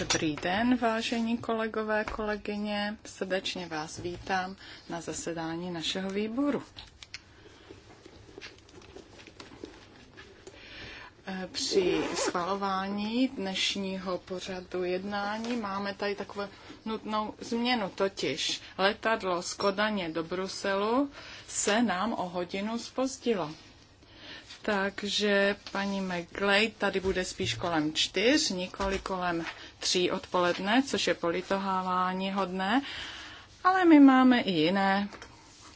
Dobrý den, vážení kolegové, kolegyně. Srdečně vás vítám na zasedání našeho výboru. Při schvalování dnešního pořadu jednání máme tady takovou nutnou změnu, totiž letadlo z Kodaně do Bruselu se nám o hodinu spozdilo takže paní McGlade tady bude spíš kolem čtyř, nikoli kolem tří odpoledne, což je politohávání hodné, ale my máme i jiné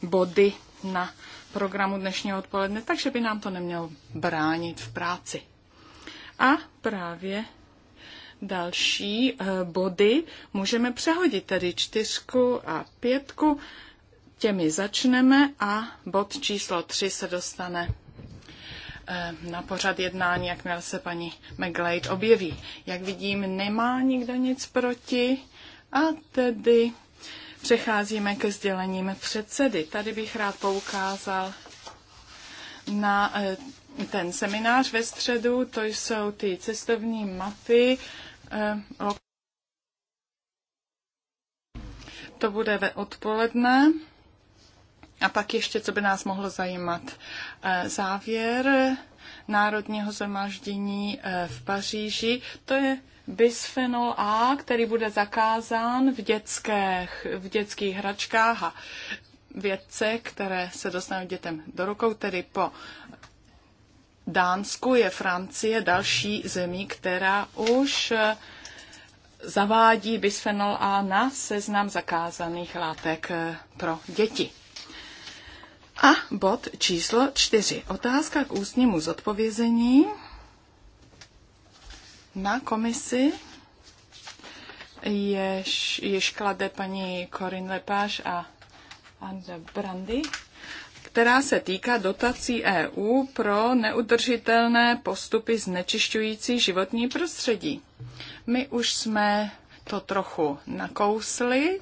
body na programu dnešního odpoledne, takže by nám to nemělo bránit v práci. A právě další eh, body můžeme přehodit, tedy čtyřku a pětku. Těmi začneme a bod číslo tři se dostane Eh, na pořad jednání, jakmile se paní McGlade objeví. Jak vidím, nemá nikdo nic proti a tedy přecházíme ke sdělením předsedy. Tady bych rád poukázal na eh, ten seminář ve středu, to jsou ty cestovní mapy. Eh, to bude ve odpoledne. A pak ještě, co by nás mohlo zajímat. Eh, závěr Národního zhromáždění eh, v Paříži, to je bisfenol A, který bude zakázán v, dětských, v dětských hračkách a vědce, které se dostanou dětem do rukou, tedy po Dánsku je Francie další zemí, která už eh, zavádí bisfenol A na seznam zakázaných látek pro děti. A bod číslo čtyři. Otázka k ústnímu zodpovězení na komisi, jež, jež klade paní Corinne Lepáš a Anne Brandy, která se týká dotací EU pro neudržitelné postupy znečišťující životní prostředí. My už jsme to trochu nakousli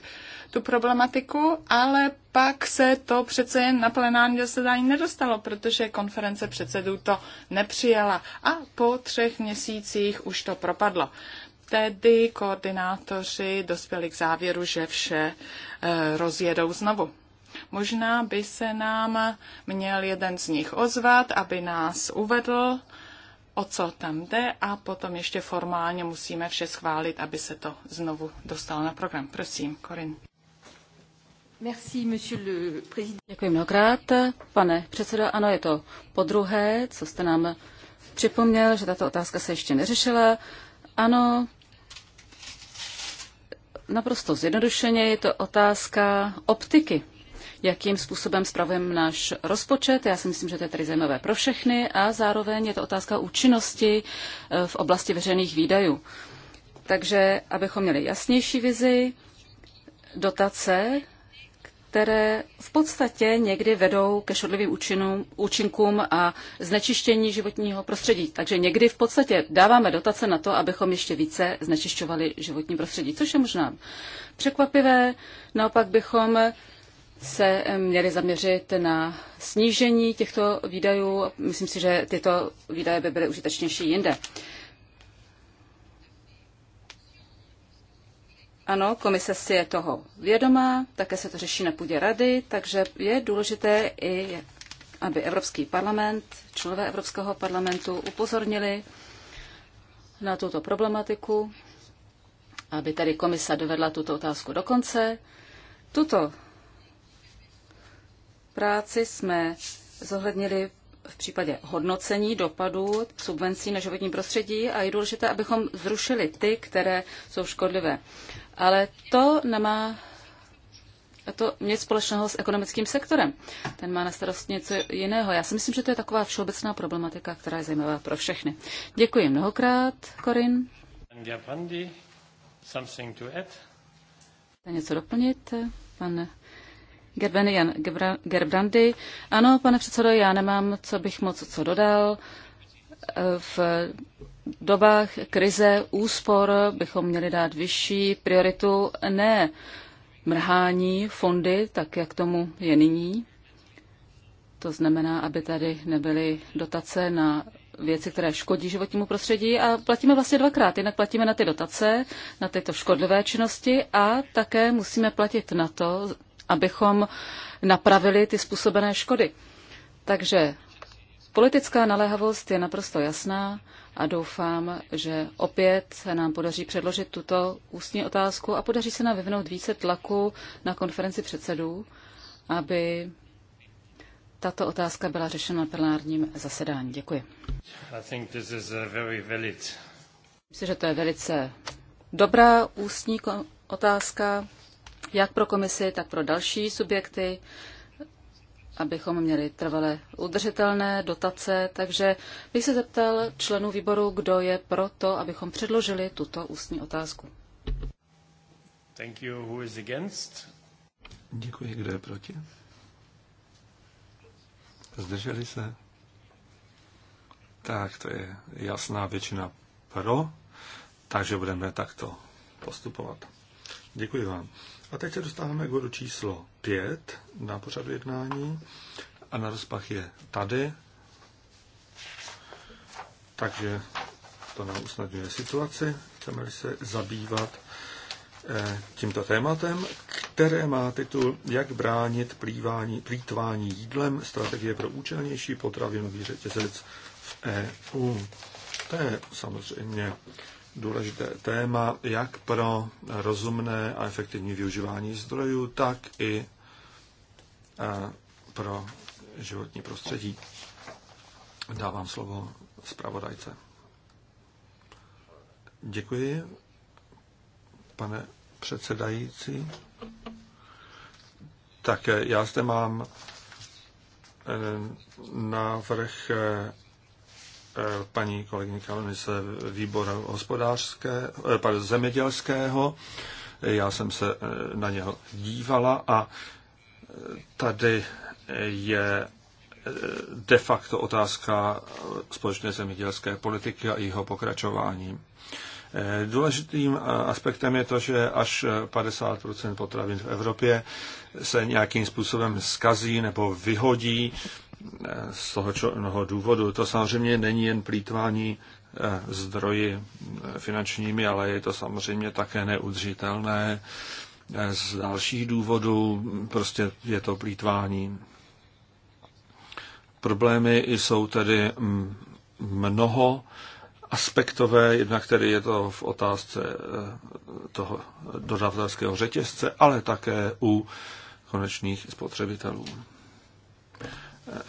tu problematiku, ale pak se to přece jen na plenární zasedání nedostalo, protože konference předsedů to nepřijala a po třech měsících už to propadlo. Tedy koordinátoři dospěli k závěru, že vše e, rozjedou znovu. Možná by se nám měl jeden z nich ozvat, aby nás uvedl, o co tam jde a potom ještě formálně musíme vše schválit, aby se to znovu dostalo na program. Prosím, Korin. Děkuji mnohokrát. Pane předsedo, ano, je to po druhé, co jste nám připomněl, že tato otázka se ještě neřešila. Ano, naprosto zjednodušeně je to otázka optiky jakým způsobem spravujeme náš rozpočet. Já si myslím, že to je tady zajímavé pro všechny a zároveň je to otázka účinnosti eh, v oblasti veřejných výdajů. Takže abychom měli jasnější vizi, dotace které v podstatě někdy vedou ke škodlivým účinům, účinkům a znečištění životního prostředí. Takže někdy v podstatě dáváme dotace na to, abychom ještě více znečišťovali životní prostředí, což je možná překvapivé. Naopak bychom se měli zaměřit na snížení těchto výdajů. Myslím si, že tyto výdaje by byly užitečnější jinde. Ano, komise si je toho vědomá, také se to řeší na půdě rady, takže je důležité i, aby Evropský parlament, členové Evropského parlamentu upozornili na tuto problematiku, aby tady komisa dovedla tuto otázku do konce. Tuto práci jsme zohlednili v případě hodnocení dopadů subvencí na životní prostředí a je důležité, abychom zrušili ty, které jsou škodlivé ale to nemá to nic společného s ekonomickým sektorem. Ten má na starost něco jiného. Já si myslím, že to je taková všeobecná problematika, která je zajímavá pro všechny. Děkuji mnohokrát, Korin. Chcete něco doplnit, pan Gerbeny Jan Gerbrandy? Ano, pane předsedo, já nemám, co bych moc co dodal. V dobách krize úspor bychom měli dát vyšší prioritu, ne mrhání fondy, tak jak tomu je nyní. To znamená, aby tady nebyly dotace na věci, které škodí životnímu prostředí a platíme vlastně dvakrát. Jinak platíme na ty dotace, na tyto škodlivé činnosti a také musíme platit na to, abychom napravili ty způsobené škody. Takže Politická naléhavost je naprosto jasná a doufám, že opět se nám podaří předložit tuto ústní otázku a podaří se nám vyvinout více tlaku na konferenci předsedů, aby tato otázka byla řešena na plenárním zasedání. Děkuji. Myslím, že to je velice dobrá ústní otázka, jak pro komisi, tak pro další subjekty abychom měli trvalé udržitelné dotace, takže bych se zeptal členů výboru, kdo je pro to, abychom předložili tuto ústní otázku. Thank you. Who is against? Děkuji. Kdo je proti? Zdrželi se? Tak, to je jasná většina pro, takže budeme takto postupovat. Děkuji vám. A teď se dostáváme k bodu číslo 5 na pořadu jednání. A na rozpach je tady. Takže to nám usnadňuje situaci. Chceme se zabývat eh, tímto tématem, které má titul Jak bránit plývání, plýtvání jídlem, strategie pro účelnější potravinový řetězec v EU. To je samozřejmě důležité téma jak pro rozumné a efektivní využívání zdrojů, tak i e, pro životní prostředí. Dávám slovo zpravodajce. Děkuji, pane předsedající. Tak e, já zde mám e, návrh Eh, paní kolegyně Kalonice výboru hospodářské, eh, pardon, zemědělského. Já jsem se eh, na něho dívala a tady je de facto otázka společné zemědělské politiky a jeho pokračování. Důležitým aspektem je to, že až 50 potravin v Evropě se nějakým způsobem skazí nebo vyhodí Eh, z toho čo, mnoho důvodu. To samozřejmě není jen plítvání eh, zdroji eh, finančními, ale je to samozřejmě také neudržitelné z dalších důvodů, prostě je to plítvání. Problémy jsou tedy mm, mnoho aspektové, jednak tedy je to v otázce toho dodavatelského řetězce, ale také u konečných spotřebitelů.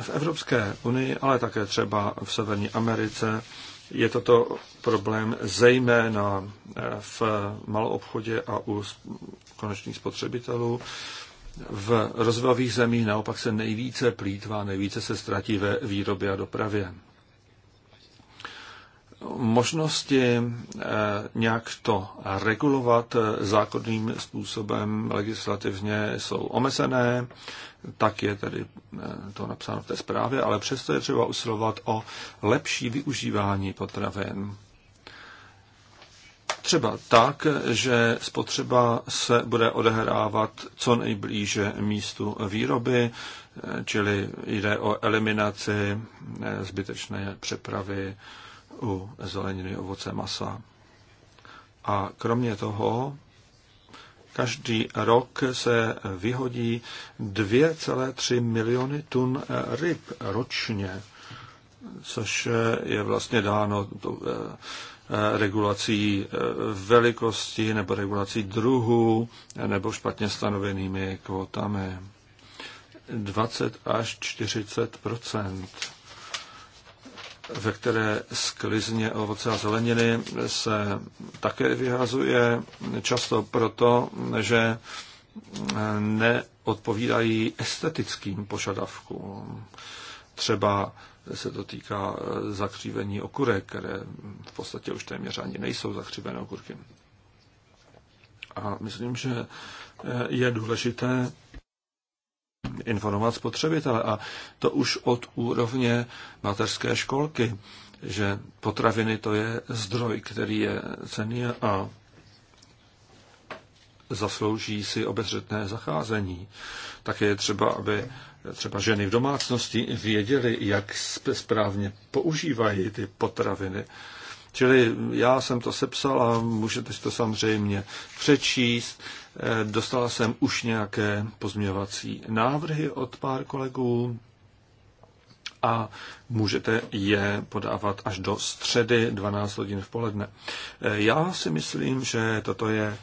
V Evropské unii, ale také třeba v Severní Americe, je toto problém zejména eh, v maloobchodě a u konečných spotřebitelů. V rozvojových zemích naopak se nejvíce plítvá, nejvíce se ztratí ve výrobě a dopravě možnosti eh, nějak to regulovat eh, zákonným způsobem legislativně jsou omezené, tak je tedy eh, to napsáno v té zprávě, ale přesto je třeba usilovat o lepší využívání potravin. Třeba tak, že spotřeba se bude odehrávat co nejblíže místu výroby, čili jde o eliminaci zbytečné přepravy u zeleniny, ovoce, masa. A kromě toho každý rok se vyhodí 2,3 miliony tun ryb ročně, což je vlastně dáno eh, eh, regulací eh, velikosti nebo regulací druhu nebo špatně stanovenými kvotami. 20 až 40 ve které sklizně ovoce a zeleniny se také vyhazuje, často proto, že neodpovídají estetickým požadavkům. Třeba se to týká zakřívení okurek, které v podstatě už téměř ani nejsou zakřívené okurky. A myslím, že je důležité informovat spotřebitele. A to už od úrovně mateřské školky, že potraviny to je zdroj, který je cený a zaslouží si obezřetné zacházení. Tak je třeba, aby třeba ženy v domácnosti věděly, jak správně používají ty potraviny. Čili já jsem to sepsal a můžete si to samozřejmě přečíst. Eh, dostala jsem už nějaké pozměňovací návrhy od pár kolegů a můžete je podávat až do středy 12 hodin v poledne. Eh, já si myslím, že toto je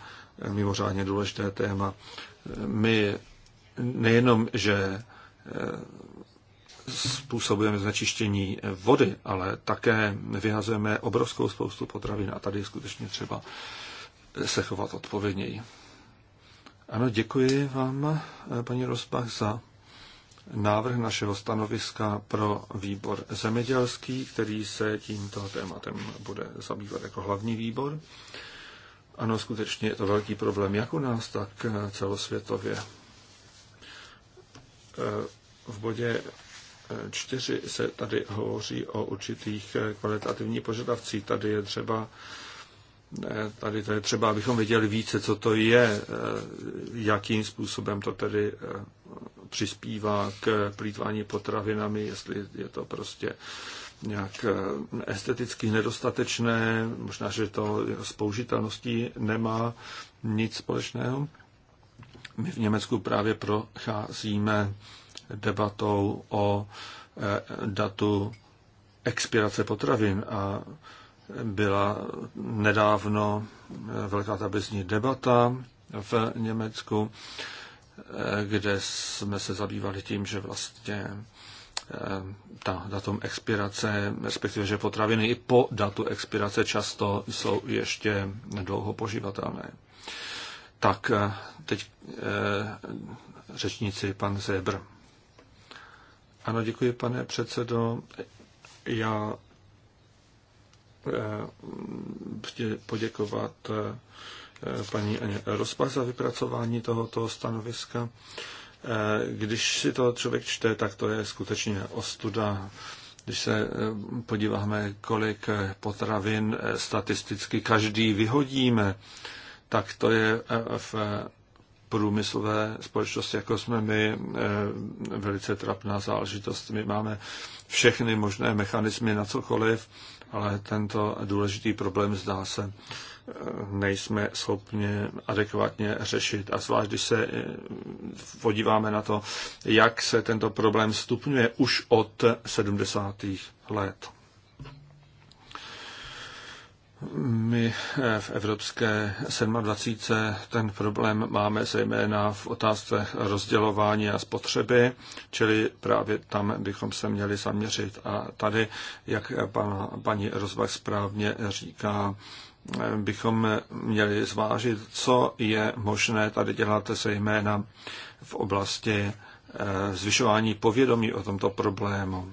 mimořádně důležité téma. Eh, my nejenom, že způsobujeme znečištění vody, ale také vyhazujeme obrovskou spoustu potravin a tady je skutečně třeba se chovat odpovědněji. Ano, děkuji vám, eh, paní Rozbach, za návrh našeho stanoviska pro výbor zemědělský, který se tímto tématem bude zabývat jako hlavní výbor. Ano, skutečně je to velký problém jak u nás, tak eh, celosvětově. Eh, v bodě čtyři se tady hovoří o určitých kvalitativních požadavcích. Tady je třeba Tady to je třeba, abychom věděli více, co to je, eh, jakým způsobem to tedy eh, přispívá k plítvání potravinami, jestli je to prostě nějak eh, esteticky nedostatečné, možná, že to s použitelností nemá nic společného. My v Německu právě procházíme debatou o datu expirace potravin a byla nedávno eh, velká tabezní debata v Německu, eh, kde jsme se zabývali tím, že vlastně eh, ta datum expirace, respektive že potraviny i po datu expirace často jsou ještě dlouho poživatelné. Tak teď řečníci pan Zebr. Ano, děkuji, pane předsedo. Já Eh, eh, poděkovat eh, paní Rospa za vypracování tohoto stanoviska. Když si to člověk čte, tak to je skutečně ostuda. Když se podíváme, kolik potravin statisticky každý vyhodíme, tak to je v průmyslové společnosti, jako jsme my, velice trapná záležitost. My máme všechny možné mechanismy na cokoliv ale tento důležitý problém zdá se eh, nejsme schopni adekvátně řešit. A zvlášť, když se eh, podíváme na to, jak se tento problém stupňuje už od 70. let. My eh, v Evropské 27. ten problém máme zejména v otázce rozdělování a spotřeby, čili právě tam bychom se měli zaměřit. A tady, jak pan, paní Rozvah správně říká, eh, bychom měli zvážit, co je možné tady dělat zejména v oblasti eh, zvyšování povědomí o tomto problému.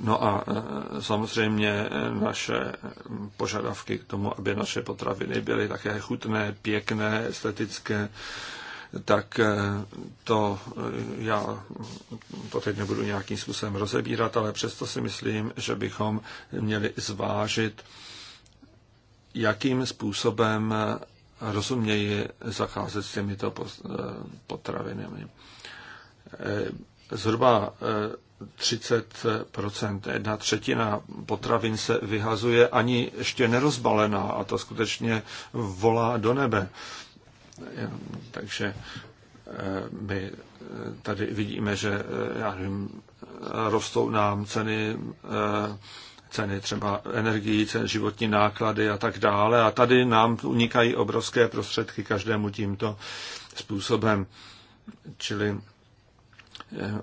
No a e, samozřejmě e, naše e, požadavky k tomu, aby naše potraviny byly také chutné, pěkné, estetické, tak to já to teď nebudu nějakým způsobem rozebírat, ale přesto si myslím, že bychom měli zvážit, jakým způsobem rozuměji zacházet s těmito potravinami. Zhruba 30 jedna třetina potravin se vyhazuje ani ještě nerozbalená a to skutečně volá do nebe. Takže eh, my eh, tady vidíme, že eh, já nevím, rostou nám ceny, ceny třeba energií, ceny životní náklady a tak dále. A tady nám unikají obrovské prostředky každému tímto způsobem. Čili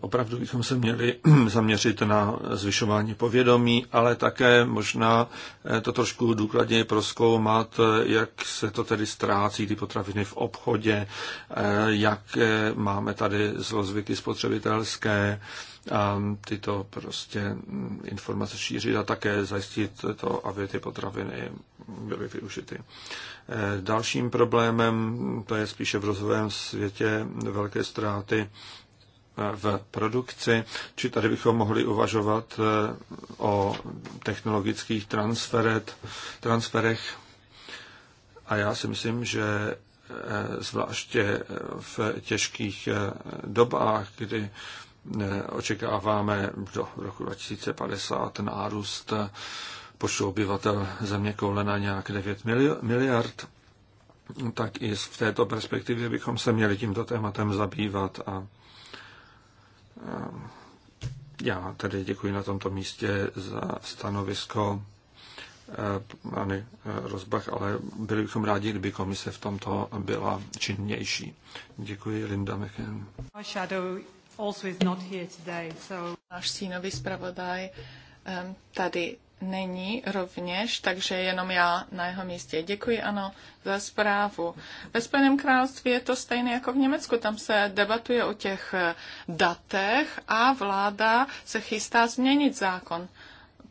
Opravdu bychom se měli zaměřit na zvyšování povědomí, ale také možná eh, to trošku důkladněji proskoumat, eh, jak se to tedy ztrácí, ty potraviny v obchodě, eh, jak máme tady zlozvyky spotřebitelské, a tyto prostě mm, informace šířit a také zajistit to, aby ty potraviny byly využity. Dalším problémem, to je spíše v rozvojovém světě velké ztráty v produkci, či tady bychom mohli uvažovat eh, o technologických transferech. A já si myslím, že eh, zvláště v těžkých eh, dobách, kdy očekáváme do roku 2050 nárůst počtu obyvatel země koule na nějak 9 miliard, tak i v této perspektivě bychom se měli tímto tématem zabývat a já tady děkuji na tomto místě za stanovisko eh, Ani eh, Rozbach, ale byli bychom rádi, kdyby komise v tomto byla činnější. Děkuji, Linda Mechen. Náš stínový zpravodaj eh, tady není rovněž, takže jenom já na jeho místě. Děkuji, ano, za zprávu. Ve Spojeném království je to stejné jako v Německu. Tam se debatuje o těch eh, datech a vláda se chystá změnit zákon,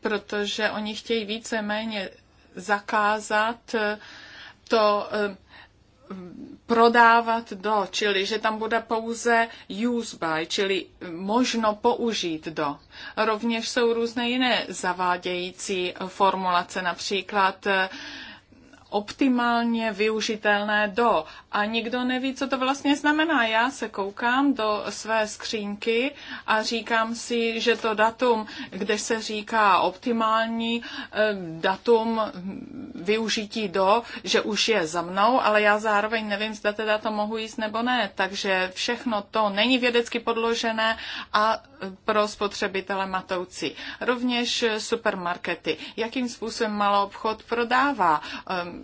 protože oni chtějí více méně zakázat eh, to eh, prodávat do, čili že tam bude pouze use by, čili možno použít do. Rovněž jsou různé jiné zavádějící formulace, například uh, optimálně využitelné do. A nikdo neví, co to vlastně znamená. Já se koukám do své skřínky a říkám si, že to datum, kde se říká optimální eh, datum využití do, že už je za mnou, ale já zároveň nevím, zda teda to mohu jíst nebo ne. Takže všechno to není vědecky podložené a eh, pro spotřebitele matoucí. Rovněž eh, supermarkety. Jakým způsobem malou obchod prodává? Ehm,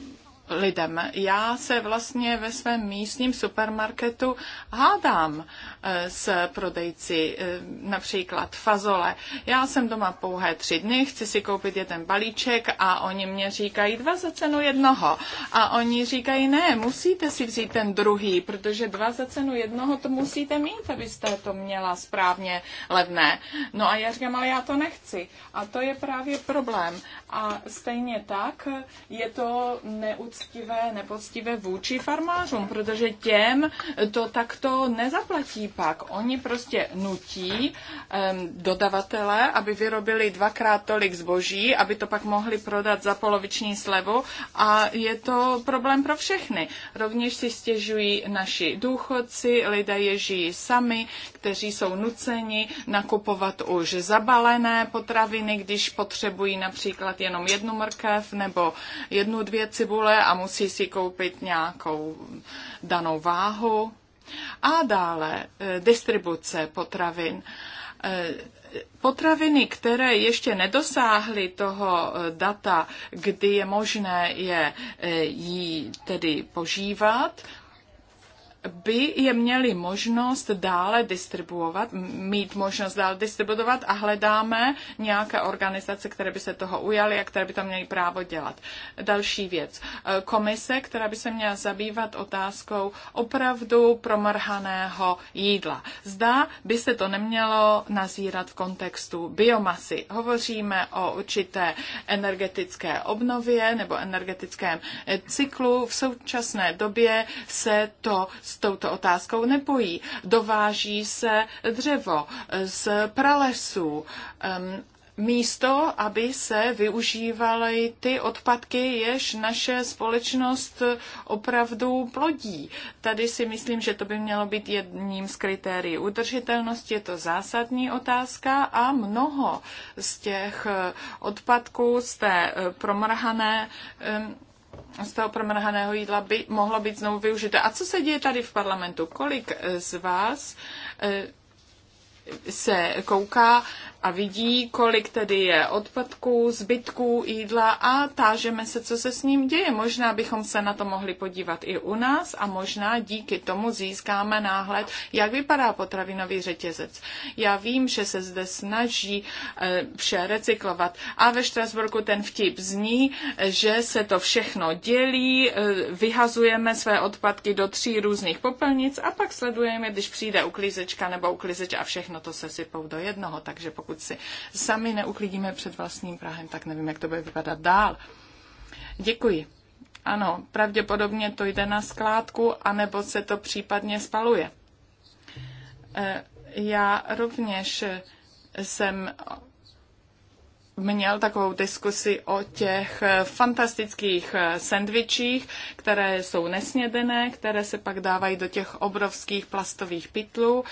lidem. Já se vlastně ve svém místním supermarketu hádám eh, s prodejci eh, například fazole. Já jsem doma pouhé tři dny, chci si koupit jeden balíček a oni mě říkají dva za cenu jednoho. A oni říkají, ne, musíte si vzít ten druhý, protože dva za cenu jednoho to musíte mít, abyste to měla správně levné. No a já říkám, ale já to nechci. A to je právě problém. A stejně tak je to neucelené poctivé, nepoctivé vůči farmářům, protože těm to takto nezaplatí pak. Oni prostě nutí um, dodavatele, aby vyrobili dvakrát tolik zboží, aby to pak mohli prodat za poloviční slevu a je to problém pro všechny. Rovněž si stěžují naši důchodci, lidé je žijí sami, kteří jsou nuceni nakupovat už zabalené potraviny, když potřebují například jenom jednu mrkev nebo jednu, dvě cibule a musí si koupit nějakou danou váhu. A dále e, distribuce potravin. E, potraviny, které ještě nedosáhly toho e, data, kdy je možné je jí tedy požívat, by je měli možnost dále distribuovat, mít možnost dále distribuovat a hledáme nějaké organizace, které by se toho ujaly a které by tam měly právo dělat. Další věc. E, komise, která by se měla zabývat otázkou opravdu promrhaného jídla. Zda by se to nemělo nazírat v kontextu biomasy. Hovoříme o určité energetické obnově nebo energetickém e, cyklu. V současné době se to s touto otázkou nepojí. Dováží se dřevo z pralesů místo, aby se využívaly ty odpadky, jež naše společnost opravdu plodí. Tady si myslím, že to by mělo být jedním z kritérií udržitelnosti. Je to zásadní otázka a mnoho z těch odpadků z té eh, promrhané z toho promrhaného jídla by mohlo být znovu využité. A co se děje tady v parlamentu? Kolik z vás eh, se kouká a vidí, kolik tedy je odpadků, zbytků, jídla a tážeme se, co se s ním děje. Možná bychom se na to mohli podívat i u nás a možná díky tomu získáme náhled, jak vypadá potravinový řetězec. Já vím, že se zde snaží eh, vše recyklovat a ve Štrasburku ten vtip zní, že se to všechno dělí, eh, vyhazujeme své odpadky do tří různých popelnic a pak sledujeme, když přijde uklízečka nebo uklízeč a všechno všechno to se sypou do jednoho, takže pokud si sami neuklidíme před vlastním Prahem, tak nevím, jak to bude vypadat dál. Děkuji. Ano, pravděpodobně to jde na skládku, anebo se to případně spaluje. E, já rovněž jsem měl takovou diskusi o těch fantastických sendvičích, které jsou nesnědené, které se pak dávají do těch obrovských plastových pytlů.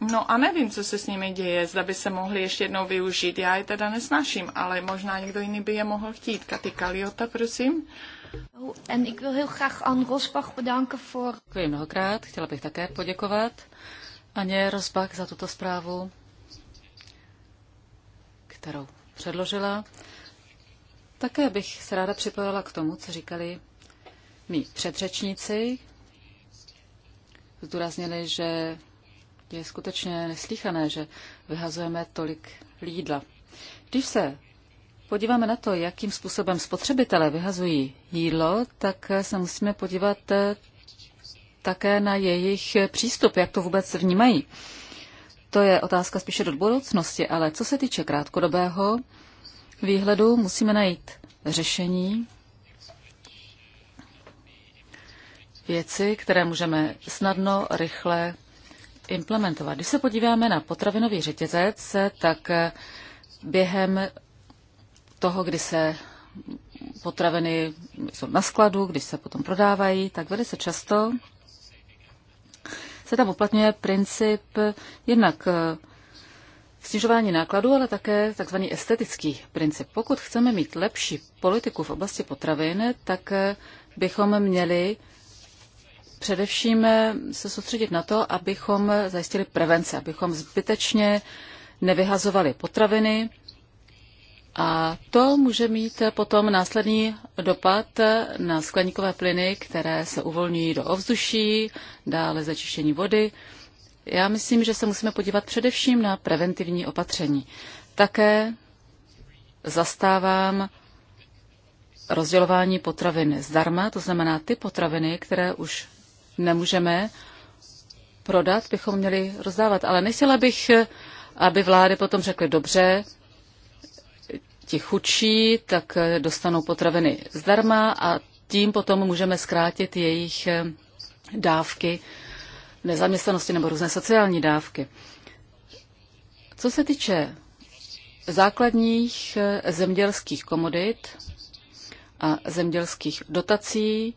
No a nevím, co se s nimi děje, zda by se mohli ještě jednou využít. Já je teda nesnáším, ale možná někdo jiný by je mohl chtít. Katy Kaliota, prosím. Oh, en ik wil heel graag Rosbach bedanken voor... Děkuji mnohokrát, chtěla bych také poděkovat Aně Rosbach za tuto zprávu, kterou předložila. Také bych se ráda připojila k tomu, co říkali mý předřečníci. Zdůraznili, že je skutečně neslychané, že vyhazujeme tolik jídla. Když se podíváme na to, jakým způsobem spotřebitelé vyhazují jídlo, tak se musíme podívat eh, také na jejich přístup, jak to vůbec vnímají. To je otázka spíše do budoucnosti, ale co se týče krátkodobého výhledu, musíme najít řešení, věci, které můžeme snadno, rychle implementovat. Když se podíváme na potravinový řetězec, tak během toho, kdy se potraviny jsou na skladu, když se potom prodávají, tak velice často se tam uplatňuje princip jednak eh, snižování nákladů, ale také tzv. estetický princip. Pokud chceme mít lepší politiku v oblasti potravin, tak eh, bychom měli především eh, se soustředit na to, abychom zajistili prevenci, abychom zbytečně nevyhazovali potraviny. A to může mít potom následný dopad eh, na skleníkové plyny, které se uvolňují do ovzduší, dále začištění vody. Já myslím, že se musíme podívat především na preventivní opatření. Také zastávám rozdělování potravin zdarma, to znamená ty potraviny, které už nemůžeme prodat, bychom měli rozdávat. Ale nechtěla bych, aby vlády potom řekly, dobře, ti chudší, tak dostanou potraviny zdarma a tím potom můžeme zkrátit jejich eh, dávky nezaměstnanosti nebo různé sociální dávky. Co se týče základních eh, zemědělských komodit a zemědělských dotací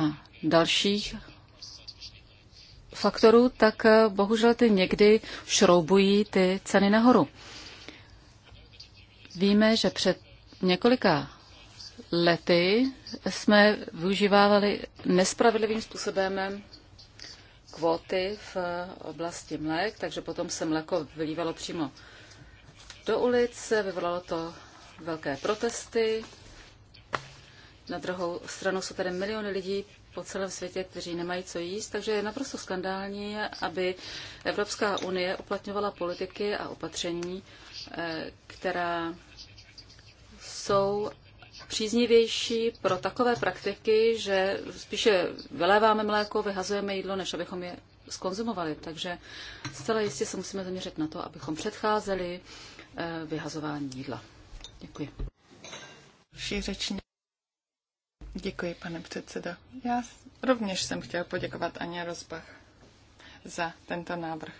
a dalších faktorů, tak eh, bohužel ty někdy šroubují ty ceny nahoru. Víme, že před několika lety jsme využívávali nespravedlivým způsobem kvóty v eh, oblasti mlék, takže potom se mléko vylívalo přímo do ulic, vyvolalo to velké protesty. Na druhou stranu jsou tady miliony lidí po celém světě, kteří nemají co jíst, takže je naprosto skandální, aby Evropská unie uplatňovala politiky a opatření, eh, která jsou příznivější pro takové praktiky, že spíše vyléváme mléko, vyhazujeme jídlo, než abychom je skonzumovali. Takže zcela jistě se musíme zaměřit na to, abychom předcházeli eh, vyhazování jídla. Děkuji. Další řečník. Děkuji, pane předsedo. Já rovněž jsem chtěl poděkovat Aně Rozbach za tento návrh.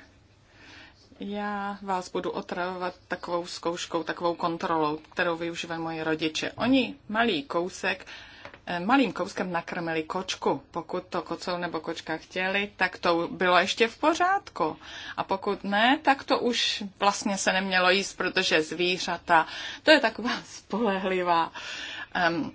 Já vás budu otravovat takovou zkouškou, takovou kontrolou, kterou využívají moji rodiče. Oni malý kousek, eh, malým kouskem nakrmili kočku. Pokud to kocou nebo kočka chtěli, tak to bylo ještě v pořádku. A pokud ne, tak to už vlastně se nemělo jíst, protože zvířata, to je taková spolehlivá um,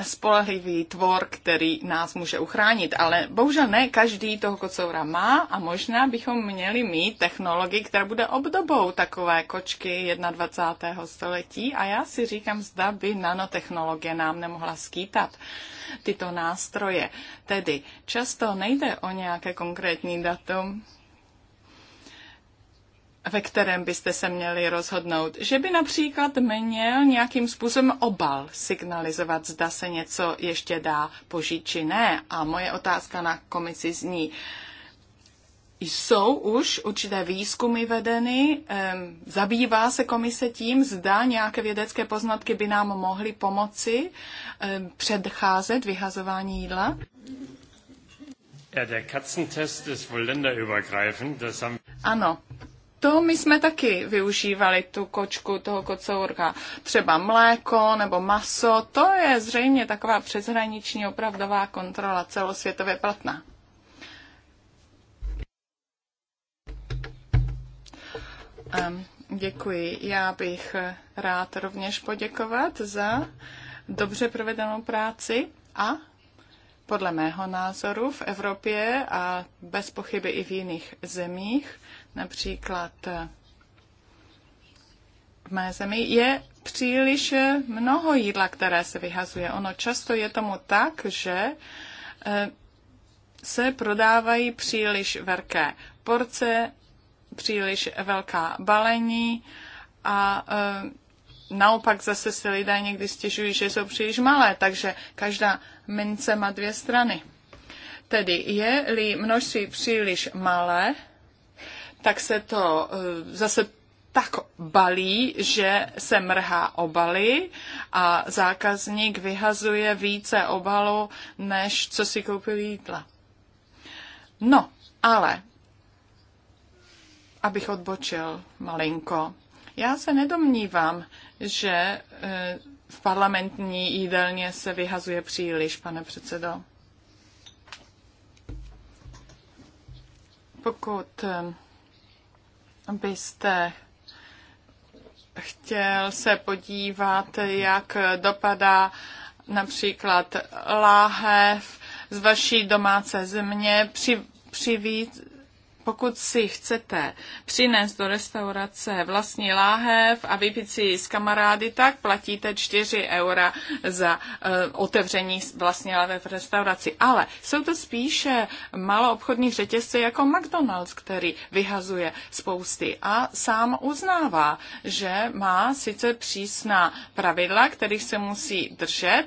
spolehlivý tvor, který nás může uchránit. Ale bohužel ne každý toho kocoura má a možná bychom měli mít technologii, která bude obdobou takové kočky 21. století a já si říkám, zda by nanotechnologie nám nemohla skýtat tyto nástroje. Tedy často nejde o nějaké konkrétní datum, ve kterém byste se měli rozhodnout. Že by například měl nějakým způsobem obal signalizovat, zda se něco ještě dá požít či ne. A moje otázka na komisi zní, jsou už určité výzkumy vedeny, zabývá se komise tím, zda nějaké vědecké poznatky by nám mohly pomoci předcházet vyhazování jídla? Ja, der Katzentest ist wohl länderübergreifend. Das haben... Ano, to my jsme taky využívali, tu kočku, toho kocourka. Třeba mléko nebo maso, to je zřejmě taková přeshraniční opravdová kontrola celosvětově platná. Um, děkuji. Já bych rád rovněž poděkovat za dobře provedenou práci a podle mého názoru v Evropě a bez pochyby i v jiných zemích například eh, v mé zemi, je příliš eh, mnoho jídla, které se vyhazuje. Ono často je tomu tak, že eh, se prodávají příliš velké porce, příliš velká balení a naopak zase se lidé někdy stěžují, že jsou příliš malé, takže každá mince má dvě strany. Tedy je-li množství příliš malé, tak se to eh, zase tak balí, že se mrhá obaly a zákazník vyhazuje více obalu, než co si koupil jídla. No, ale abych odbočil malinko. Já se nedomnívám, že eh, v parlamentní jídelně se vyhazuje příliš, pane předsedo. Pokud eh, byste chtěl se podívat, jak dopadá například láhev z vaší domácí země, při, přivíz, pokud si chcete přinést do restaurace vlastní láhev a vypít si ji s kamarády, tak platíte 4 eura za e, otevření vlastní láhev v restauraci. Ale jsou to spíše maloobchodní řetězce jako McDonald's, který vyhazuje spousty a sám uznává, že má sice přísná pravidla, kterých se musí držet,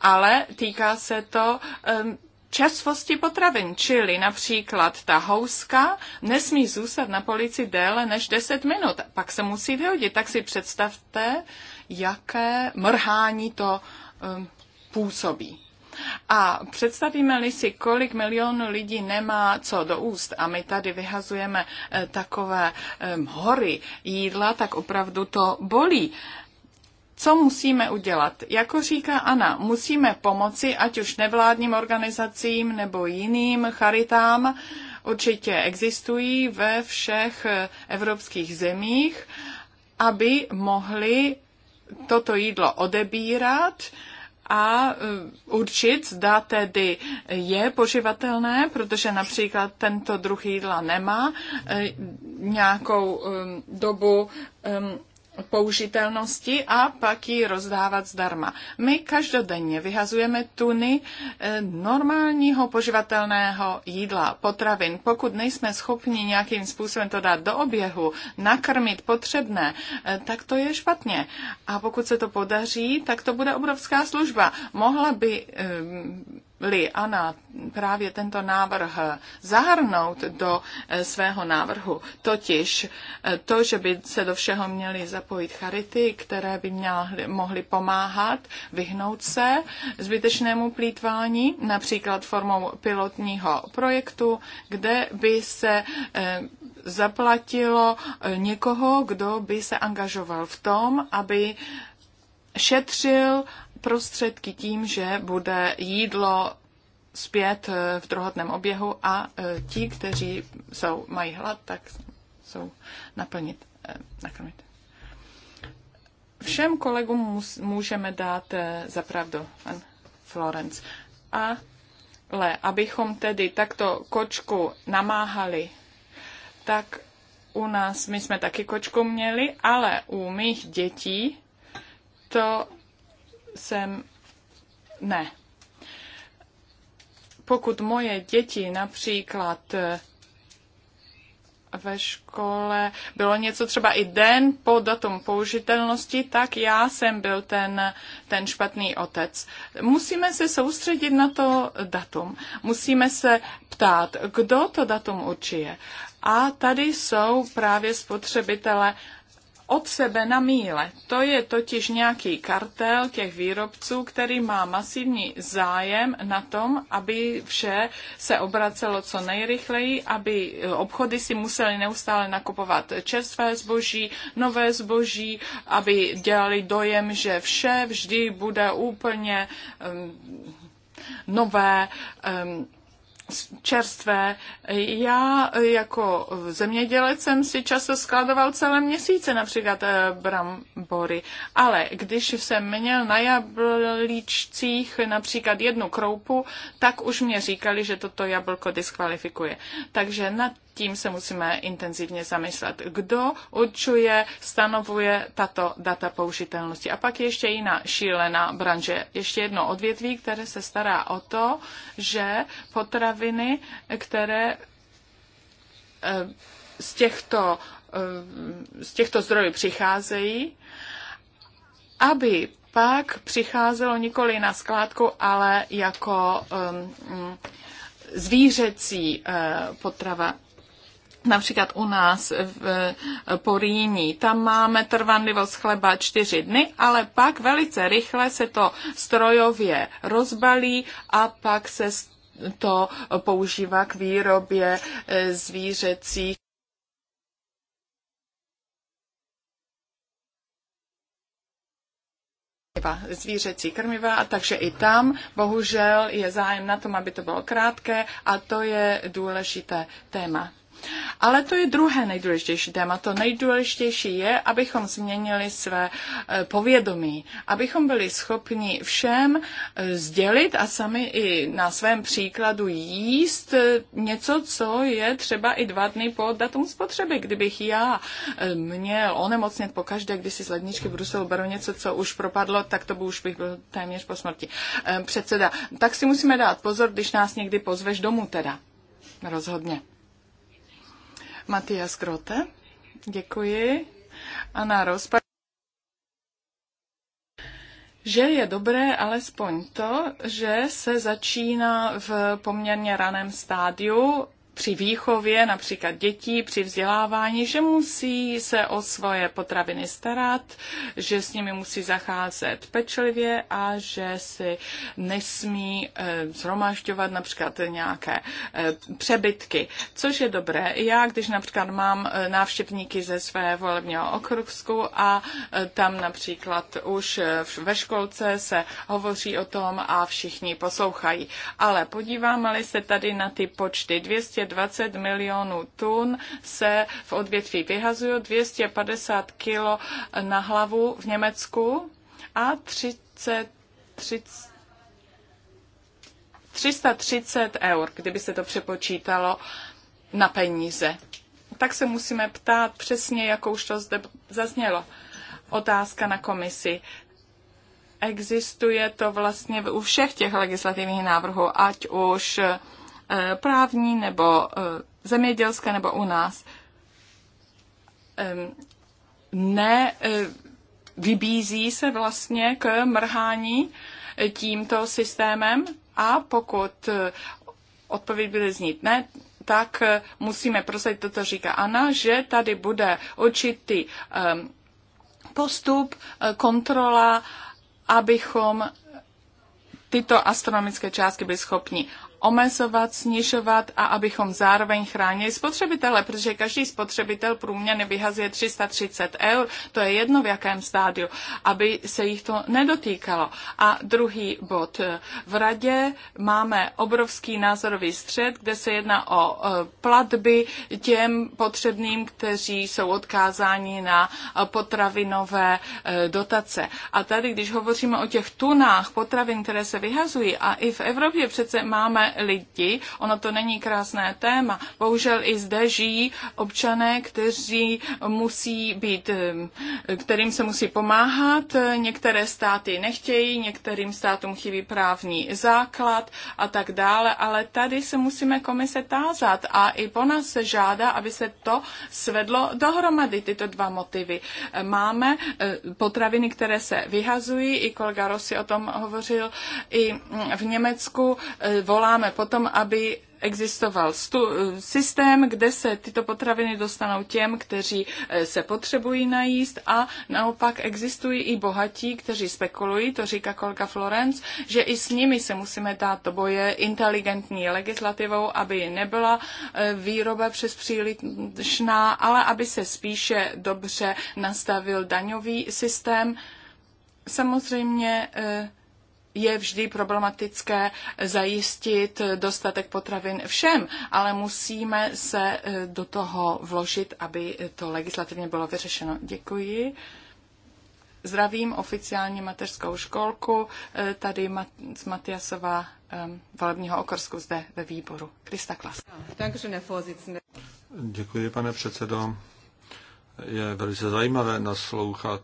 ale týká se to e, Časvosti potravin, čili například ta houska nesmí zůstat na polici déle než 10 minut, pak se musí vyhodit. Tak si představte, jaké mrhání to um, působí. A představíme-li si, kolik milionů lidí nemá co do úst a my tady vyhazujeme eh, takové hory jídla, tak opravdu to bolí. Co musíme udělat? Jako říká Ana, musíme pomoci, ať už nevládním organizacím nebo jiným charitám, určitě existují ve všech evropských zemích, aby mohli toto jídlo odebírat, a eh, určit, zda tedy je poživatelné, protože například tento druh jídla nemá eh, nějakou eh, dobu použitelnosti a pak ji rozdávat zdarma. My každodenně vyhazujeme tuny eh, normálního poživatelného jídla, potravin. Pokud nejsme schopni nějakým způsobem to dát do oběhu, nakrmit potřebné, eh, tak to je špatně. A pokud se to podaří, tak to bude obrovská služba. Mohla by eh, li Ana právě tento návrh zahrnout do eh, svého návrhu, totiž eh, to, že by se do všeho měly zapojit charity, které by měly, mohly pomáhat vyhnout se zbytečnému plítvání, například formou pilotního projektu, kde by se eh, zaplatilo někoho, kdo by se angažoval v tom, aby šetřil prostředky tím, že bude jídlo zpět eh, v druhotném oběhu a eh, ti, kteří jsou, mají hlad, tak jsou naplnit, eh, nakrmit. Všem kolegům můžeme dát zapravdu, pan Florence. Ale abychom tedy takto kočku namáhali, tak u nás, my jsme taky kočku měli, ale u mých dětí to jsem ne. Pokud moje děti například eh, ve škole bylo něco třeba i den po datum použitelnosti, tak já jsem byl ten, ten špatný otec. Musíme se soustředit na to datum. Musíme se ptát, kdo to datum určuje. A tady jsou právě spotřebitele od sebe na míle. To je totiž nějaký kartel těch výrobců, který má masivní zájem na tom, aby vše se obracelo co nejrychleji, aby obchody si museli neustále nakupovat čerstvé zboží, nové zboží, aby dělali dojem, že vše vždy bude úplně um, nové. Um, čerstvé. Já jako zemědělec jsem si často skladoval celé měsíce například eh, brambory, ale když jsem měl na jablíčcích například jednu kroupu, tak už mě říkali, že toto jablko diskvalifikuje. Takže na tím se musíme intenzivně zamyslet. Kdo určuje, stanovuje tato data použitelnosti? A pak ještě jiná šílená branže. Ještě jedno odvětví, které se stará o to, že potraviny, které eh, z těchto, eh, z těchto zdrojů přicházejí, aby pak přicházelo nikoli na skládku, ale jako um, zvířecí potrava například u nás v Poríní. Tam máme trvanlivost chleba čtyři dny, ale pak velice rychle se to strojově rozbalí a pak se to používá k výrobě e, zvířecích zvířecí krmiva, a takže i tam bohužel je zájem na tom, aby to bylo krátké a to je důležité téma. Ale to je druhé nejdůležitější téma. To nejdůležitější je, abychom změnili své e, povědomí, abychom byli schopni všem e, sdělit a sami i na svém příkladu jíst e, něco, co je třeba i dva dny po datum spotřeby. Kdybych já měl onemocnit pokaždé, když si z ledničky v Bruselu beru něco, co už propadlo, tak to by už bych byl téměř po smrti. Předseda, tak si musíme dát pozor, když nás někdy pozveš domů teda. Rozhodně. Matias Grote. Děkuji. Anna Rozpa. Že je dobré alespoň to, že se začíná v poměrně raném stádiu při výchově například dětí, při vzdělávání, že musí se o svoje potraviny starat, že s nimi musí zacházet pečlivě a že si nesmí e, eh, zhromažďovat například nějaké eh, přebytky, což je dobré. Já, když například mám eh, návštěvníky ze své volebního okruhu a tam například už ve školce se hovoří o tom a všichni poslouchají. Ale podíváme-li se tady na ty počty 200 220 milionů tun se v odvětví vyhazuje, 250 kilo na hlavu v Německu a 30, 30 330 eur, kdyby se to přepočítalo na peníze. Tak se musíme ptát přesně, jak už to zde zaznělo. Otázka na komisi. Existuje to vlastně u všech těch legislativních návrhů, ať už Eh, právní nebo eh, zemědělské nebo u nás, ne eh, vybízí se vlastně k mrhání tímto systémem a pokud odpověď bude znít ne, tak musíme prosadit toto říká Anna, že tady bude určitý postup, kontrola, abychom tyto astronomické částky byli schopni omezovat, snižovat a abychom zároveň chránili spotřebitele, protože každý spotřebitel průměrně vyhazuje 330 eur, to je jedno v jakém stádiu, aby se jich to nedotýkalo. A druhý bod. V radě máme obrovský názorový střed, kde se jedná o platby těm potřebným, kteří jsou odkázáni na potravinové e, dotace. A tady, když hovoříme o těch tunách potravin, které se vyhazují, a i v Evropě přece máme lidi, ono to není krásné téma, bohužel i zde žijí občané, kteří musí být, kterým se musí pomáhat, některé státy nechtějí, některým státům chybí právní základ a tak dále, ale tady se musíme komise tázat a i po nás se žádá, aby se to svedlo dohromady, tyto dva motivy. Máme e, potraviny, které se vyhazují, i kolega Rossi o tom hovořil, i v Německu e, volám voláme potom, aby existoval systém, kde se tyto potraviny dostanou těm, kteří eh, se potřebují najíst a naopak existují i bohatí, kteří spekulují, to říká kolka Florenc, že i s nimi se musíme dát do boje inteligentní legislativou, aby nebyla eh, výroba přes přílišná, ale aby se spíše dobře nastavil daňový systém. Samozřejmě eh, je vždy problematické zajistit dostatek potravin všem, ale musíme se eh, do toho vložit, aby to legislativně bylo vyřešeno. Děkuji. Zdravím oficiálně mateřskou školku eh, tady z Matiasova eh, volebního okorsku zde ve výboru. Krista Klas. Děkuji, pane předsedo. Je velice zajímavé naslouchat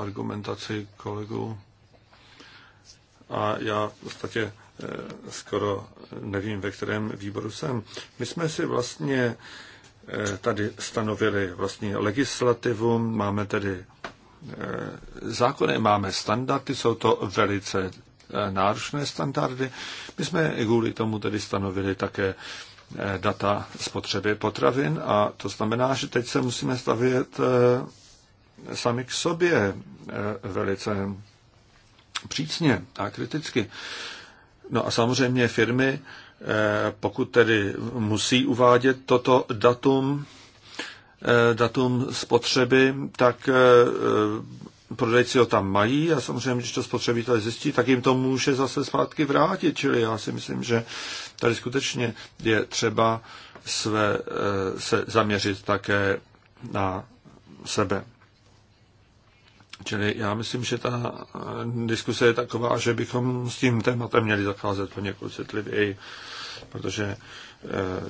argumentaci kolegů a já v podstatě eh, skoro nevím, ve kterém výboru jsem. My jsme si vlastně eh, tady stanovili vlastně legislativu, máme tedy eh, zákony, máme standardy, jsou to velice náročné standardy. My jsme kvůli tomu tedy stanovili také data spotřeby potravin a to znamená, že teď se musíme stavět sami k sobě velice přísně a kriticky. No a samozřejmě firmy, eh, pokud tedy musí uvádět toto datum, eh, datum spotřeby, tak eh, prodejci ho tam mají a samozřejmě, když to spotřebitel zjistí, tak jim to může zase zpátky vrátit. Čili já si myslím, že tady skutečně je třeba své, se zaměřit také na sebe. Čili já myslím, že ta eh, diskuse je taková, že bychom s tím tématem měli zacházet poněkud citlivěji, protože eh,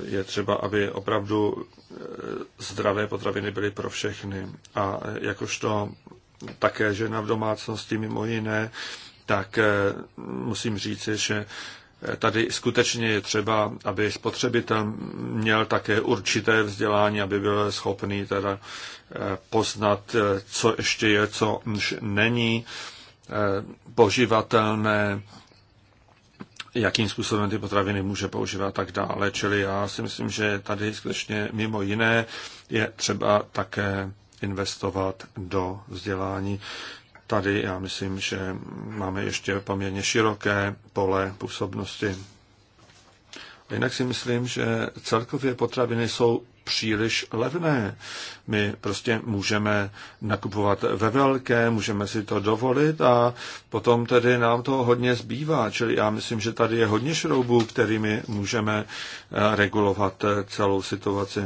je třeba, aby opravdu eh, zdravé potraviny byly pro všechny. A jakožto také žena v domácnosti mimo jiné, tak musím říci, že tady skutečně je třeba, aby spotřebitel měl také určité vzdělání, aby byl schopný teda eh, poznat, eh, co ještě je, co už není eh, poživatelné, jakým způsobem ty potraviny může používat a tak dále. Čili já si myslím, že tady skutečně mimo jiné je třeba také investovat do vzdělání tady já myslím, že máme ještě poměrně široké pole působnosti. Jinak si myslím, že celkově potraviny jsou příliš levné. My prostě můžeme nakupovat ve velké, můžeme si to dovolit a potom tedy nám to hodně zbývá. Čili já myslím, že tady je hodně šroubů, kterými můžeme eh, regulovat eh, celou situaci.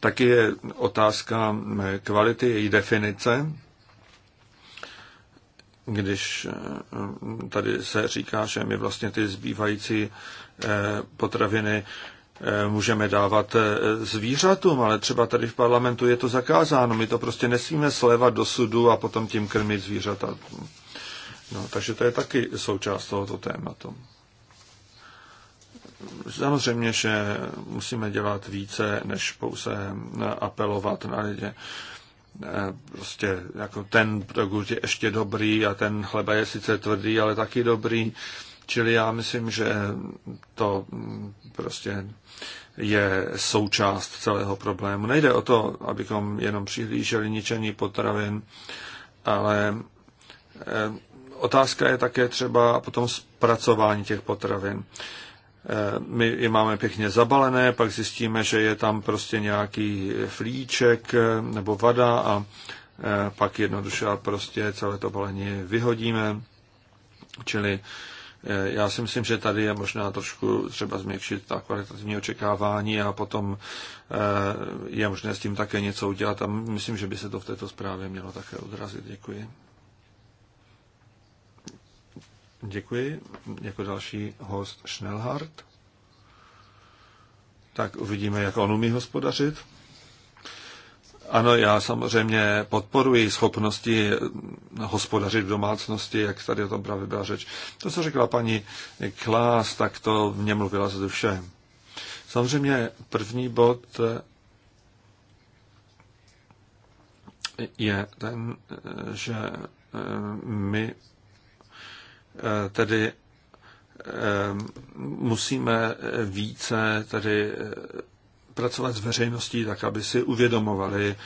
Taky je otázka kvality její definice když eh, tady se říká, že my vlastně ty zbývající eh, potraviny eh, můžeme dávat zvířatům, ale třeba tady v parlamentu je to zakázáno. My to prostě nesmíme slévat do sudu a potom tím krmit zvířata. No, takže to je taky součást tohoto tématu. Samozřejmě, že musíme dělat více, než pouze apelovat na lidi. Eh, prostě jako ten produkt je ještě dobrý a ten chleba je sice tvrdý, ale taky dobrý. Čili já myslím, že to mm, prostě je součást celého problému. Nejde o to, abychom jenom přihlíželi ničení potravin, ale eh, otázka je také třeba potom zpracování těch potravin. Eh, my je máme pěkně zabalené, pak zjistíme, že je tam prostě nějaký flíček eh, nebo vada a eh, pak jednoduše a prostě celé to balení vyhodíme. Čili já si myslím, že tady je možná trošku třeba změkšit ta kvalitativní očekávání a potom je možné s tím také něco udělat a myslím, že by se to v této zprávě mělo také odrazit. Děkuji. Děkuji. Jako další host Schnellhardt. Tak uvidíme, jak on umí hospodařit. Ano, já samozřejmě podporuji schopnosti hospodařit v domácnosti, jak tady o tom právě byla řeč. To, co řekla paní Klás, tak to mě mluvila ze duše. Samozřejmě první bod je ten, že my Eh, tedy eh, musíme více tedy eh, pracovat s veřejností tak, aby si uvědomovali,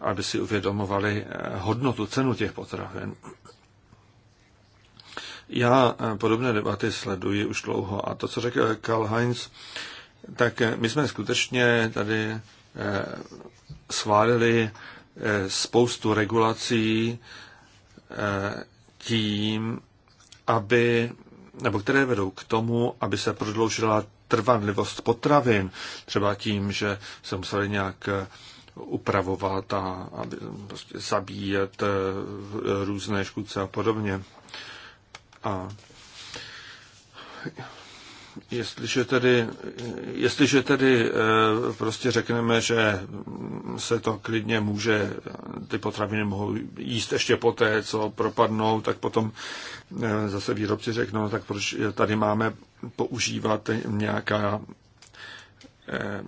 aby si uvědomovali hodnotu, cenu těch potravin. Já podobné debaty sleduji už dlouho a to, co řekl Karl Heinz, tak my jsme skutečně tady schválili spoustu regulací tím, aby, nebo které vedou k tomu, aby se prodloužila trvanlivost potravin, třeba tím, že se museli nějak eh, upravovat a aby prostě zabíjet eh, různé škůdce a podobně. A Jestliže tedy, jestliže tedy eh, prostě řekneme, že se to klidně může, ty potraviny mohou jíst ještě poté, co propadnou, tak potom eh, zase výrobci řeknou, no, tak proč tady máme používat nějaká, eh,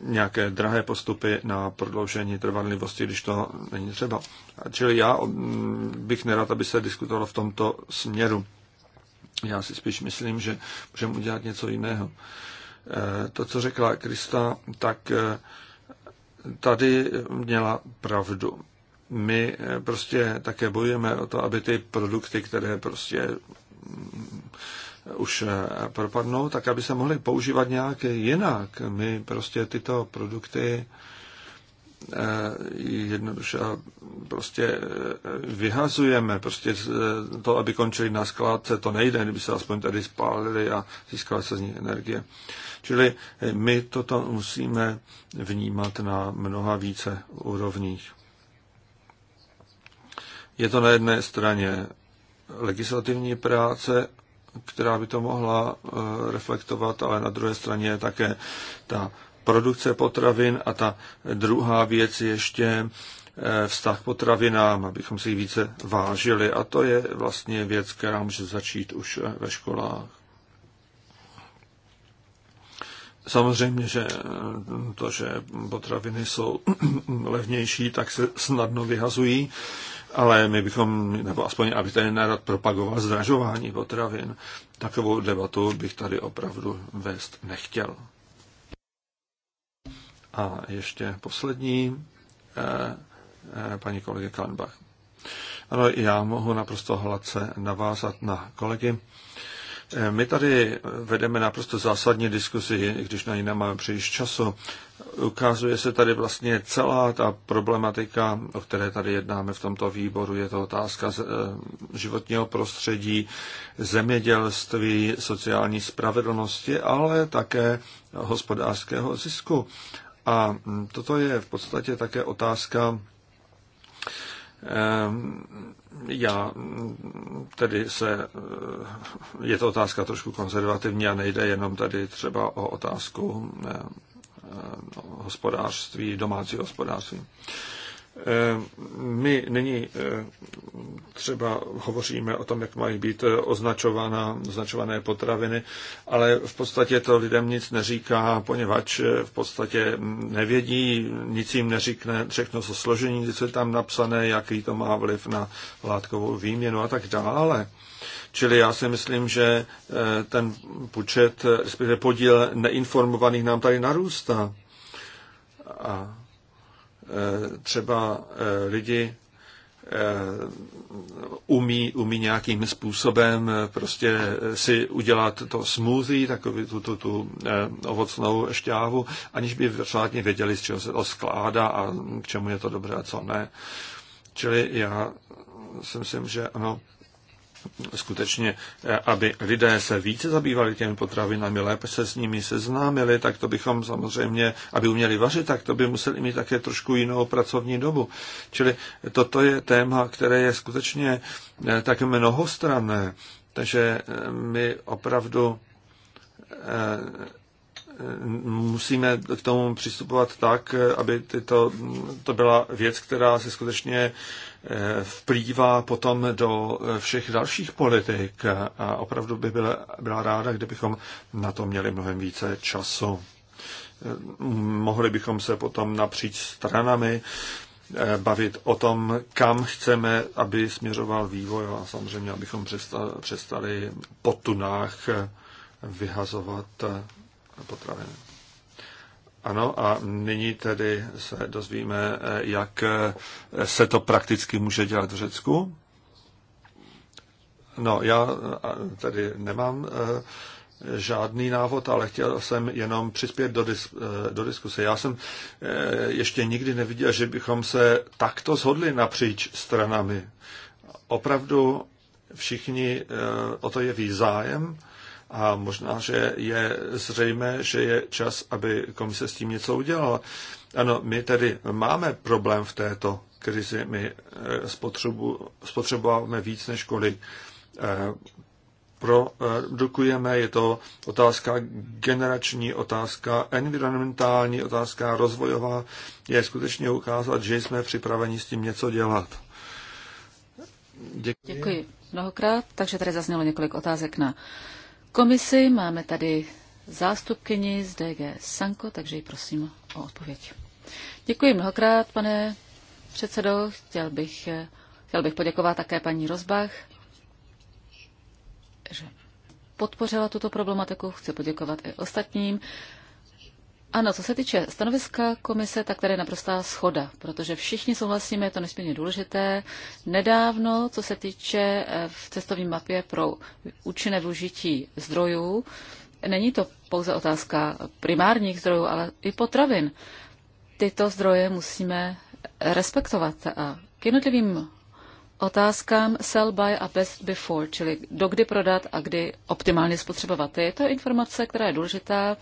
nějaké drahé postupy na prodloužení trvanlivosti, když to není třeba. Čili já mm, bych nerad, aby se diskutovalo v tomto směru. Já si spíš myslím, že můžeme udělat něco jiného. Eh, to, co řekla Krista, tak eh, tady měla pravdu. My eh, prostě také bojujeme o to, aby ty produkty, které prostě mm, už propadnou, tak aby se mohly používat nějak jinak. My prostě tyto produkty Eh, jednoduše prostě eh, vyhazujeme. Prostě eh, to, aby končili na skládce, to nejde, kdyby se aspoň tady spálili a získala se z ní energie. Čili my toto musíme vnímat na mnoha více úrovních. Je to na jedné straně legislativní práce, která by to mohla reflektovat, ale na druhé straně je také ta produkce potravin a ta druhá věc ještě eh, vztah potravinám, abychom si více vážili. A to je vlastně věc, která může začít už eh, ve školách. Samozřejmě, že eh, to, že potraviny jsou levnější, tak se snadno vyhazují, ale my bychom, nebo aspoň aby tady nerad propagoval zdražování potravin, takovou debatu bych tady opravdu vést nechtěl. A ještě poslední, eh, eh, paní kolegy Kalenbach. Ano, já mohu naprosto hladce navázat na kolegy. Eh, my tady vedeme naprosto zásadní diskusi, když na ní nemáme příliš času. Ukazuje se tady vlastně celá ta problematika, o které tady jednáme v tomto výboru. Je to otázka životního prostředí, zemědělství, sociální spravedlnosti, ale také hospodářského zisku. A mm, toto je v podstatě také otázka já mm, tedy se, eh, je to otázka trošku konzervativní a nejde jenom tady třeba o otázku eh, eh, no, hospodářství, domácího hospodářství. Eh, my nyní eh, třeba hovoříme o tom, jak mají být eh, označována, označované potraviny, ale v podstatě to lidem nic neříká, poněvadž v podstatě nevědí, nic jim neříkne všechno co složení, co je tam napsané, jaký to má vliv na látkovou výměnu a tak dále. Čili já si myslím, že ten počet, respektive podíl neinformovaných nám tady narůstá. A Eh, třeba eh, lidi eh, umí, umí nějakým způsobem prostě si udělat to smoothie, takový tu, tu, tu ovocnou šťávu, aniž by řádně věděli, z čeho se to skládá a k čemu je to dobré a co ne. Čili já si myslím, že ano, skutečně, eh, aby lidé se více zabývali těmi potravinami, lépe se s nimi seznámili, tak to bychom samozřejmě, aby uměli vařit, tak to by museli mít také trošku jinou pracovní dobu. Čili toto je téma, které je skutečně eh, tak mnohostranné, takže eh, my opravdu musíme k tomu přistupovat tak, aby tyto, to byla věc, která se skutečně vplývá potom do všech dalších politik a opravdu by byla, byla ráda, kdybychom na to měli mnohem více času. Mohli bychom se potom napříč stranami eh, bavit o tom, kam chceme, aby směřoval vývoj a samozřejmě, abychom přestali, po tunách eh, vyhazovat eh, potraviny. Ano, a nyní tedy se dozvíme, eh, jak eh, se to prakticky může dělat v Řecku. No, já eh, tady nemám žádný návod, ale chtěl jsem jenom přispět do, dis, do diskuse. Já jsem ještě nikdy neviděl, že bychom se takto shodli napříč stranami. Opravdu všichni o to jeví zájem a možná, že je zřejmé, že je čas, aby komise s tím něco udělala. Ano, my tedy máme problém v této krizi. My eh, spotřebu, spotřebováváme víc než kolik eh, produkujeme. Je to otázka generační, otázka environmentální, otázka rozvojová. Je skutečně ukázat, že jsme připraveni s tím něco dělat. Děkuji. Děkuji mnohokrát. Takže tady zaznělo několik otázek na komisi. Máme tady zástupkyni z DG Sanko, takže ji prosím o odpověď. Děkuji mnohokrát, pane předsedo. Chtěl bych, chtěl bych poděkovat také paní Rozbach, že podpořila tuto problematiku. Chci poděkovat i ostatním. Ano, co se týče stanoviska komise, tak tady je naprostá schoda, protože všichni souhlasíme, je to nesmírně důležité. Nedávno, co se týče eh, v cestovní mapě pro účinné využití zdrojů, není to pouze otázka primárních zdrojů, ale i potravin. Tyto zdroje musíme respektovat a k jednotlivým otázkám sell, buy a best before, čili dokdy prodat a kdy optimálně spotřebovat. Je to informace, která je důležitá.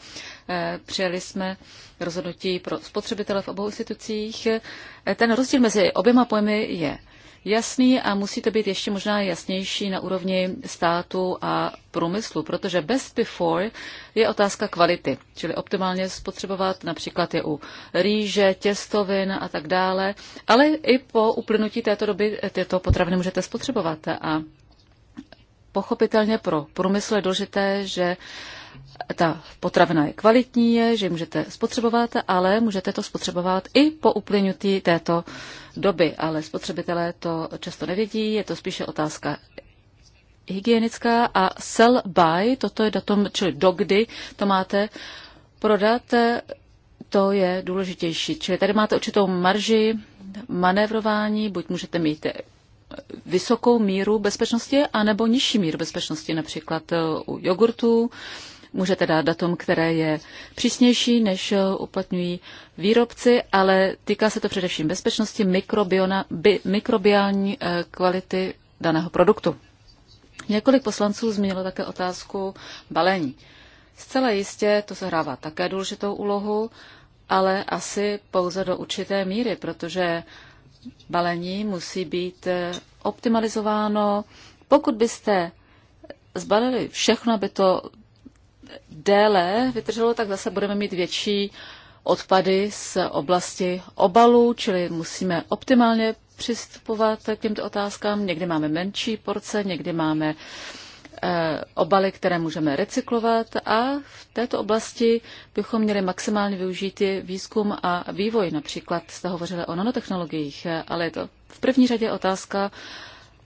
Eh, přijali jsme rozhodnutí pro spotřebitele v obou institucích. Eh, ten rozdíl mezi oběma pojmy je jasný a musí to být ještě možná jasnější na úrovni státu a průmyslu, protože best before je otázka kvality, čili optimálně spotřebovat například je u rýže, těstovin a tak dále, ale i po uplynutí této doby tyto potraviny můžete spotřebovat a pochopitelně pro průmysl je důležité, že ta potravina je kvalitní, že můžete spotřebovat, ale můžete to spotřebovat i po uplynutí této doby. Ale spotřebitelé to často nevědí, je to spíše otázka hygienická a sell by, toto je datum, čili dokdy to máte prodat, to je důležitější. Čili tady máte určitou marži manévrování, buď můžete mít vysokou míru bezpečnosti, anebo nižší míru bezpečnosti, například u jogurtů Můžete dát datum, které je přísnější, než uplatňují výrobci, ale týká se to především bezpečnosti, bi, mikrobiální eh, kvality daného produktu. Několik poslanců zmínilo také otázku balení. Zcela jistě to sehrává také důležitou úlohu, ale asi pouze do určité míry, protože balení musí být eh, optimalizováno. Pokud byste zbalili všechno, aby to déle vytrželo, tak zase budeme mít větší odpady z oblasti obalů, čili musíme optimálně přistupovat k těmto otázkám. Někdy máme menší porce, někdy máme eh, obaly, které můžeme recyklovat a v této oblasti bychom měli maximálně využít i výzkum a vývoj. Například jste hovořili o nanotechnologiích, eh, ale je to v první řadě otázka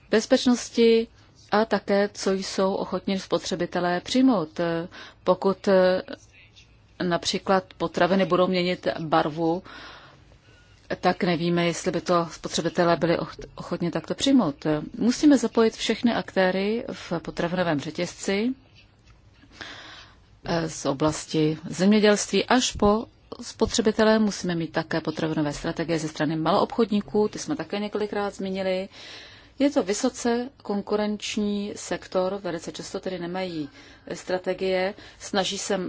bezpečnosti, a také, co jsou ochotní spotřebitelé přijmout. Pokud eh, například potraviny budou měnit barvu, tak nevíme, jestli by to spotřebitelé byli ochotně takto přijmout. Musíme zapojit všechny aktéry v potravinovém řetězci eh, z oblasti zemědělství až po spotřebitelé. Musíme mít také potravinové strategie ze strany maloobchodníků, ty jsme také několikrát zmínili. Je to vysoce konkurenční sektor, velice často tedy nemají strategie, snaží se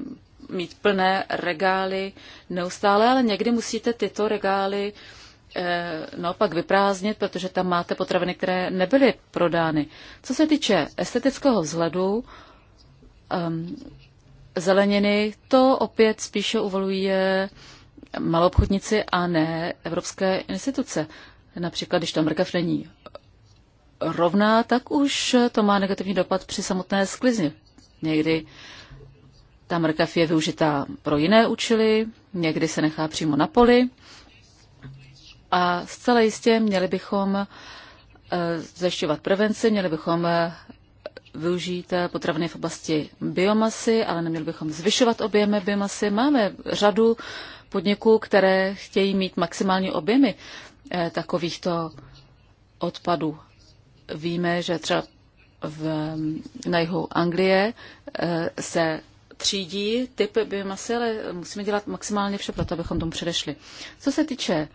mít plné regály neustále, ale někdy musíte tyto regály eh, no pak vyprázdnit, protože tam máte potraviny, které nebyly prodány. Co se týče estetického vzhledu, um, zeleniny, to opět spíše uvoluje malobchodníci a ne evropské instituce. Například, když tam mrkev není rovná, tak už to má negativní dopad při samotné sklizni. Někdy ta mrkev je využitá pro jiné účely, někdy se nechá přímo na poli. A zcela jistě měli bychom eh, zajišťovat prevenci, měli bychom eh, využít eh, potraviny v oblasti biomasy, ale neměli bychom zvyšovat objemy biomasy. Máme řadu podniků, které chtějí mít maximální objemy takovýchto odpadů. Víme, že třeba v, na jihu Anglie eh, se třídí typ biomasy, ale musíme dělat maximálně vše pro to, abychom tomu předešli. Co se týče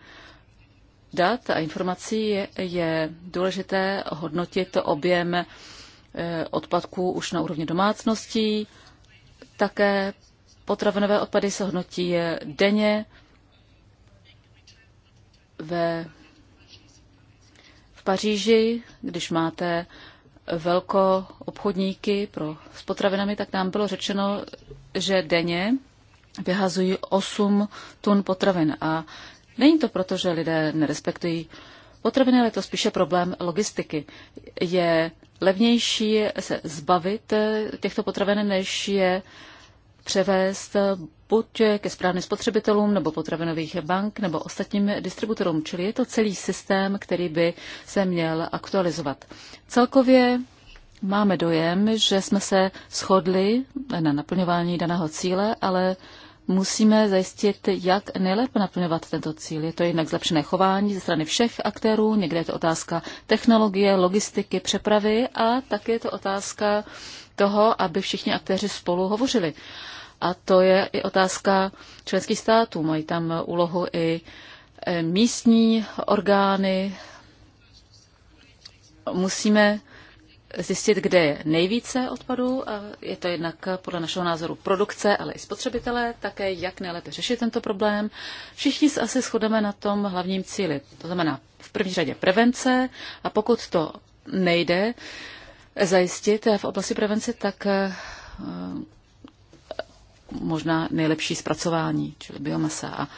dat a informací, je, je důležité hodnotit objem eh, odpadků už na úrovni domácností. Také potravinové odpady se hodnotí eh, denně ve Paříži, když máte velko obchodníky pro, s potravinami, tak nám bylo řečeno, že denně vyhazují 8 tun potravin. A není to proto, že lidé nerespektují potraviny, ale je to spíše problém logistiky. Je levnější se zbavit těchto potravin, než je převést buď ke správným spotřebitelům nebo potravinových bank nebo ostatním distributorům. Čili je to celý systém, který by se měl aktualizovat. Celkově máme dojem, že jsme se shodli na naplňování daného cíle, ale musíme zajistit, jak nejlépe naplňovat tento cíl. Je to jinak zlepšené chování ze strany všech aktérů, někde je to otázka technologie, logistiky, přepravy a také je to otázka toho, aby všichni aktéři spolu hovořili. A to je i otázka členských států. Mají tam úlohu i e, místní orgány. Musíme zjistit, kde je nejvíce odpadů. Je to jednak podle našeho názoru produkce, ale i spotřebitelé, také jak nejlépe řešit tento problém. Všichni se asi shodeme na tom hlavním cíli. To znamená v první řadě prevence a pokud to nejde zajistit v oblasti prevence, tak e, možná nejlepší zpracování, čili biomasa. A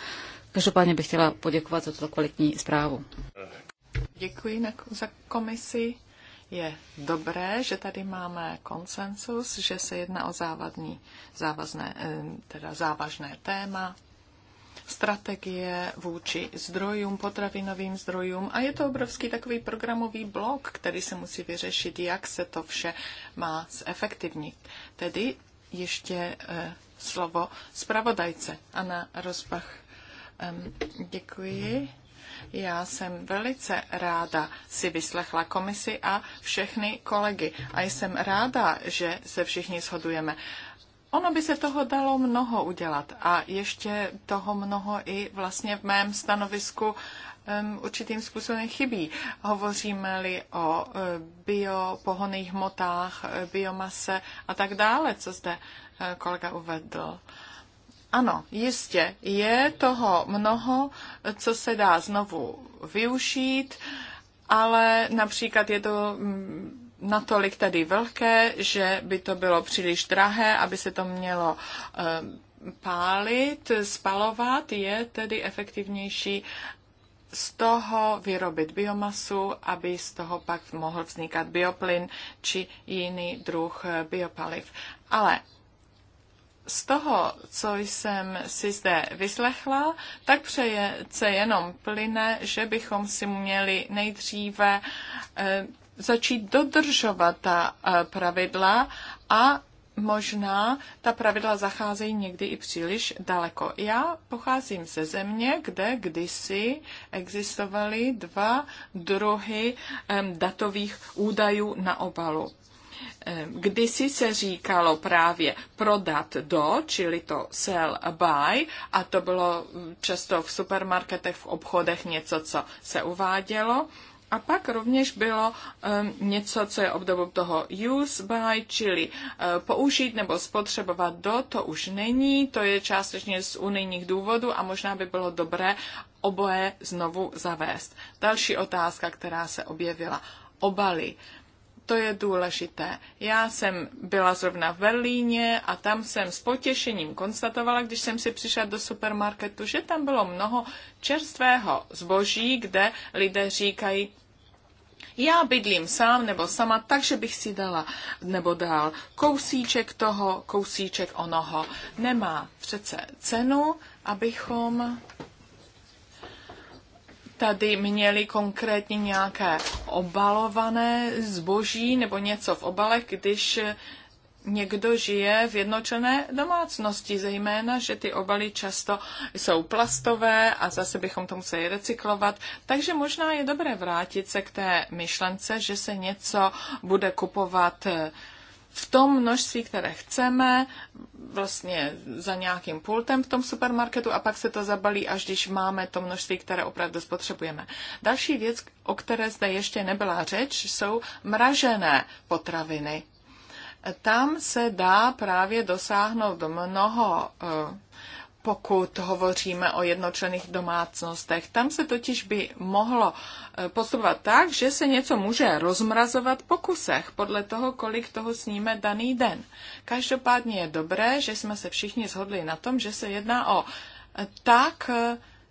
každopádně bych chtěla poděkovat za tuto kvalitní zprávu. Děkuji za komisi. Je dobré, že tady máme konsensus, že se jedná o závadný, závazné, eh, teda závažné téma, strategie vůči zdrojům, potravinovým zdrojům a je to obrovský takový programový blok, který se musí vyřešit, jak se to vše má zefektivnit. Tedy ještě eh, slovo zpravodajce. Anna Rozbach. Děkuji. Já jsem velice ráda si vyslechla komisi a všechny kolegy a jsem ráda, že se všichni shodujeme. Ono by se toho dalo mnoho udělat a ještě toho mnoho i vlastně v mém stanovisku určitým způsobem chybí. Hovoříme-li o e, biopohonných hmotách, e, biomase a tak dále, co zde e, kolega uvedl. Ano, jistě, je toho mnoho, co se dá znovu využít, ale například je to natolik tady velké, že by to bylo příliš drahé, aby se to mělo pálit, spalovat je tedy efektivnější z toho vyrobit biomasu, aby z toho pak mohl vznikat bioplyn či jiný druh eh, biopaliv. Ale z toho, co jsem si zde vyslechla, tak přeje se jenom plyne, že bychom si měli nejdříve eh, začít dodržovat ta eh, pravidla a možná ta pravidla zacházejí někdy i příliš daleko. Já pocházím ze země, kde kdysi existovaly dva druhy datových údajů na obalu. Kdysi se říkalo právě prodat do, čili to sell buy, a to bylo mm, často v supermarketech, v obchodech něco, co se uvádělo. A pak rovněž bylo um, něco, co je obdobou toho use by, čili uh, použít nebo spotřebovat do, to už není, to je částečně z unijních důvodů a možná by bylo dobré oboje znovu zavést. Další otázka, která se objevila. Obaly to je důležité. Já jsem byla zrovna v Berlíně a tam jsem s potěšením konstatovala, když jsem si přišla do supermarketu, že tam bylo mnoho čerstvého zboží, kde lidé říkají, já bydlím sám nebo sama, takže bych si dala nebo dal kousíček toho, kousíček onoho. Nemá přece cenu, abychom tady měli konkrétně nějaké obalované zboží nebo něco v obalech, když někdo žije v jednočlené domácnosti, zejména, že ty obaly často jsou plastové a zase bychom to museli recyklovat. Takže možná je dobré vrátit se k té myšlence, že se něco bude kupovat eh, v tom množství, které chceme, vlastně za nějakým pultem v tom supermarketu a pak se to zabalí, až když máme to množství, které opravdu spotřebujeme. Další věc, o které zde ještě nebyla řeč, jsou mražené potraviny tam se dá právě dosáhnout mnoho eh, pokud hovoříme o jednočlených domácnostech. Tam se totiž by mohlo eh, postupovat tak, že se něco může rozmrazovat po kusech podle toho, kolik toho sníme daný den. Každopádně je dobré, že jsme se všichni shodli na tom, že se jedná o eh, tak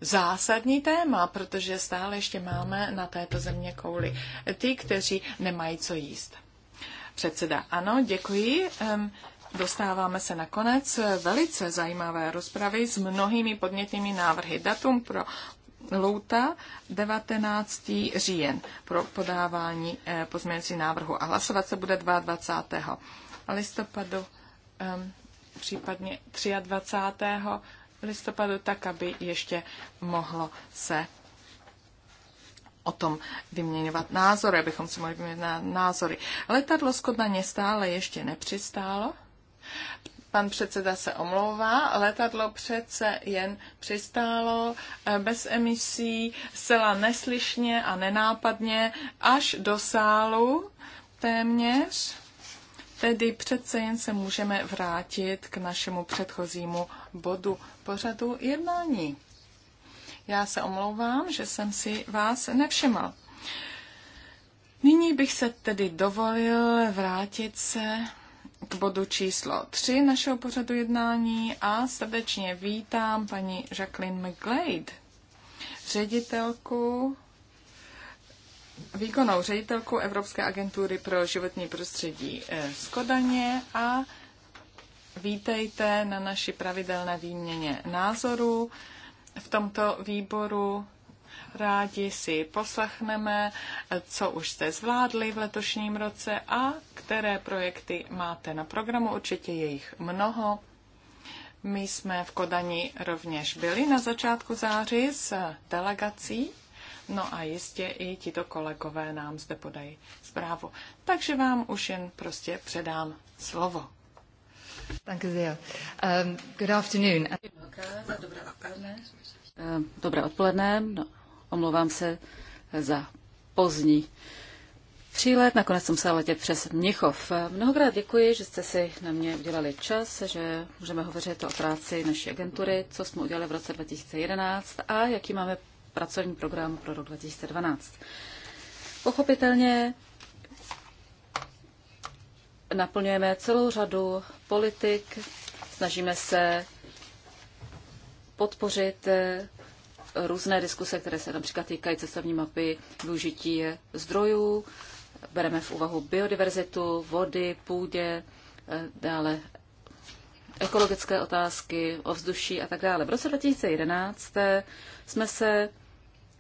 zásadní téma, protože stále ještě máme na této země kouli ty, kteří nemají co jíst. Předseda, ano, děkuji. Dostáváme se na konec velice zajímavé rozpravy s mnohými podnětnými návrhy. Datum pro Louta 19. říjen pro podávání eh, pozměňující návrhu a hlasovat se bude 22. listopadu, případně 23. listopadu, tak aby ještě mohlo se o tom vyměňovat názory, abychom si mohli vyměňovat názory. Letadlo z Kodaně stále ještě nepřistálo. Pan předseda se omlouvá, letadlo přece jen přistálo eh, bez emisí, zcela neslyšně a nenápadně až do sálu téměř. Tedy přece jen se můžeme vrátit k našemu předchozímu bodu pořadu jednání. Já se omlouvám, že jsem si vás nevšiml. Nyní bych se tedy dovolil vrátit se k bodu číslo 3 našeho pořadu jednání a srdečně vítám paní Jacqueline McGlade, ředitelku výkonnou ředitelku Evropské agentury pro životní prostředí eh, z Kodaně a vítejte na naší pravidelné výměně názorů v tomto výboru rádi si poslechneme, co už jste zvládli v letošním roce a které projekty máte na programu. Určitě je jich mnoho. My jsme v Kodani rovněž byli na začátku září s delegací, no a jistě i tito kolegové nám zde podají zprávu. Takže vám už jen prostě předám slovo. Danke sehr. Um, good afternoon. Eh, dobré odpoledne. No, omlouvám se eh, za pozdní přílet. Nakonec jsem musela letět přes Mnichov. Eh, mnohokrát děkuji, že jste si na mě udělali čas, že můžeme hovořit o práci naší agentury, co jsme udělali v roce 2011 a jaký máme pracovní program pro rok 2012. Pochopitelně naplňujeme celou řadu politik, snažíme se podpořit eh, různé diskuse, které se například týkají cestovní mapy, využití zdrojů, bereme v úvahu biodiverzitu, vody, půdě, eh, dále ekologické otázky, ovzduší a tak dále. V roce 2011 eh, jsme se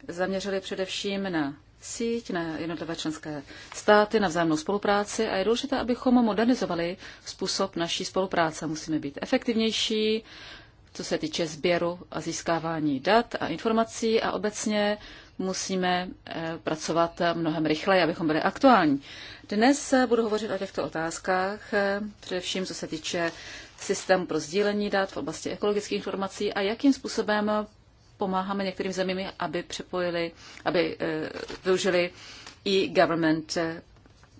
zaměřili především na síť na jednotlivé členské státy, na vzájemnou spolupráci a je důležité, abychom modernizovali způsob naší spolupráce. Musíme být efektivnější, co se týče sběru a získávání dat a informací a obecně musíme eh, pracovat mnohem rychleji, abychom byli aktuální. Dnes eh, budu hovořit o těchto otázkách, eh, především co se týče systému pro sdílení dat v oblasti ekologických informací a jakým způsobem pomáháme některým zemím, aby připojili, aby eh, využili i government eh,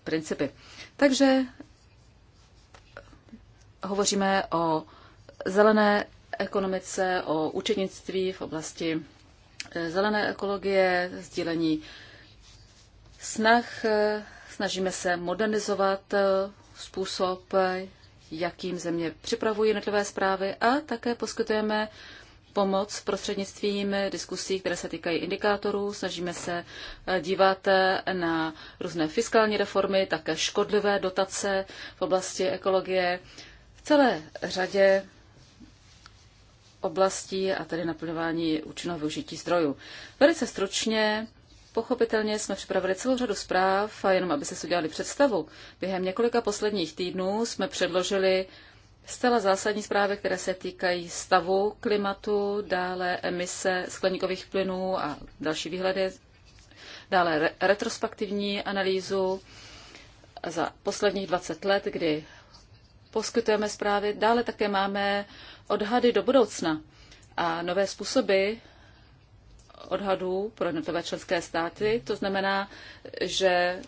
principy. Takže hovoříme o zelené ekonomice, o účetnictví v oblasti eh, zelené ekologie, sdílení snah. Snažíme se modernizovat způsob, jakým země připravují jednotlivé zprávy a také poskytujeme pomoc prostřednictvím diskusí, které se týkají indikátorů. Snažíme se eh, dívat eh, na různé fiskální reformy, také škodlivé dotace v oblasti ekologie, v celé řadě oblastí a tedy naplňování účinného využití zdrojů. Velice stručně Pochopitelně jsme připravili celou řadu zpráv a jenom aby se udělali představu. Během několika posledních týdnů jsme předložili zcela zásadní zprávy, které se týkají stavu klimatu, dále emise skleníkových plynů a další výhledy, dále re- retrospektivní analýzu za posledních 20 let, kdy poskytujeme zprávy. Dále také máme odhady do budoucna a nové způsoby odhadů pro jednotlivé členské státy. To znamená, že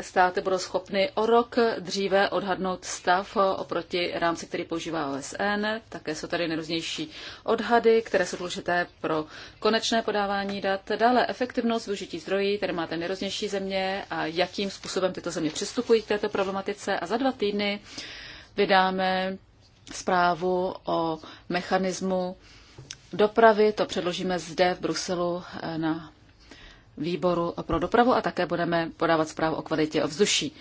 státy budou schopny o rok dříve odhadnout stav oproti rámci, který používá OSN. Také jsou tady nejrůznější odhady, které jsou důležité pro konečné podávání dat. Dále efektivnost využití zdrojí, tady máte nejrůznější země a jakým způsobem tyto země přistupují k této problematice. A za dva týdny vydáme zprávu o mechanismu dopravy. To předložíme zde v Bruselu na výboru pro dopravu a také budeme podávat zprávu o kvalitě ovzduší.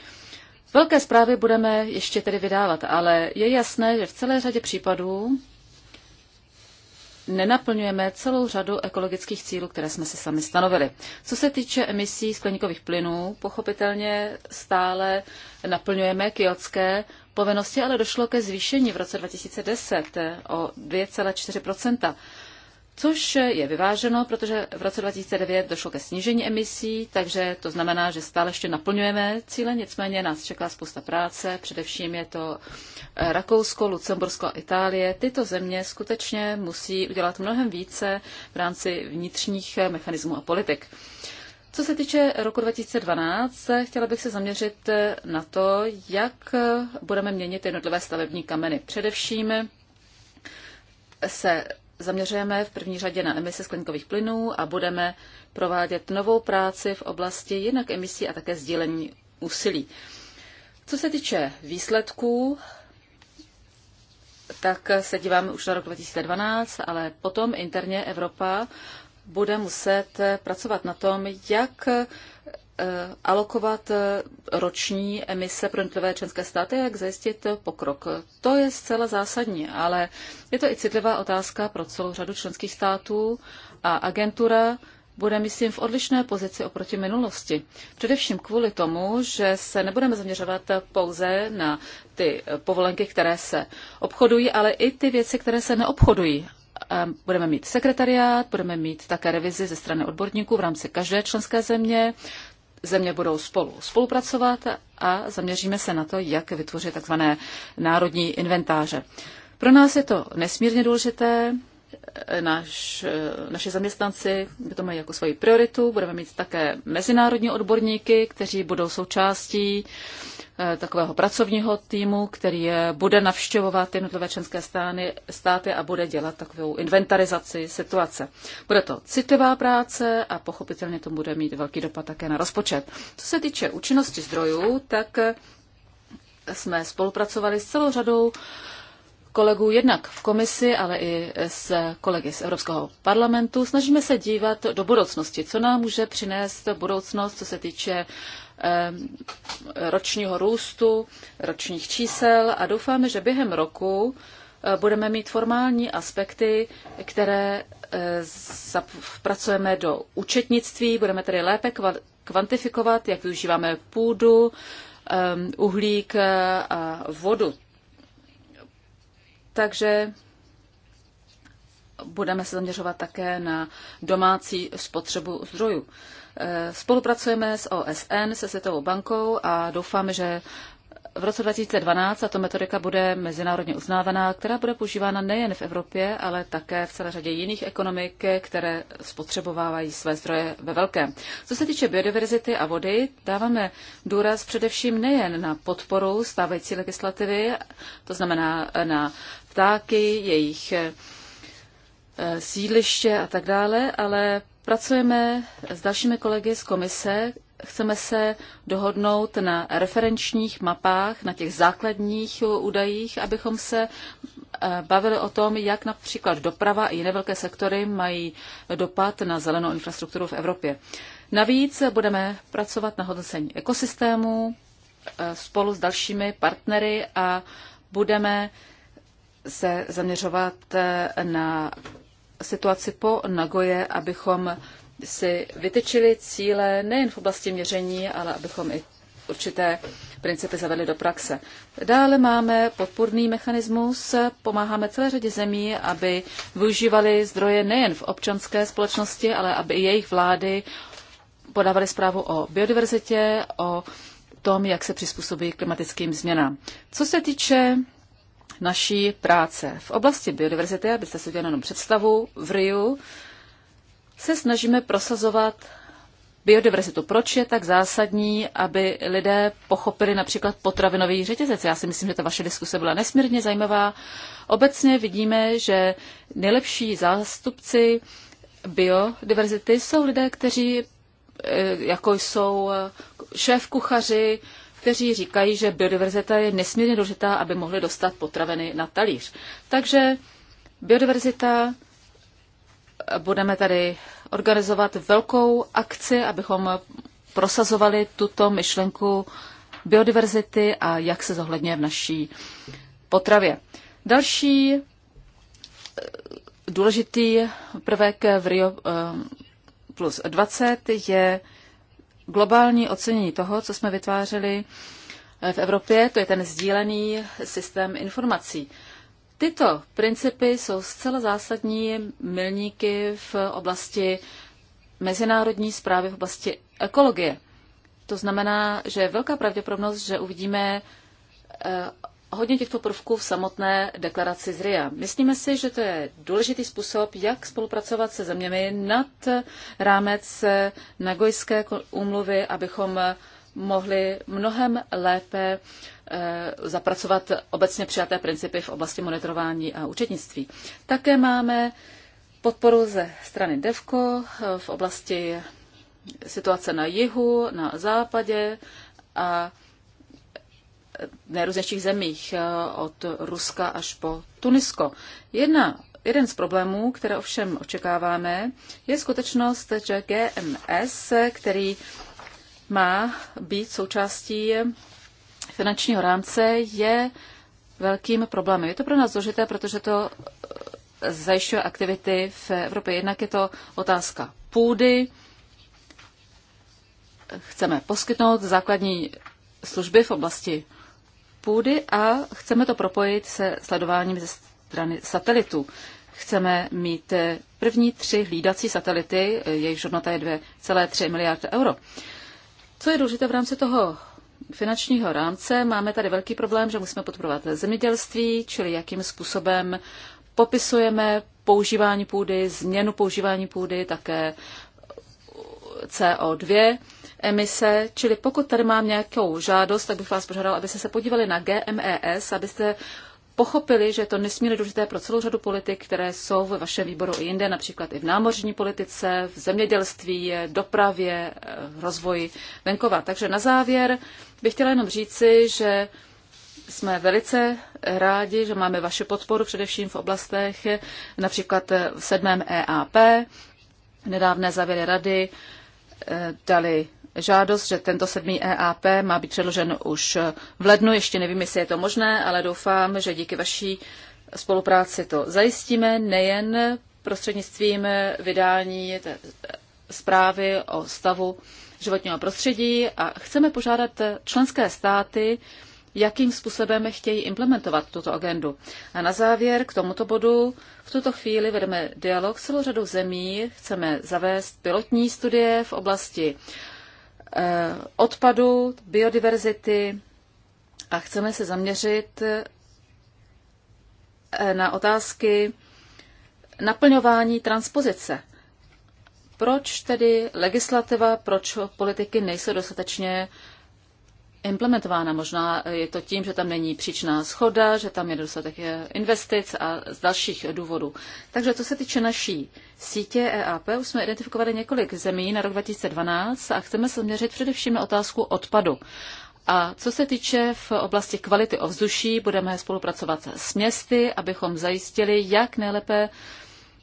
Velké zprávy budeme ještě tedy vydávat, ale je jasné, že v celé řadě případů nenaplňujeme celou řadu ekologických cílů, které jsme si sami stanovili. Co se týče emisí skleníkových plynů, pochopitelně stále naplňujeme kiotské povinnosti, ale došlo ke zvýšení v roce 2010 o 2,4 což je vyváženo, protože v roce 2009 došlo ke snížení emisí, takže to znamená, že stále ještě naplňujeme cíle, nicméně nás čeká spousta práce, především je to eh, Rakousko, Lucembursko a Itálie. Tyto země skutečně musí udělat mnohem více v rámci vnitřních eh, mechanismů a politik. Co se týče roku 2012, chtěla bych se zaměřit eh, na to, jak budeme měnit jednotlivé stavební kameny. Především se zaměřujeme v první řadě na emise skleníkových plynů a budeme provádět novou práci v oblasti jinak emisí a také sdílení úsilí. Co se týče výsledků, tak se díváme už na rok 2012, ale potom interně Evropa bude muset pracovat na tom, jak Eh, alokovat eh, roční emise pro jednotlivé členské státy a jak zajistit pokrok. To je zcela zásadní, ale je to i citlivá otázka pro celou řadu členských států a agentura bude, myslím, v odlišné pozici oproti minulosti. Především kvůli tomu, že se nebudeme zaměřovat pouze na ty povolenky, které se obchodují, ale i ty věci, které se neobchodují. Budeme mít sekretariát, budeme mít také revizi ze strany odborníků v rámci každé členské země, země budou spolu spolupracovat a zaměříme se na to, jak vytvořit takzvané národní inventáře. Pro nás je to nesmírně důležité naš, naši zaměstnanci to mají jako svoji prioritu. Budeme mít také mezinárodní odborníky, kteří budou součástí eh, takového pracovního týmu, který je, bude navštěvovat jednotlivé členské stány, státy a bude dělat takovou inventarizaci situace. Bude to citlivá práce a pochopitelně to bude mít velký dopad také na rozpočet. Co se týče účinnosti zdrojů, tak eh, jsme spolupracovali s celou řadou kolegů jednak v komisi, ale i s kolegy z Evropského parlamentu. Snažíme se dívat do budoucnosti, co nám může přinést budoucnost, co se týče ročního růstu, ročních čísel a doufáme, že během roku e, budeme mít formální aspekty, které e, zapracujeme do účetnictví, budeme tedy lépe kvantifikovat, jak využíváme půdu, uhlík e, a vodu. Takže budeme se zaměřovat také na domácí spotřebu zdrojů. Eh, spolupracujeme s OSN, se Světovou bankou a doufáme, že v roce 2012 tato metodika bude mezinárodně uznávaná, která bude používána nejen v Evropě, ale také v celé řadě jiných ekonomik, které spotřebovávají své zdroje ve velkém. Co se týče biodiverzity a vody, dáváme důraz především nejen na podporu stávající legislativy, to znamená na ptáky, jejich eh, sídliště a tak dále, ale pracujeme s dalšími kolegy z komise, chceme se dohodnout na referenčních mapách, na těch základních údajích, abychom se eh, bavili o tom, jak například doprava i jiné velké sektory mají dopad na zelenou infrastrukturu v Evropě. Navíc budeme pracovat na hodnocení ekosystému eh, spolu s dalšími partnery a budeme se zaměřovat eh, na situaci po Nagoje, abychom si vytyčili cíle nejen v oblasti měření, ale abychom i určité principy zavedli do praxe. Dále máme podpůrný mechanismus, pomáháme celé řadě zemí, aby využívali zdroje nejen v občanské společnosti, ale aby i jejich vlády podávaly zprávu o biodiverzitě, o tom, jak se přizpůsobí klimatickým změnám. Co se týče naší práce v oblasti biodiverzity, abyste si udělali jenom představu, v Riu se snažíme prosazovat biodiverzitu. Proč je tak zásadní, aby lidé pochopili například potravinový řetězec? Já si myslím, že ta vaše diskuse byla nesmírně zajímavá. Obecně vidíme, že nejlepší zástupci biodiverzity jsou lidé, kteří eh, jako jsou eh, šéf kuchaři, kteří říkají, že biodiverzita je nesmírně důležitá, aby mohli dostat potraviny na talíř. Takže biodiverzita Budeme tady organizovat velkou akci, abychom prosazovali tuto myšlenku biodiverzity a jak se zohledňuje v naší potravě. Další eh, důležitý prvek v Rio eh, plus 20 je globální ocenění toho, co jsme vytvářeli eh, v Evropě, to je ten sdílený systém informací. Tyto principy jsou zcela zásadní milníky v oblasti mezinárodní zprávy v oblasti ekologie. To znamená, že je velká pravděpodobnost, že uvidíme eh, hodně těchto prvků v samotné deklaraci z RIA. Myslíme si, že to je důležitý způsob, jak spolupracovat se zeměmi nad rámec Nagojské úmluvy, abychom mohli mnohem lépe eh, zapracovat obecně přijaté principy v oblasti monitorování a účetnictví. Také máme podporu ze strany DEVKO eh, v oblasti situace na jihu, na západě a nejrůznějších zemích eh, od Ruska až po Tunisko. Jedna, jeden z problémů, které ovšem očekáváme, je skutečnost, že GMS, který má být součástí finančního rámce, je velkým problémem. Je to pro nás důležité, protože to eh, zajišťuje aktivity v Evropě. Jednak je to otázka půdy. Chceme poskytnout základní služby v oblasti půdy a chceme to propojit se sledováním ze strany satelitů. Chceme mít eh, první tři hlídací satelity, eh, jejich hodnota je 2,3 miliardy euro. Co je důležité v rámci toho finančního rámce, máme tady velký problém, že musíme podporovat zemědělství, čili jakým způsobem popisujeme používání půdy, změnu používání půdy, také CO2 emise, čili pokud tady mám nějakou žádost, tak bych vás požádal, abyste se podívali na GMES, abyste pochopili, že je to nesmírně důležité pro celou řadu politik, které jsou ve vašem výboru i jinde, například i v námořní politice, v zemědělství, dopravě, eh, rozvoji venkova. Takže na závěr bych chtěla jenom říci, že jsme velice rádi, že máme vaši podporu především v oblastech, například v sedmém EAP, nedávné závěry rady eh, dali žádost, že tento sedmý EAP má být předložen už v lednu. Ještě nevím, jestli je to možné, ale doufám, že díky vaší spolupráci to zajistíme nejen prostřednictvím vydání zprávy o stavu životního prostředí a chceme požádat členské státy, jakým způsobem chtějí implementovat tuto agendu. A na závěr k tomuto bodu v tuto chvíli vedeme dialog s celou řadou zemí, chceme zavést pilotní studie v oblasti Eh, odpadu, biodiverzity a chceme se zaměřit eh, na otázky naplňování transpozice. Proč tedy legislativa, proč politiky nejsou dostatečně implementována. Možná je to tím, že tam není příčná schoda, že tam je dostatek eh, investic a z dalších eh, důvodů. Takže co se týče naší sítě EAP, už jsme identifikovali několik zemí na rok 2012 a chceme se změřit především na otázku odpadu. A co se týče v oblasti kvality ovzduší, budeme spolupracovat s městy, abychom zajistili, jak nejlépe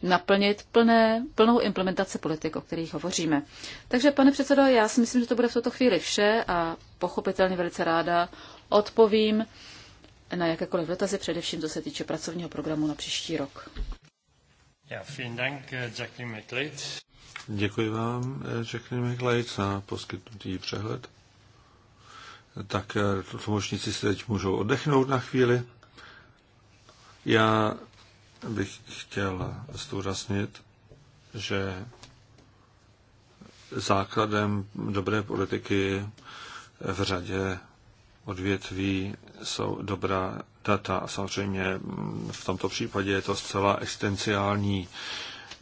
naplnit plné, plnou implementaci politik, o kterých hovoříme. Takže, pane předsedo, já si myslím, že to bude v tuto chvíli vše a pochopitelně velice ráda odpovím na jakékoliv dotazy, především co se týče pracovního programu na příští rok. Ja, Dank, eh, Děkuji vám, eh, Jacqueline McLeod, za poskytnutý přehled. Tak eh, tlumočníci se teď můžou oddechnout na chvíli. Já bych chtěl zdůraznit, že základem dobré politiky v řadě odvětví jsou dobrá data. Samozřejmě v tomto případě je to zcela existenciální.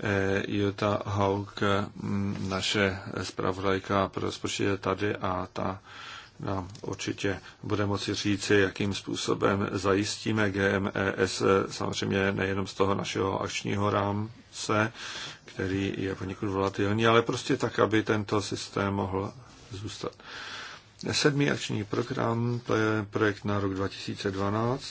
Eh, Jutta Haug, mm, naše zpravodajka pro rozpočet je tady a ta nám určitě bude moci říci, jakým způsobem zajistíme GMES, samozřejmě nejenom z toho našeho akčního rámce, který je poněkud volatilní, ale prostě tak, aby tento systém mohl zůstat. Sedmý akční program, to je projekt na rok 2012.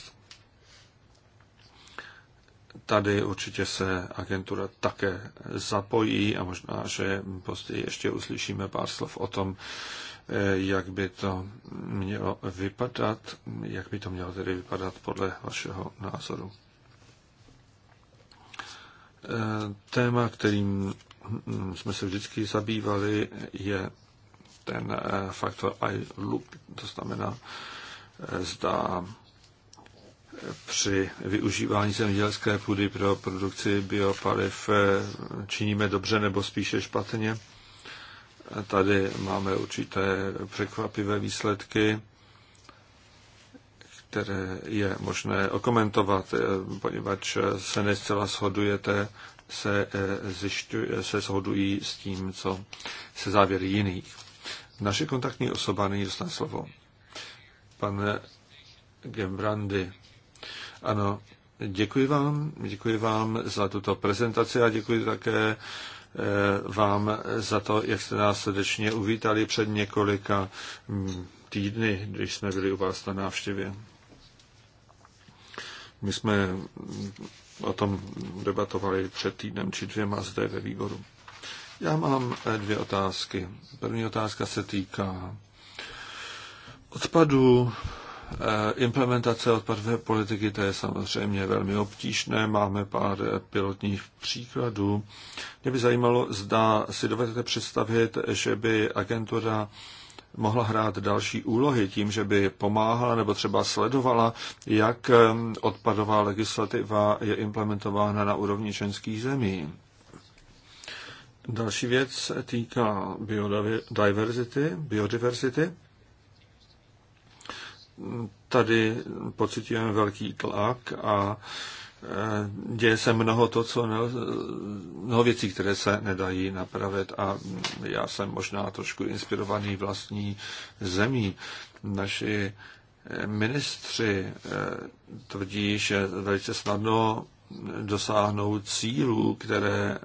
Tady určitě se agentura také zapojí a možná, že později ještě uslyšíme pár slov o tom, Eh, jak by to mělo vypadat, jak by to mělo tedy vypadat podle vašeho názoru. Eh, téma, kterým hm, jsme se vždycky zabývali, je ten eh, faktor I loop, to znamená, zda při využívání zemědělské půdy pro produkci biopaliv činíme dobře nebo spíše špatně. Tady máme určité překvapivé výsledky, které je možné okomentovat, eh, poněvadž se nezcela shodujete, se, eh, zjišťuj, se shodují s tím, co se závěry jiných. Naše kontaktní osoba není dostane slovo. Pan Gembrandy. Ano, děkuji vám, děkuji vám za tuto prezentaci a děkuji také Eh, vám za to, jak jste nás srdečně uvítali před několika mm, týdny, když jsme byli u vás na návštěvě. My jsme mm, o tom debatovali před týdnem či dvěma zde ve výboru. Já mám eh, dvě otázky. První otázka se týká odpadu Eh, implementace odpadové politiky, to je samozřejmě velmi obtížné, máme pár pilotních příkladů. Mě by zajímalo, zda si dovedete představit, že by agentura mohla hrát další úlohy tím, že by pomáhala nebo třeba sledovala, jak eh, odpadová legislativa je implementována na úrovni členských zemí. Další věc se týká biodiverzity. biodiverzity tady pocitujeme velký tlak a e, děje se mnoho to, co mnoho věcí, které se nedají napravit a já jsem možná trošku inspirovaný vlastní zemí. Naši e, ministři e, tvrdí, že velice snadno dosáhnou cílů, které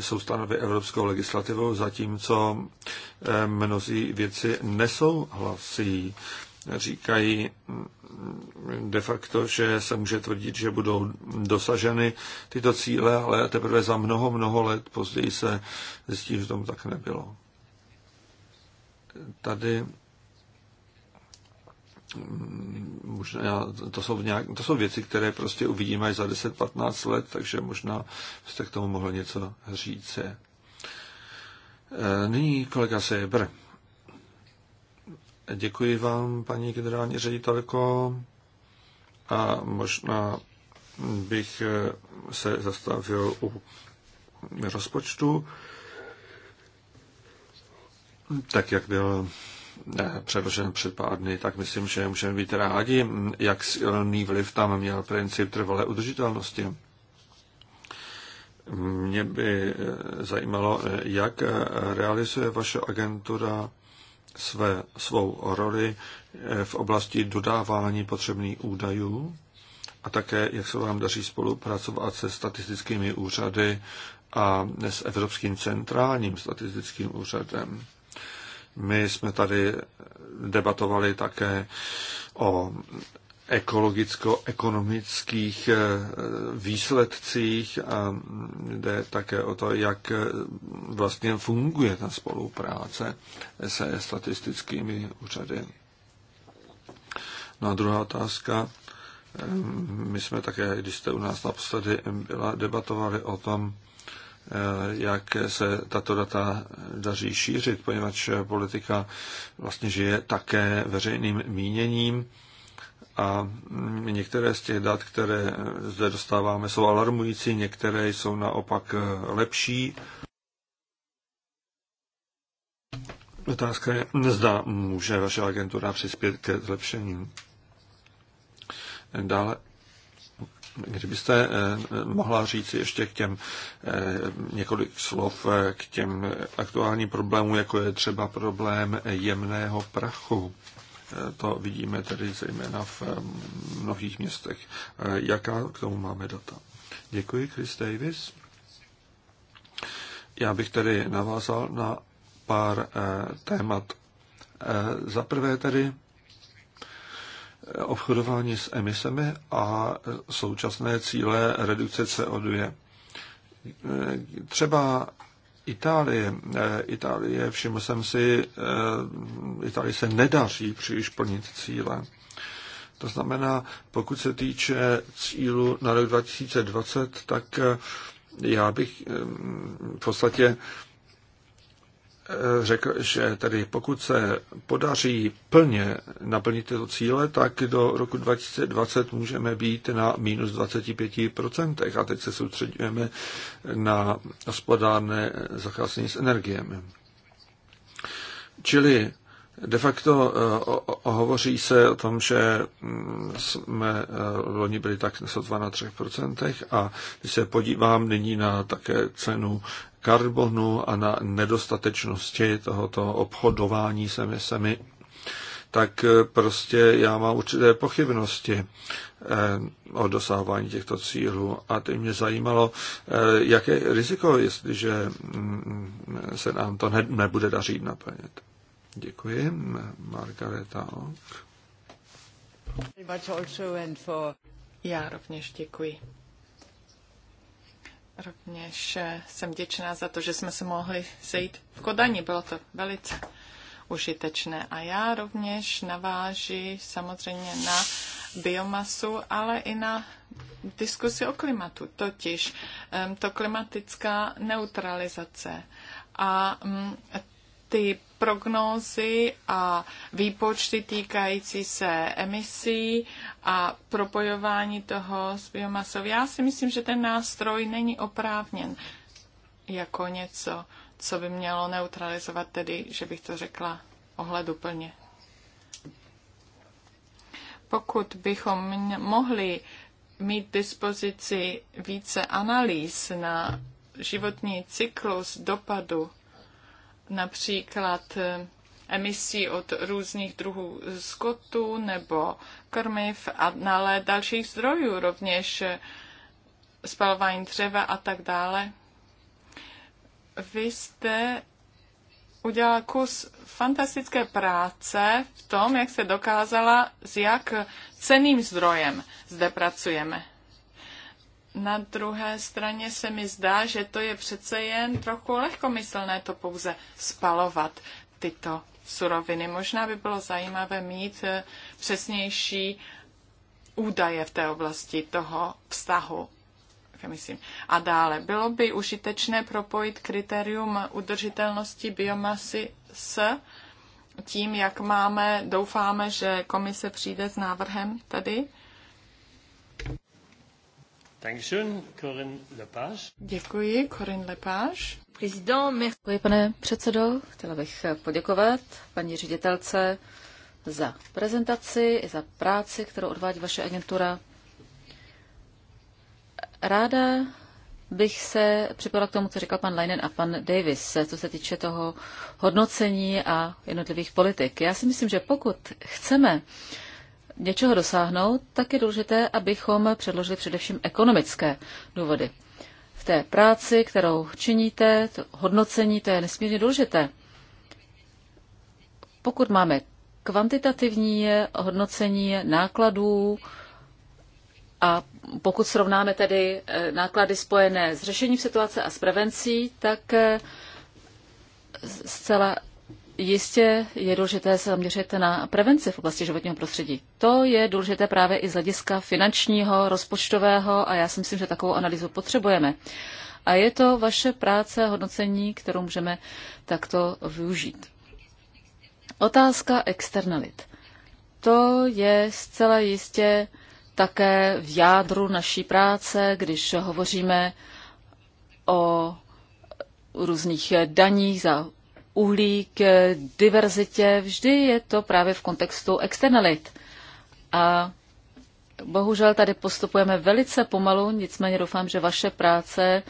jsou stanovy evropskou legislativou, zatímco mnozí věci nesouhlasí říkají de facto, že se může tvrdit, že budou dosaženy tyto cíle, ale teprve za mnoho, mnoho let později se zjistí, že tomu tak nebylo. Tady mm, možná, to jsou, nějak, to jsou věci, které prostě uvidíme až za 10-15 let, takže možná jste k tomu mohli něco říct. E, nyní kolega Sebr. Děkuji vám, paní generální ředitelko. A možná bych se zastavil u rozpočtu, tak jak byl eh, předložen před pár dny, tak myslím, že můžeme být rádi, jak silný vliv tam měl princip trvalé udržitelnosti. Mě by eh, zajímalo, eh, jak realizuje vaše agentura své, svou roli eh, v oblasti dodávání potřebných údajů a také, jak se vám daří spolupracovat se statistickými úřady a s Evropským centrálním statistickým úřadem. My jsme tady debatovali také o ekologicko-ekonomických eh, výsledcích a jde také o to, jak eh, vlastně funguje ta spolupráce se statistickými úřady. No a druhá otázka. Eh, my jsme také, když jste u nás naposledy byla, debatovali o tom, jak se tato data daří šířit, poněvadž politika vlastně žije také veřejným míněním a některé z těch dat, které zde dostáváme, jsou alarmující, některé jsou naopak lepší. Otázka je, nezda může vaše agentura přispět ke zlepšení. Dále, kdybyste eh, mohla říct ještě k těm eh, několik slov eh, k těm aktuálním problémům, jako je třeba problém jemného prachu. To vidíme tedy zejména v eh, mnohých městech. Eh, jaká k tomu máme data? Děkuji, Chris Davis. Já bych tedy navázal na pár eh, témat. Za prvé tedy obchodování s emisemi a současné cíle redukce CO2. Třeba Itálie. Eh, Itálie, všiml jsem si, eh, Itálie se nedaří příliš plnit cíle. To znamená, pokud se týče cílu na rok 2020, tak eh, já bych v podstatě Eh, řekl, že tedy pokud se podaří plně naplnit tyto cíle, tak do roku 2020 můžeme být na minus 25%. A teď se soustředíme na hospodárné zacházení s energiemi. Čili de facto eh, hovoří se o tom, že mm, jsme eh, loni byli tak sotva na 3% a když se podívám nyní na také cenu karbonu a na nedostatečnosti tohoto obchodování se emisemi, tak eh, prostě já mám určité pochybnosti eh, o dosahování těchto cílů. A teď mě zajímalo, eh, jaké riziko, jestliže mm, se nám to nebude dařit naplnit. Děkuji. Margareta Já rovněž děkuji Rovněž eh, jsem děčná za to, že jsme se mohli sejít v Kodani. Bylo to velice užitečné. A já rovněž naváži samozřejmě na biomasu, ale i na diskusi o klimatu, totiž to klimatická neutralizace. A mm, ty prognózy a výpočty týkající se emisí a propojování toho s biomasou. Já si myslím, že ten nástroj není oprávněn jako něco, co by mělo neutralizovat, tedy, že bych to řekla ohleduplně. Pokud bychom mohli mít dispozici více analýz na životní cyklus dopadu například eh, emisí od různých druhů skotu nebo krmiv a dále dalších zdrojů, rovněž eh, spalování dřeva a tak dále. Vy jste udělala kus fantastické práce v tom, jak se dokázala, s jak ceným zdrojem zde pracujeme na druhé straně se mi zdá, že to je přece jen trochu lehkomyslné to pouze spalovat tyto suroviny. Možná by bylo zajímavé mít eh, přesnější údaje v té oblasti toho vztahu. Myslím. A dále, bylo by užitečné propojit kritérium udržitelnosti biomasy s tím, jak máme, doufáme, že komise přijde s návrhem tady Děkuji, Corinne Lepage. Děkuji, pane předsedo. Chtěla bych poděkovat paní ředitelce za prezentaci i za práci, kterou odvádí vaše agentura. Ráda bych se připojila k tomu, co říkal pan Leinen a pan Davis, co se týče toho hodnocení a jednotlivých politik. Já si myslím, že pokud chceme něčeho dosáhnout, tak je důležité, abychom předložili především ekonomické důvody. V té práci, kterou činíte, to hodnocení, to je nesmírně důležité. Pokud máme kvantitativní hodnocení nákladů a pokud srovnáme tedy eh, náklady spojené s řešením situace a s prevencí, tak eh, zcela Jistě je důležité se zaměřit na prevenci v oblasti životního prostředí. To je důležité právě i z hlediska finančního, rozpočtového a já si myslím, že takovou analýzu potřebujeme. A je to vaše práce, hodnocení, kterou můžeme takto využít. Otázka externalit. To je zcela jistě také v jádru naší práce, když hovoříme o různých daních za uhlík, diverzitě, vždy je to právě v kontextu externalit. A bohužel tady postupujeme velice pomalu, nicméně doufám, že vaše práce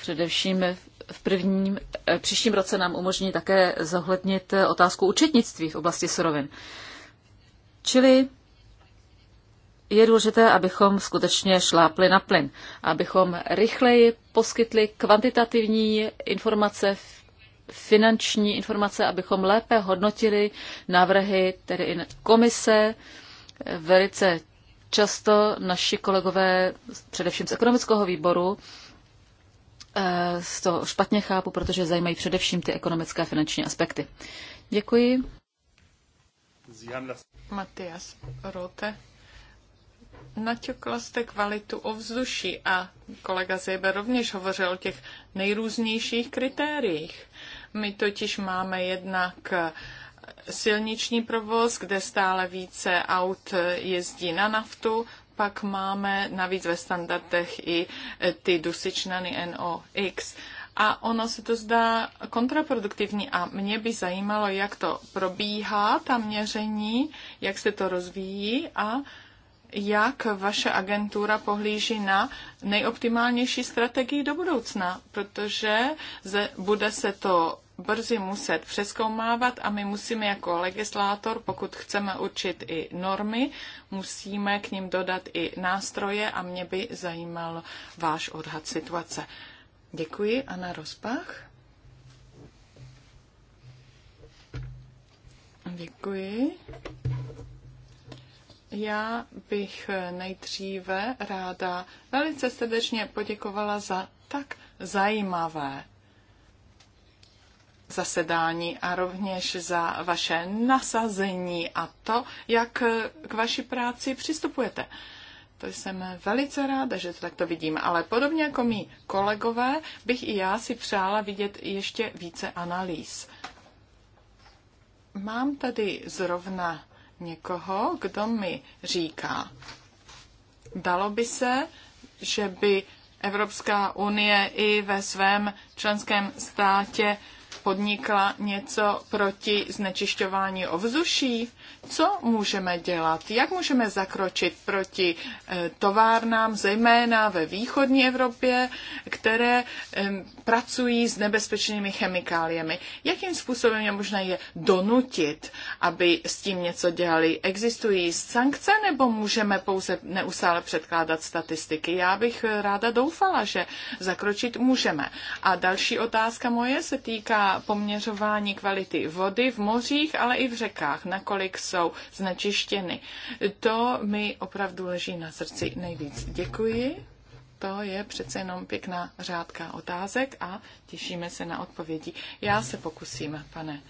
především v prvním, eh, příštím roce nám umožní také zohlednit eh, otázku učetnictví v oblasti surovin. Čili je důležité, abychom skutečně šlápli na plyn, abychom rychleji poskytli kvantitativní informace finanční informace, abychom lépe hodnotili návrhy, tedy i komise. Velice často naši kolegové, především z ekonomického výboru, eh, z toho špatně chápu, protože zajímají především ty ekonomické a finanční aspekty. Děkuji. Matias Rote. Naťukla jste kvalitu ovzduší a kolega Zeber rovněž hovořil o těch nejrůznějších kritériích. My totiž máme jednak silniční provoz, kde stále více aut jezdí na naftu, pak máme navíc ve standardech i ty dusičnany NOx. A ono se to zdá kontraproduktivní a mě by zajímalo, jak to probíhá, ta měření, jak se to rozvíjí a jak vaše agentura pohlíží na nejoptimálnější strategii do budoucna, protože ze, bude se to brzy muset přeskoumávat a my musíme jako legislátor, pokud chceme určit i normy, musíme k ním dodat i nástroje a mě by zajímal váš odhad situace. Děkuji, na rozpach. Děkuji. Já bych nejdříve ráda velice srdečně poděkovala za tak zajímavé zasedání a rovněž za vaše nasazení a to, jak k vaší práci přistupujete. To jsem velice ráda, že to takto vidím, ale podobně jako mý kolegové bych i já si přála vidět ještě více analýz. Mám tady zrovna někoho, kdo mi říká, dalo by se, že by Evropská unie i ve svém členském státě podnikla něco proti znečišťování ovzduší? Co můžeme dělat? Jak můžeme zakročit proti eh, továrnám, zejména ve východní Evropě, které pracují s nebezpečnými chemikáliemi? Jakým způsobem je možné je donutit, aby s tím něco dělali? Existují sankce nebo můžeme pouze neustále předkládat statistiky? Já bych eh, ráda doufala, že zakročit můžeme. A další otázka moje se týká poměřování kvality vody v mořích, ale i v řekách. Nakolik jsou znečištěny. To mi opravdu leží na srdci nejvíc. Děkuji. To je přece jenom pěkná řádka otázek a těšíme se na odpovědi. Já se pokusím, pane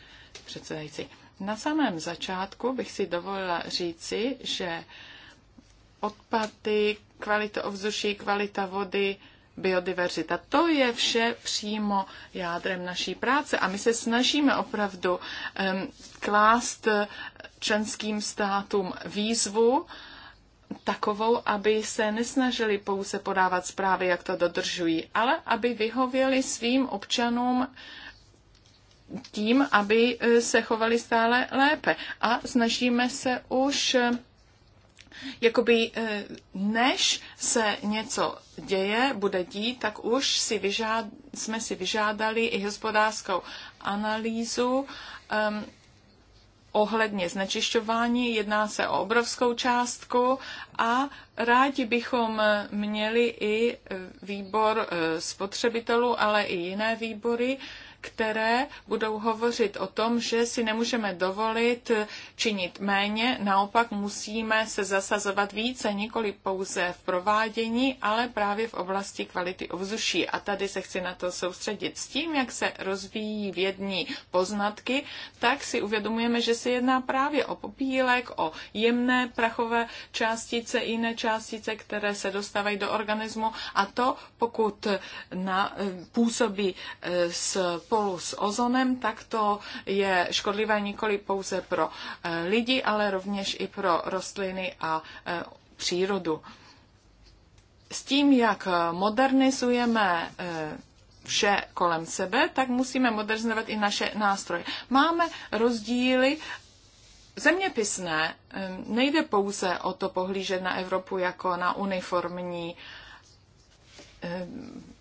předsedající. Na samém začátku bych si dovolila říci, že odpady, kvalita ovzduší, kvalita vody, biodiverzita. To je vše přímo jádrem naší práce a my se snažíme opravdu um, klást členským státům výzvu takovou, aby se nesnažili pouze podávat zprávy, jak to dodržují, ale aby vyhověli svým občanům tím, aby e, se chovali stále lépe. A snažíme se už e, jakoby e, než se něco děje, bude dít, tak už si vyžád, jsme si vyžádali i hospodářskou analýzu um, ohledně znečišťování. Jedná se o obrovskou částku a rádi bychom měli i výbor eh, spotřebitelů, ale i jiné výbory které budou hovořit o tom, že si nemůžeme dovolit činit méně, naopak musíme se zasazovat více, nikoli pouze v provádění, ale právě v oblasti kvality ovzduší. A tady se chci na to soustředit. S tím, jak se rozvíjí vědní poznatky, tak si uvědomujeme, že se jedná právě o popílek, o jemné prachové částice, jiné částice, které se dostávají do organismu a to, pokud na, působí eh, s po spolu s ozonem, tak to je škodlivé nikoli pouze pro eh, lidi, ale rovněž i pro rostliny a eh, přírodu. S tím, jak modernizujeme eh, vše kolem sebe, tak musíme modernizovat i naše nástroje. Máme rozdíly zeměpisné. Nejde pouze o to pohlížet na Evropu jako na uniformní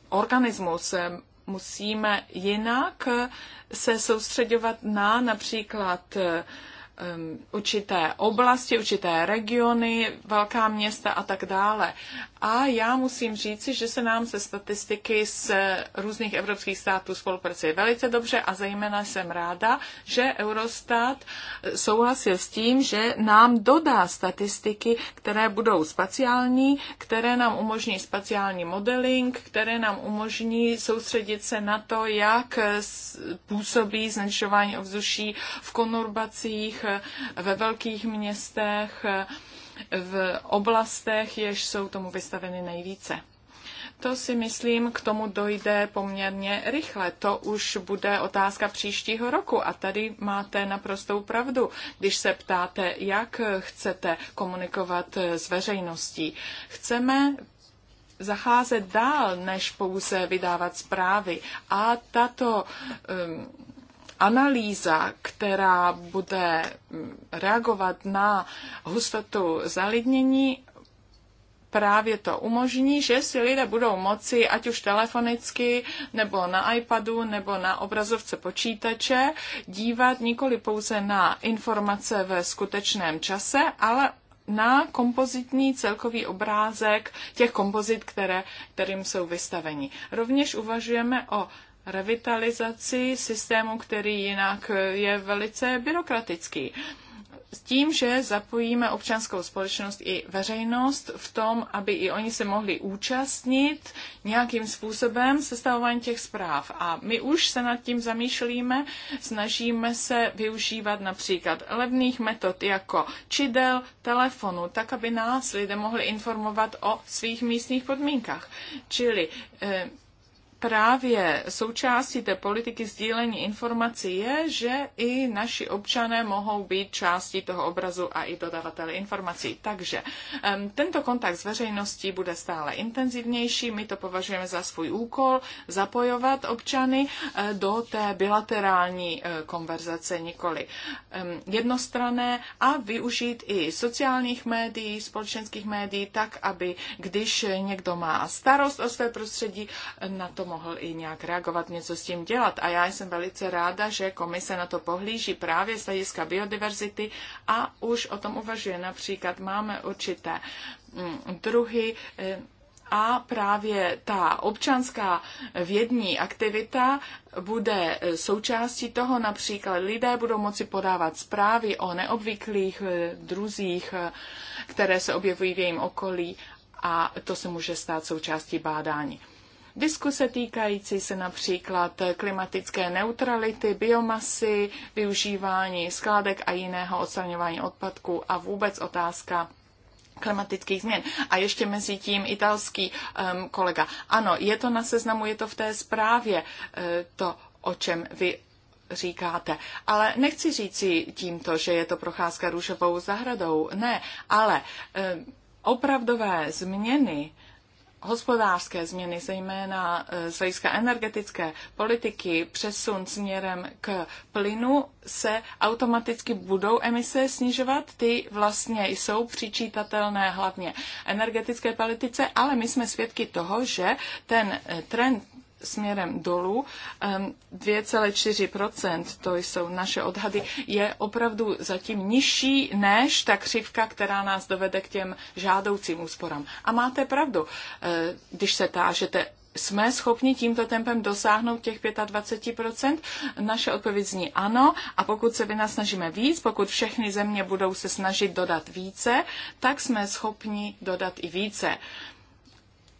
organismus musíme jinak se soustředovat na například eh, um, určité oblasti, určité regiony, velká města a tak dále. A já musím říci, že se nám se statistiky z různých evropských států spolupracuje velice dobře a zejména jsem ráda, že Eurostat souhlasil s tím, že nám dodá statistiky, které budou speciální, které nám umožní speciální modeling, které nám umožní soustředit se na to, jak působí znečování ovzduší v konurbacích, ve velkých městech, v oblastech, jež jsou tomu vystaveny nejvíce. To si myslím, k tomu dojde poměrně rychle. To už bude otázka příštího roku a tady máte naprostou pravdu, když se ptáte, jak chcete komunikovat s veřejností. Chceme zacházet dál, než pouze vydávat zprávy. A tato um, analýza, která bude reagovat na hustotu zalidnění, právě to umožní, že si lidé budou moci, ať už telefonicky, nebo na iPadu, nebo na obrazovce počítače, dívat nikoli pouze na informace ve skutečném čase, ale na kompozitní celkový obrázek těch kompozit, které, kterým jsou vystaveni. Rovněž uvažujeme o revitalizaci systému, který jinak je velice byrokratický. S tím, že zapojíme občanskou společnost i veřejnost v tom, aby i oni se mohli účastnit nějakým způsobem sestavování těch zpráv. A my už se nad tím zamýšlíme, snažíme se využívat například levných metod jako čidel, telefonu, tak, aby nás lidé mohli informovat o svých místních podmínkách. Čili eh, právě součástí té politiky sdílení informací je, že i naši občané mohou být částí toho obrazu a i dodavateli informací. Takže um, tento kontakt s veřejností bude stále intenzivnější. My to považujeme za svůj úkol zapojovat občany uh, do té bilaterální uh, konverzace nikoli um, jednostrané a využít i sociálních médií, společenských médií, tak, aby když někdo má starost o své prostředí, na to mohl mohl i nějak reagovat, něco s tím dělat. A já jsem velice ráda, že komise na to pohlíží právě z hlediska biodiverzity a už o tom uvažuje. Například máme určité mm, druhy eh, a právě ta občanská vědní aktivita bude eh, součástí toho. Například lidé budou moci podávat zprávy o neobvyklých eh, druzích, které se objevují v jejím okolí a to se může stát součástí bádání. Diskuse týkající se například klimatické neutrality, biomasy, využívání skládek a jiného odstraňování odpadků a vůbec otázka klimatických změn. A ještě mezi tím italský um, kolega. Ano, je to na seznamu, je to v té zprávě uh, to, o čem vy říkáte. Ale nechci říci tímto, že je to procházka růžovou zahradou. Ne, ale um, opravdové změny uh, hospodářské změny, zejména e, z hlediska energetické politiky, přesun směrem k plynu, se automaticky budou emise snižovat. Ty vlastně jsou přičítatelné hlavně energetické politice, ale my jsme svědky toho, že ten e, trend směrem dolů. 2,4%, to jsou naše odhady, je opravdu zatím nižší než ta křivka, která nás dovede k těm žádoucím úsporám. A máte pravdu, eh, když se tážete, jsme schopni tímto tempem dosáhnout těch 25%? Naše odpověď zní ano a pokud se vynasnažíme víc, pokud všechny země budou se snažit dodat více, tak jsme schopni dodat i více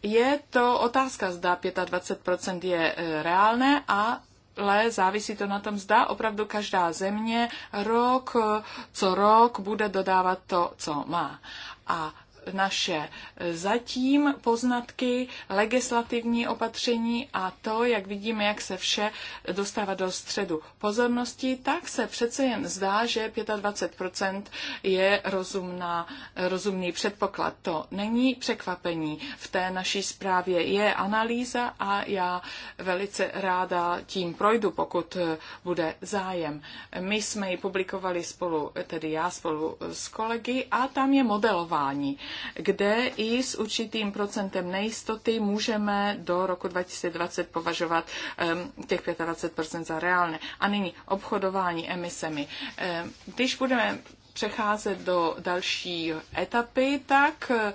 je to otázka, zda 25% je e, reálné, ale závisí to na tom, zda opravdu každá země rok e, co rok bude dodávat to, co má. A naše zatím poznatky, legislativní opatření a to, jak vidíme, jak se vše dostává do středu pozornosti, tak se přece jen zdá, že 25% je rozumná, rozumný předpoklad. To není překvapení. V té naší zprávě je analýza a já velice ráda tím projdu, pokud bude zájem. My jsme ji publikovali spolu, tedy já spolu s kolegy a tam je modelování kde i s určitým procentem nejistoty můžeme do roku 2020 považovat těch 25% za reálné. A nyní obchodování emisemi. Když budeme přecházet do další etapy, tak eh,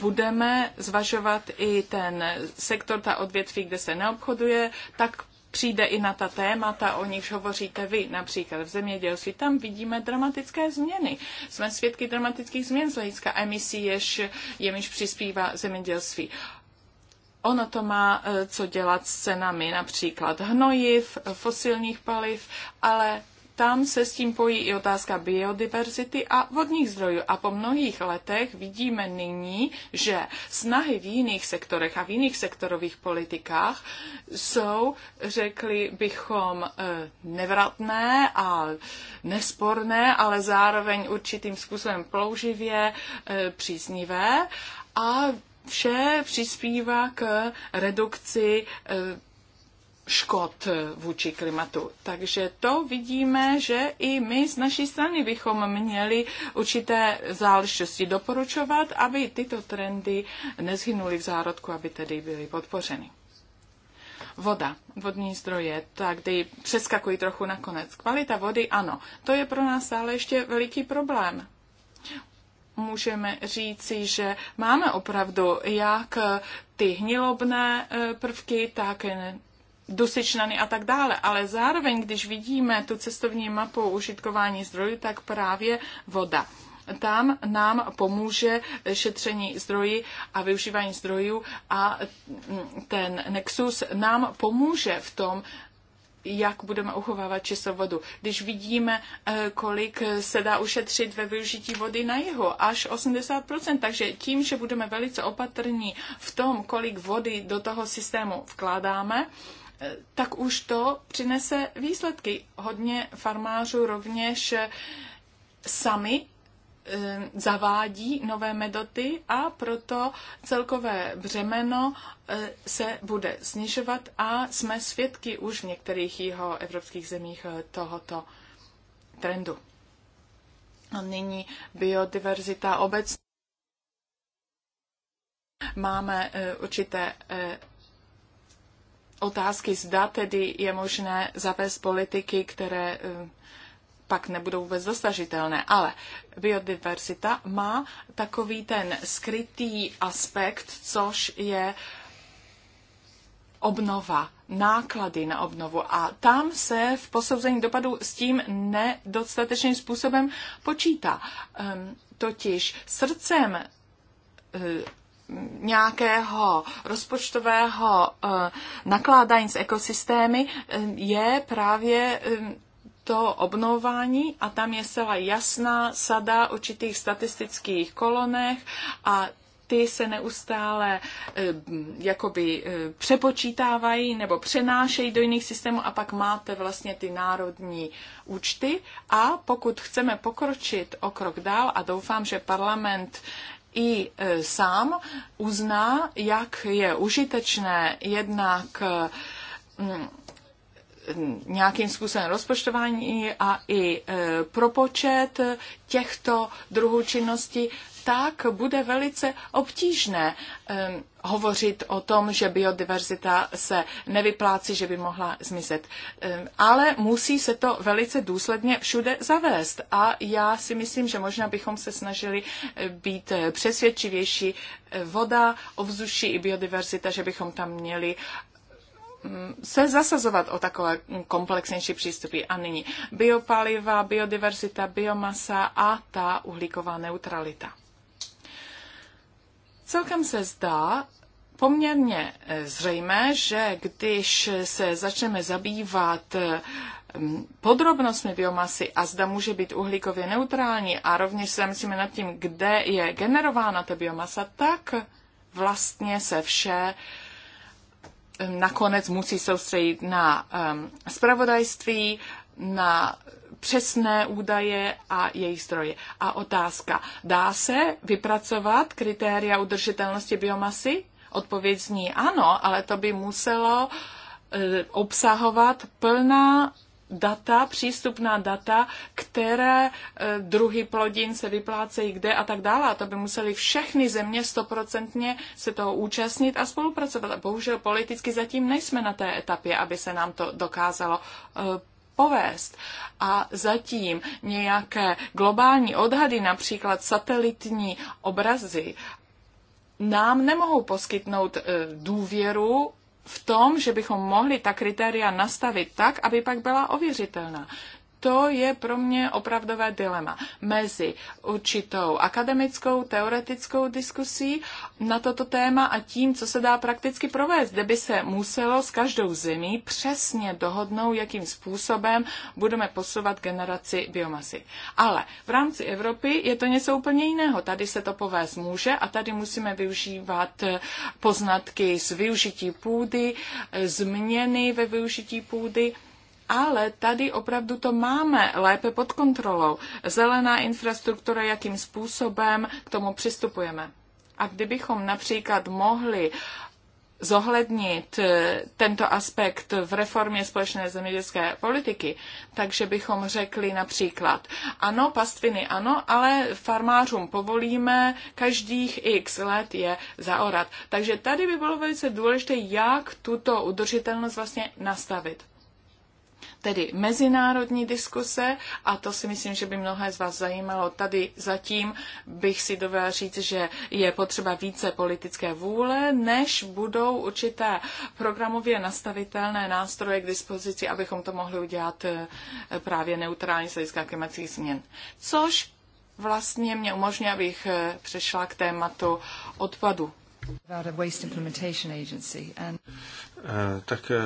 budeme zvažovat i ten sektor, ta odvětví, kde se neobchoduje, tak přijde i na ta témata, o nichž hovoříte vy, například v zemědělství. Tam vidíme dramatické změny. Jsme svědky dramatických změn z hlediska emisí, jež, jimiž přispívá zemědělství. Ono to má eh, co dělat s cenami například hnojiv, fosilních paliv, ale tam se s tím pojí i otázka biodiverzity a vodních zdrojů. A po mnohých letech vidíme nyní, že snahy v jiných sektorech a v jiných sektorových politikách jsou, řekli bychom, eh, nevratné a nesporné, ale zároveň určitým způsobem plouživě eh, příznivé a vše přispívá k redukci eh, škod eh, vůči klimatu. Takže to vidíme, že i my z naší strany bychom měli určité záležitosti doporučovat, aby tyto trendy nezhynuly v zárodku, aby tedy byly podpořeny. Voda, vodní zdroje, tak kdy přeskakují trochu nakonec. Kvalita vody, ano, to je pro nás stále ještě veliký problém můžeme říci, že máme opravdu jak ty hnilobné eh, prvky, tak dusičnany a tak dále. Ale zároveň, když vidíme tu cestovní mapu užitkování zdrojů, tak právě voda tam nám pomůže šetření zdrojů a využívání zdrojů a mm, ten Nexus nám pomůže v tom, jak budeme uchovávat čistou vodu. Když vidíme, eh, kolik se dá ušetřit ve využití vody na jeho až 80%, takže tím, že budeme velice opatrní v tom, kolik vody do toho systému vkládáme, tak už to přinese výsledky. Hodně farmářů rovněž eh, sami eh, zavádí nové metody a proto celkové břemeno eh, se bude snižovat a jsme svědky už v některých jeho evropských zemích tohoto trendu. A nyní biodiverzita obecně. Máme určité otázky, zda tedy je možné zavést politiky, které eh, pak nebudou vůbec dosažitelné. Ale biodiverzita má takový ten skrytý aspekt, což je obnova, náklady na obnovu. A tam se v posouzení dopadu s tím nedostatečným způsobem počítá. Ehm, totiž srdcem eh, nějakého rozpočtového eh, nakládání s ekosystémy eh, je právě eh, to obnovování a tam je celá jasná sada určitých statistických kolonech a ty se neustále jakoby přepočítávají nebo přenášejí do jiných systémů a pak máte vlastně ty národní účty a pokud chceme pokročit o krok dál a doufám, že parlament i e, sám uzná, jak je užitečné jednak e, nějakým způsobem rozpočtování a i e, propočet těchto druhů činností tak bude velice obtížné um, hovořit o tom, že biodiverzita se nevyplácí, že by mohla zmizet. Um, ale musí se to velice důsledně všude zavést. A já si myslím, že možná bychom se snažili eh, být eh, přesvědčivější. Eh, voda, ovzduší i biodiverzita, že bychom tam měli mm, se zasazovat o takové komplexnější přístupy. A nyní biopaliva, biodiverzita, biomasa a ta uhlíková neutralita. Celkem se zdá poměrně eh, zřejmé, že když se začneme zabývat mm, podrobnostmi biomasy a zda může být uhlíkově neutrální a rovněž se myslíme nad tím, kde je generována ta biomasa, tak vlastně se vše eh, nakonec musí soustředit na um, ehm, spravodajství, na přesné údaje a jejich zdroje. A otázka, dá se vypracovat kritéria udržitelnosti biomasy? Odpověď zní ano, ale to by muselo e, obsahovat plná data, přístupná data, které e, druhy plodin se vyplácejí kde a tak dále. A to by museli všechny země stoprocentně se toho účastnit a spolupracovat. A bohužel politicky zatím nejsme na té etapě, aby se nám to dokázalo e, povést. A zatím nějaké globální odhady, například satelitní obrazy, nám nemohou poskytnout e, důvěru v tom, že bychom mohli ta kritéria nastavit tak, aby pak byla ověřitelná to je pro mě opravdové dilema mezi určitou akademickou, teoretickou diskusí na toto téma a tím, co se dá prakticky provést, kde by se muselo s každou zemí přesně dohodnout, jakým způsobem budeme posouvat generaci biomasy. Ale v rámci Evropy je to něco úplně jiného. Tady se to povést může a tady musíme využívat poznatky z využití půdy, změny ve využití půdy ale tady opravdu to máme lépe pod kontrolou. Zelená infrastruktura, jakým způsobem k tomu přistupujeme. A kdybychom například mohli zohlednit eh, tento aspekt v reformě společné zemědělské politiky, takže bychom řekli například, ano, pastviny ano, ale farmářům povolíme každých x let je zaorat. Takže tady by bylo velice důležité, jak tuto udržitelnost vlastně nastavit tedy mezinárodní diskuse a to si myslím, že by mnohé z vás zajímalo. Tady zatím bych si dovedla říct, že je potřeba více politické vůle, než budou určité programově nastavitelné nástroje k dispozici, abychom to mohli udělat eh, právě neutrální z hlediska klimatických změn. Což vlastně mě umožňuje, abych eh, přešla k tématu odpadu Eh, tak eh,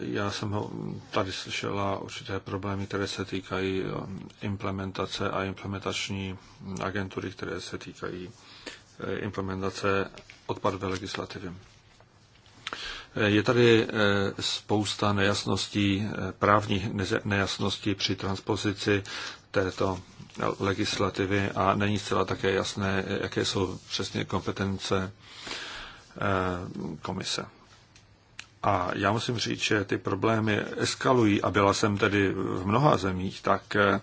já jsem ho tady slyšela určité problémy, které se týkají eh, implementace a implementační agentury, které se týkají implementace odpadové legislativy. Je tady spousta nejasností, právních nejasností při transpozici této legislativy a není zcela také jasné, jaké jsou přesně kompetence Eh, komise. A já musím říct, že ty problémy eskalují a byla jsem tedy v mnoha zemích, tak eh,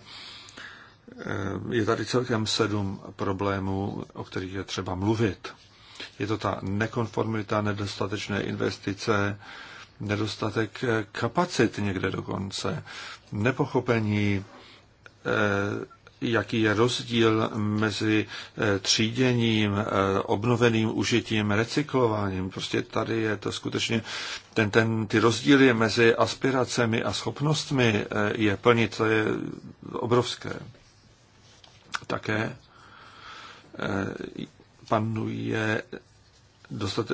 eh, je tady celkem sedm problémů, o kterých je třeba mluvit. Je to ta nekonformita, nedostatečné investice, nedostatek kapacit někde dokonce, nepochopení jaký je rozdíl mezi eh, tříděním, eh, obnoveným užitím, recyklováním. Prostě tady je to skutečně, ten, ten, ty rozdíly mezi aspiracemi a schopnostmi eh, je plnit, to je obrovské. Také panuje dostat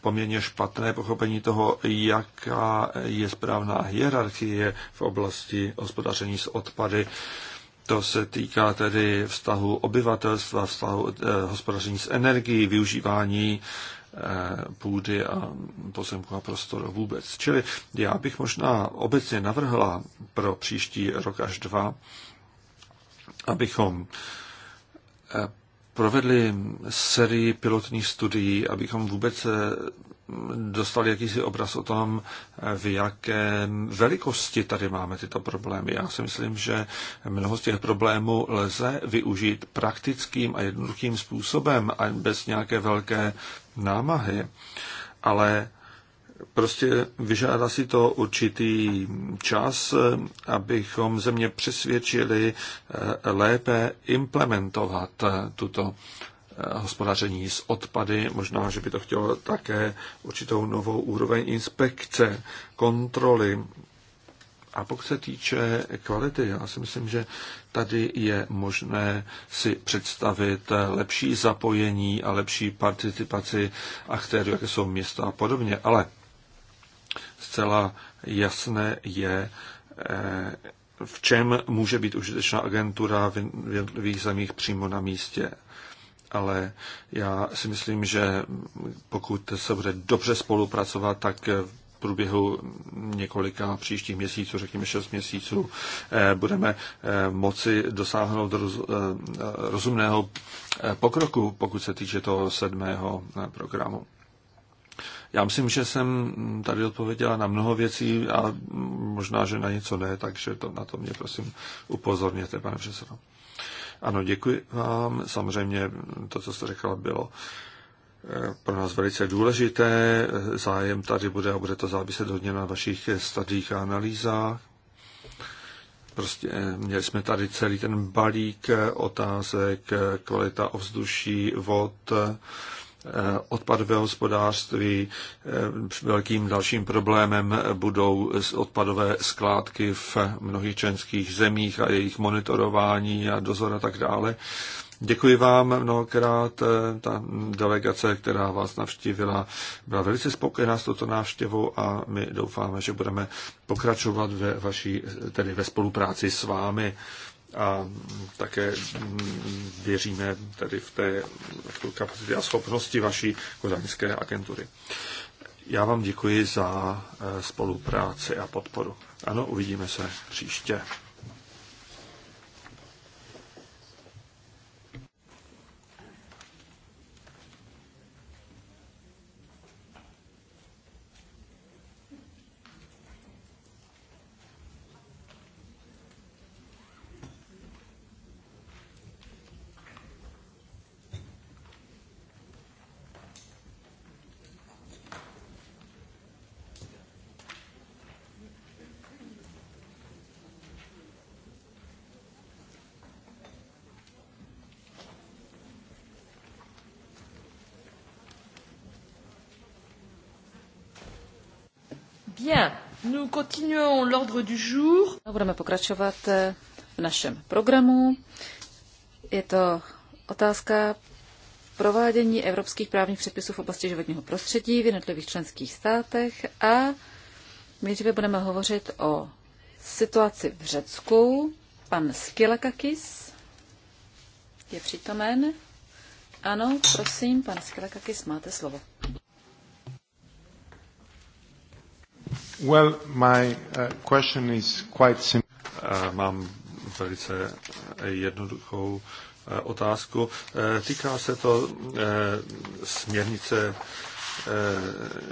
poměrně špatné pochopení toho, jaká je správná hierarchie v oblasti hospodaření s odpady. To se týká tedy vztahu obyvatelstva, vztahu eh, hospodaření s energií, využívání eh, půdy a pozemku a prostoru vůbec. Čili já bych možná obecně navrhla pro příští rok až dva, abychom eh, provedli sérii pilotních studií, abychom vůbec eh, dostali jakýsi obraz o tom, v jaké velikosti tady máme tyto problémy. Já si myslím, že mnoho z těch problémů lze využít praktickým a jednoduchým způsobem a bez nějaké velké námahy. Ale prostě vyžádá si to určitý čas, abychom země přesvědčili eh, lépe implementovat tuto Eh, hospodaření s odpady. Možná, že by to chtělo také určitou novou úroveň inspekce, kontroly. A pokud se týče kvality, já si myslím, že tady je možné si představit lepší zapojení a lepší participaci aktérů, jaké jsou města a podobně. Ale zcela jasné je, eh, v čem může být užitečná agentura v jednotlivých zemích přímo na místě ale já si myslím, že pokud se bude dobře spolupracovat, tak v průběhu několika příštích měsíců, řekněme 6 měsíců, eh, budeme eh, moci dosáhnout eh, rozumného pokroku, pokud se týče toho sedmého programu. Já myslím, že jsem tady odpověděla na mnoho věcí a možná, že na něco ne, takže to, na to mě prosím upozorněte, pane předsedo. Ano, děkuji vám. Samozřejmě to, co jste řekla, bylo eh, pro nás velice důležité. Zájem tady bude a bude to záviset hodně na vašich studiích a analýzách. Prostě eh, měli jsme tady celý ten balík eh, otázek, kvalita ovzduší, vod, Eh, odpadového hospodářství. Eh, velkým dalším problémem budou odpadové skládky v mnohých členských zemích a jejich monitorování a dozor a tak dále. Děkuji vám mnohokrát. Eh, ta delegace, která vás navštívila, byla velice spokojená s touto návštěvou a my doufáme, že budeme pokračovat ve vaší, tedy ve spolupráci s vámi a také věříme tedy v, té, v tu kapacitě a schopnosti vaší kozaňské agentury. Já vám děkuji za eh, spolupráci a podporu. Ano, uvidíme se příště. continuons l'ordre du jour. No, budeme pokračovat eh, v našem programu. Je to otázka provádění evropských právních předpisů v oblasti životního prostředí v jednotlivých členských státech a dříve budeme hovořit o situaci v Řecku. Pan Skilakakis je přítomen. Ano, prosím, pan Skilakakis, máte slovo. Well, my uh, question is quite simple. Mám velice eh, jednoduchou eh, otázku. Eh, týká se to směrnice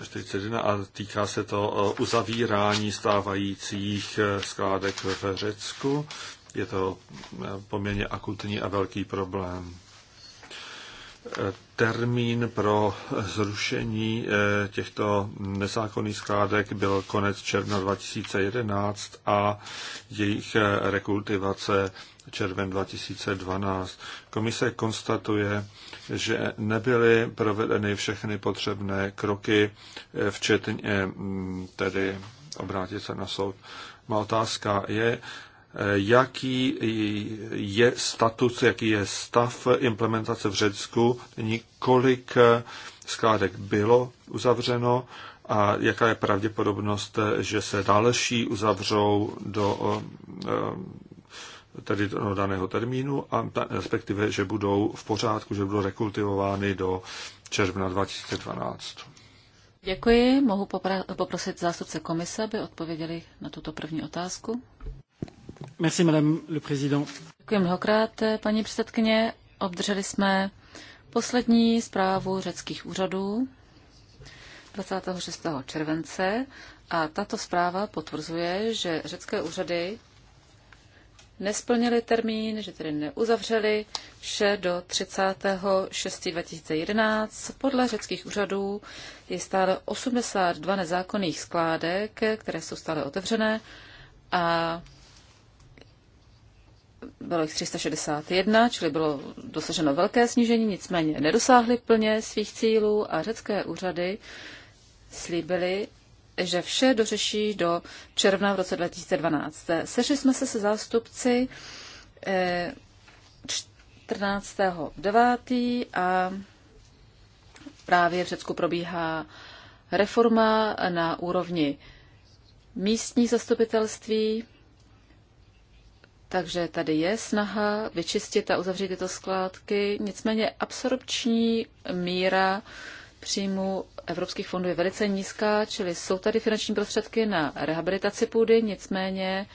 41 a týká se to uzavírání stávajících skládek v Řecku. Je to poměrně akutní a velký problém termín pro zrušení eh, těchto nezákonných skládek byl konec června 2011 a jejich eh, rekultivace červen 2012. Komise konstatuje, že nebyly provedeny všechny potřebné kroky, eh, včetně mm, tedy obrátit se na soud. Má otázka je, jaký je status, jaký je stav implementace v Řecku, kolik skládek bylo uzavřeno a jaká je pravděpodobnost, že se další uzavřou do eh, tedy do daného termínu, a respektive, že budou v pořádku, že budou rekultivovány do června 2012. Děkuji. Mohu poprosit zástupce komise, aby odpověděli na tuto první otázku. Merci, madame le président. Děkuji mnohokrát, paní předsedkyně. Obdrželi jsme poslední zprávu řeckých úřadů 26. července a tato zpráva potvrzuje, že řecké úřady nesplnili termín, že tedy neuzavřeli vše do 30.6.2011. Podle řeckých úřadů je stále 82 nezákonných skládek, které jsou stále otevřené a bylo jich 361, čili bylo dosaženo velké snížení, nicméně nedosáhly plně svých cílů a řecké úřady slíbily, že vše dořeší do června v roce 2012. Sešli jsme se se zástupci 14.9. Eh, a právě v Řecku probíhá reforma na úrovni místní zastupitelství, takže tady je snaha vyčistit a uzavřít tyto skládky, nicméně absorpční míra příjmu evropských fondů je velice nízká, čili jsou tady finanční prostředky na rehabilitaci půdy, nicméně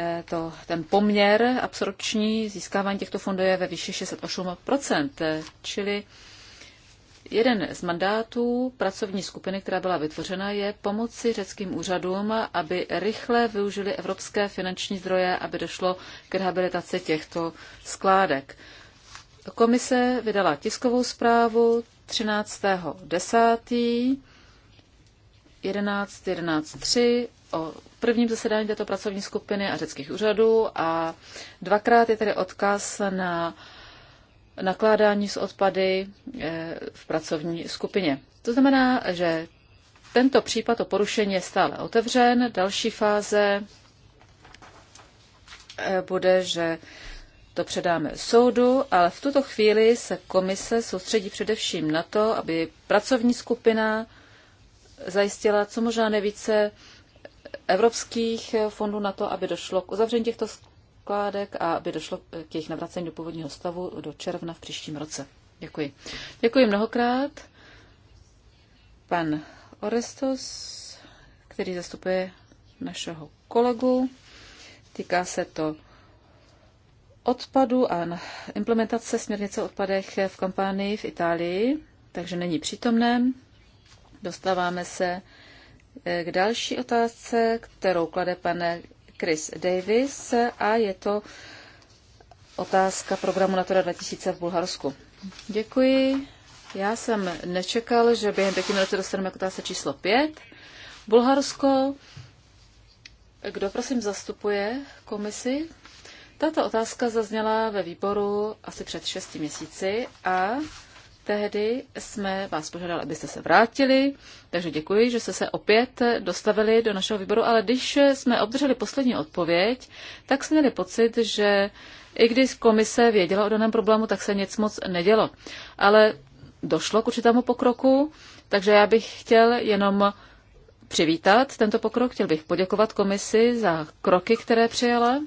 eh, to, ten poměr absorpční získávání těchto fondů je ve výši 68%, eh, čili Jeden z mandátů pracovní skupiny, která byla vytvořena, je pomoci řeckým úřadům, aby rychle využili evropské finanční zdroje, aby došlo k rehabilitaci těchto skládek. Komise vydala tiskovou zprávu 13.10.11.11.3 o prvním zasedání této pracovní skupiny a řeckých úřadů a dvakrát je tady odkaz na uh, nakládání s odpady eh, v pracovní skupině. To znamená, že tento případ o porušení je stále otevřen. Další fáze eh, bude, že to předáme soudu, ale v tuto chvíli se komise soustředí především na to, aby pracovní skupina zajistila co možná nejvíce evropských eh, fondů na to, aby došlo k uzavření těchto skládek a aby došlo k jejich navracení do původního stavu do června v příštím roce. Děkuji. Děkuji mnohokrát. Pan Orestos, který zastupuje našeho kolegu. Týká se to odpadu a implementace směrnice o odpadech v kampánii v Itálii, takže není přítomné. Dostáváme se k další otázce, kterou klade pane. Chris Davis a je to otázka programu Natura 2000 v Bulharsku. Děkuji. Já jsem nečekal, že během pěti minut se dostaneme k otázce číslo pět. Bulharsko. Kdo prosím zastupuje komisi? Tato otázka zazněla ve výboru asi před šesti měsíci a Tehdy jsme vás požádali, abyste se vrátili, takže děkuji, že jste se opět dostavili do našeho výboru, ale když jsme obdrželi poslední odpověď, tak jsme měli pocit, že i když komise věděla o daném problému, tak se nic moc nedělo. Ale došlo k určitému pokroku, takže já bych chtěl jenom přivítat tento pokrok. Chtěl bych poděkovat komisi za kroky, které přijala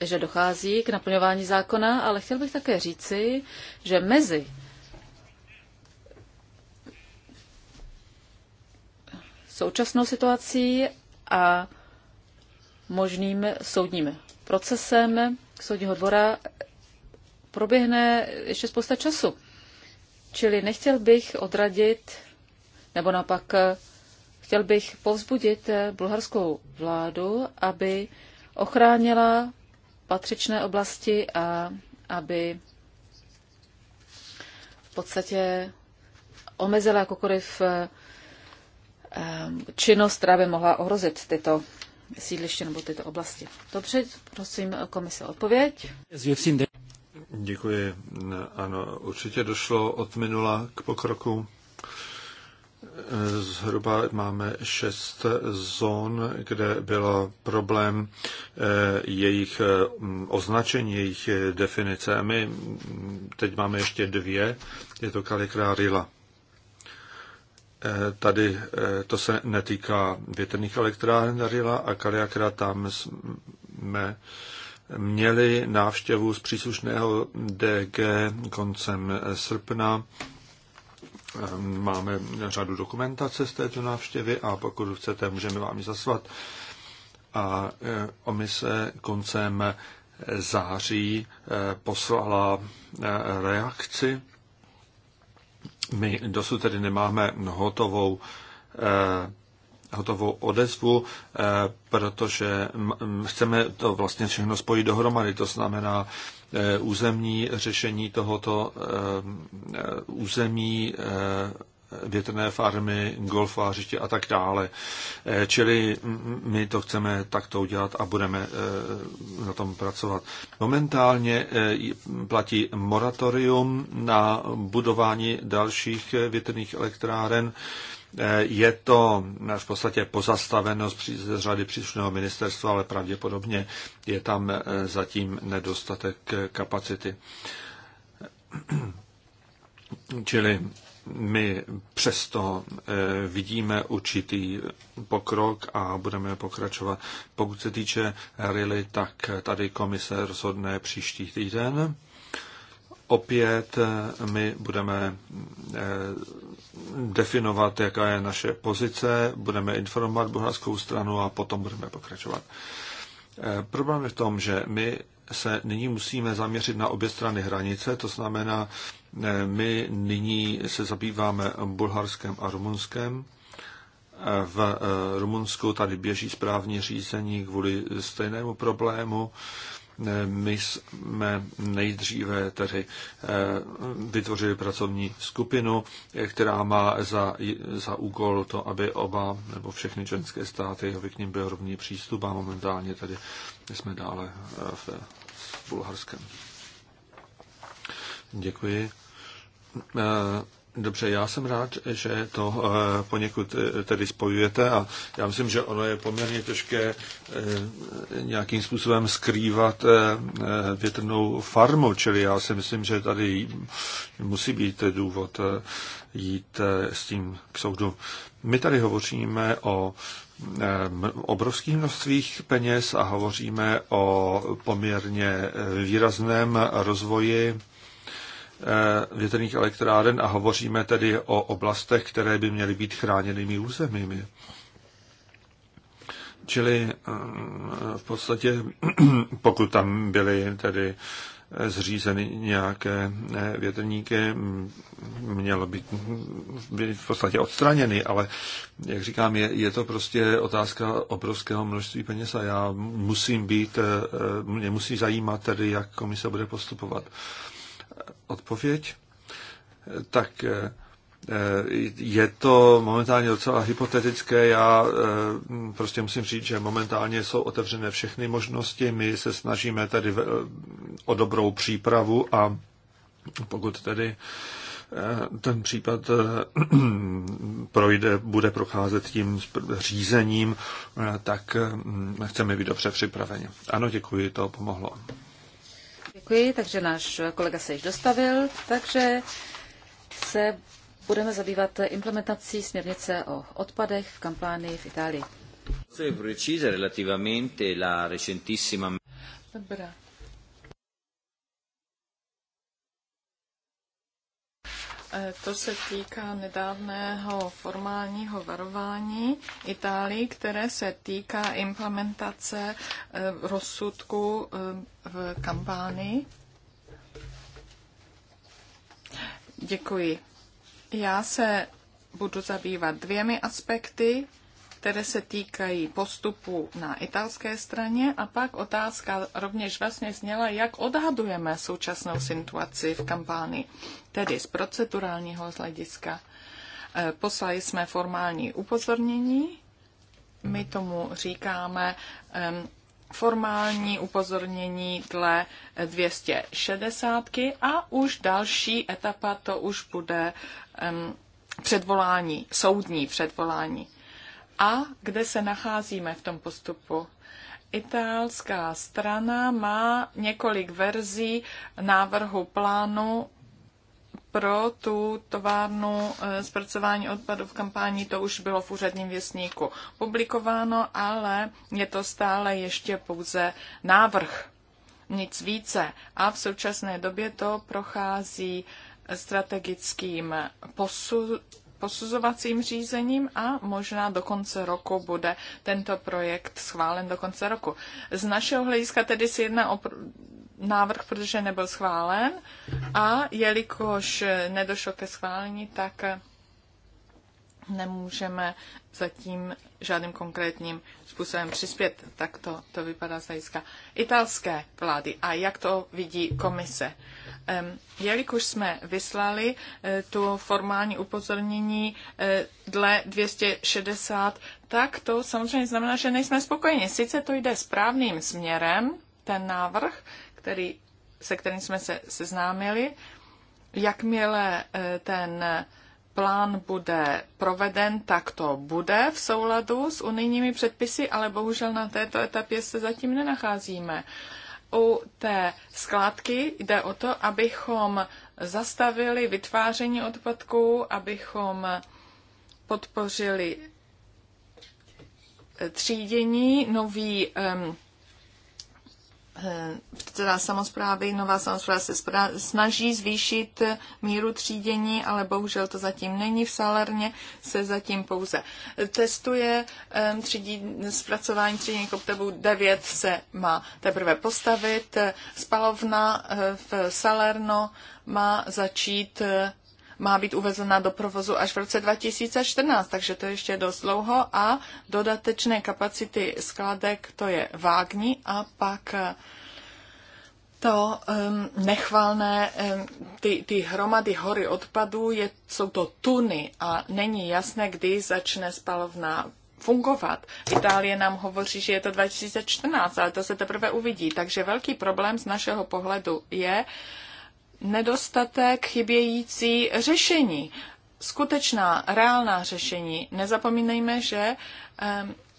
že dochází k naplňování zákona, ale chtěl bych také říci, že mezi současnou situací a možným soudním procesem soudního dvora proběhne ještě spousta času. Čili nechtěl bych odradit, nebo naopak chtěl bych povzbudit bulharskou vládu, aby ochránila patřičné oblasti a aby v podstatě omezila jakoukoliv eh, eh, činnost, která by mohla ohrozit tyto sídliště nebo tyto oblasti. Dobře, prosím komise odpověď. Děkuji. Ano, určitě došlo od minula k pokroku. Zhruba máme šest zón, kde byl problém eh, jejich mm, označení, jejich definice. A my mm, teď máme ještě dvě, je to Kalikra Rila. Eh, tady eh, to se netýká větrných elektráren Rila a Kaliakra tam jsme měli návštěvu z příslušného DG koncem srpna Ehm, máme řadu dokumentace z této návštěvy a pokud chcete, můžeme vám ji zasvat. A eh, omise koncem eh, září eh, poslala reakci. My dosud tedy nemáme hotovou hotovou odezvu, eh, protože chceme to vlastně všechno spojit dohromady, to znamená eh, územní řešení tohoto eh, území větrné farmy, golfářiště a tak dále. Čili my to chceme takto udělat a budeme na tom pracovat. Momentálně platí moratorium na budování dalších větrných elektráren je to v podstatě pozastaveno z řady příslušného ministerstva, ale pravděpodobně je tam eh, zatím nedostatek eh, kapacity. Čili my přesto eh, vidíme určitý pokrok a budeme pokračovat. Pokud se týče Rily, tak tady komise rozhodne příští týden Opět eh, my budeme eh, definovat, jaká je naše pozice, budeme informovat bulharskou stranu a potom budeme pokračovat. Eh, problém je v tom, že my se nyní musíme zaměřit na obě strany hranice, to znamená, my nyní se zabýváme bulharském a rumunském. V Rumunsku tady běží správní řízení kvůli stejnému problému. My jsme nejdříve tedy eh, vytvořili pracovní skupinu, která má za, za úkol to, aby oba nebo všechny členské státy, aby k ním byl rovný přístup a momentálně tady jsme dále eh, v, s Děkuji. Eh, Dobře, já jsem rád, že to eh, poněkud eh, tedy spojujete a já myslím, že ono je poměrně těžké eh, nějakým způsobem skrývat větrnou farmu, čili já si myslím, že tady musí být důvod jít s tím k soudu. My tady hovoříme o obrovských množstvích peněz a hovoříme o poměrně výrazném rozvoji Eh, větrných elektráren a hovoříme tedy o oblastech, které by měly být chráněnými územími. Čili eh, v podstatě, pokud tam byly tedy eh, zřízeny nějaké větrníky, mělo být, být v podstatě odstraněny, ale jak říkám, je, je to prostě otázka obrovského množství peněz a já musím být, mě musí zajímat tedy, jak komise bude postupovat odpověď. Tak eh, eh, je to momentálně docela hypotetické. Já eh, prostě musím říct, že momentálně jsou otevřené všechny možnosti. My se snažíme tady o dobrou přípravu a pokud tedy ten případ projde, bude procházet tím řízením, tak chceme být dobře připraveni. Ano, děkuji, to pomohlo. Děkuji, takže náš kolega se již dostavil, takže se budeme zabývat implementací směrnice o odpadech v kampánii v Itálii. Dobrá. Eh, to se týká nedávného formálního varování Itálii, které se týká implementace eh, rozsudku eh, v kampánii. Děkuji. Já se budu zabývat dvěmi aspekty které se týkají postupu na italské straně a pak otázka rovněž vlastně zněla, jak odhadujeme současnou situaci v kampánii, tedy z procedurálního hlediska. Eh, poslali jsme formální upozornění, my tomu říkáme formální upozornění dle 260 a už další etapa to už bude předvolání, soudní předvolání a kde se nacházíme v tom postupu. Italská strana má několik verzí návrhu plánu pro tu továrnu eh, zpracování odpadů v kampání, to už bylo v úředním věstníku publikováno, ale je to stále ještě pouze návrh, nic více. A v současné době to prochází strategickým posu- posuzovacím řízením a možná do konce roku bude tento projekt schválen do konce roku. Z našeho hlediska tedy si jedná o návrh, protože nebyl schválen a jelikož nedošlo ke schválení, tak nemůžeme zatím žádným konkrétním způsobem přispět. Tak to, to vypadá z hlediska italské vlády. A jak to vidí komise? Jelikož jsme vyslali eh, tu formální upozornění eh, dle 260, tak to samozřejmě znamená, že nejsme spokojeni. Sice to jde správným směrem, ten návrh, který, se kterým jsme se seznámili, jakmile eh, ten plán bude proveden, tak to bude v souladu s unijními předpisy, ale bohužel na této etapě se zatím nenacházíme. Uh, u té skládky jde o to, abychom zastavili vytváření odpadků, abychom podpořili třídění, nový um, Eh, teda samozprávy, nová samozpráva se snaží zvýšit míru třídění, ale bohužel to zatím není. V Salerně se zatím pouze eh, testuje eh, třídí, zpracování třídění koptebů 9 se má teprve postavit. Spalovna v Salerno má začít má být uvezena do provozu až v roce 2014, takže to je ještě dost dlouho a dodatečné kapacity skladek to je vágní a pak eh, to um, nechvalné, um, ty, ty hromady hory odpadů, je, jsou to tuny a není jasné, kdy začne spalovna fungovat. Itálie nám hovoří, že je to 2014, ale to se teprve uvidí. Takže velký problém z našeho pohledu je, uh, nedostatek chybějící řešení, skutečná, reálná řešení. Nezapomínejme, že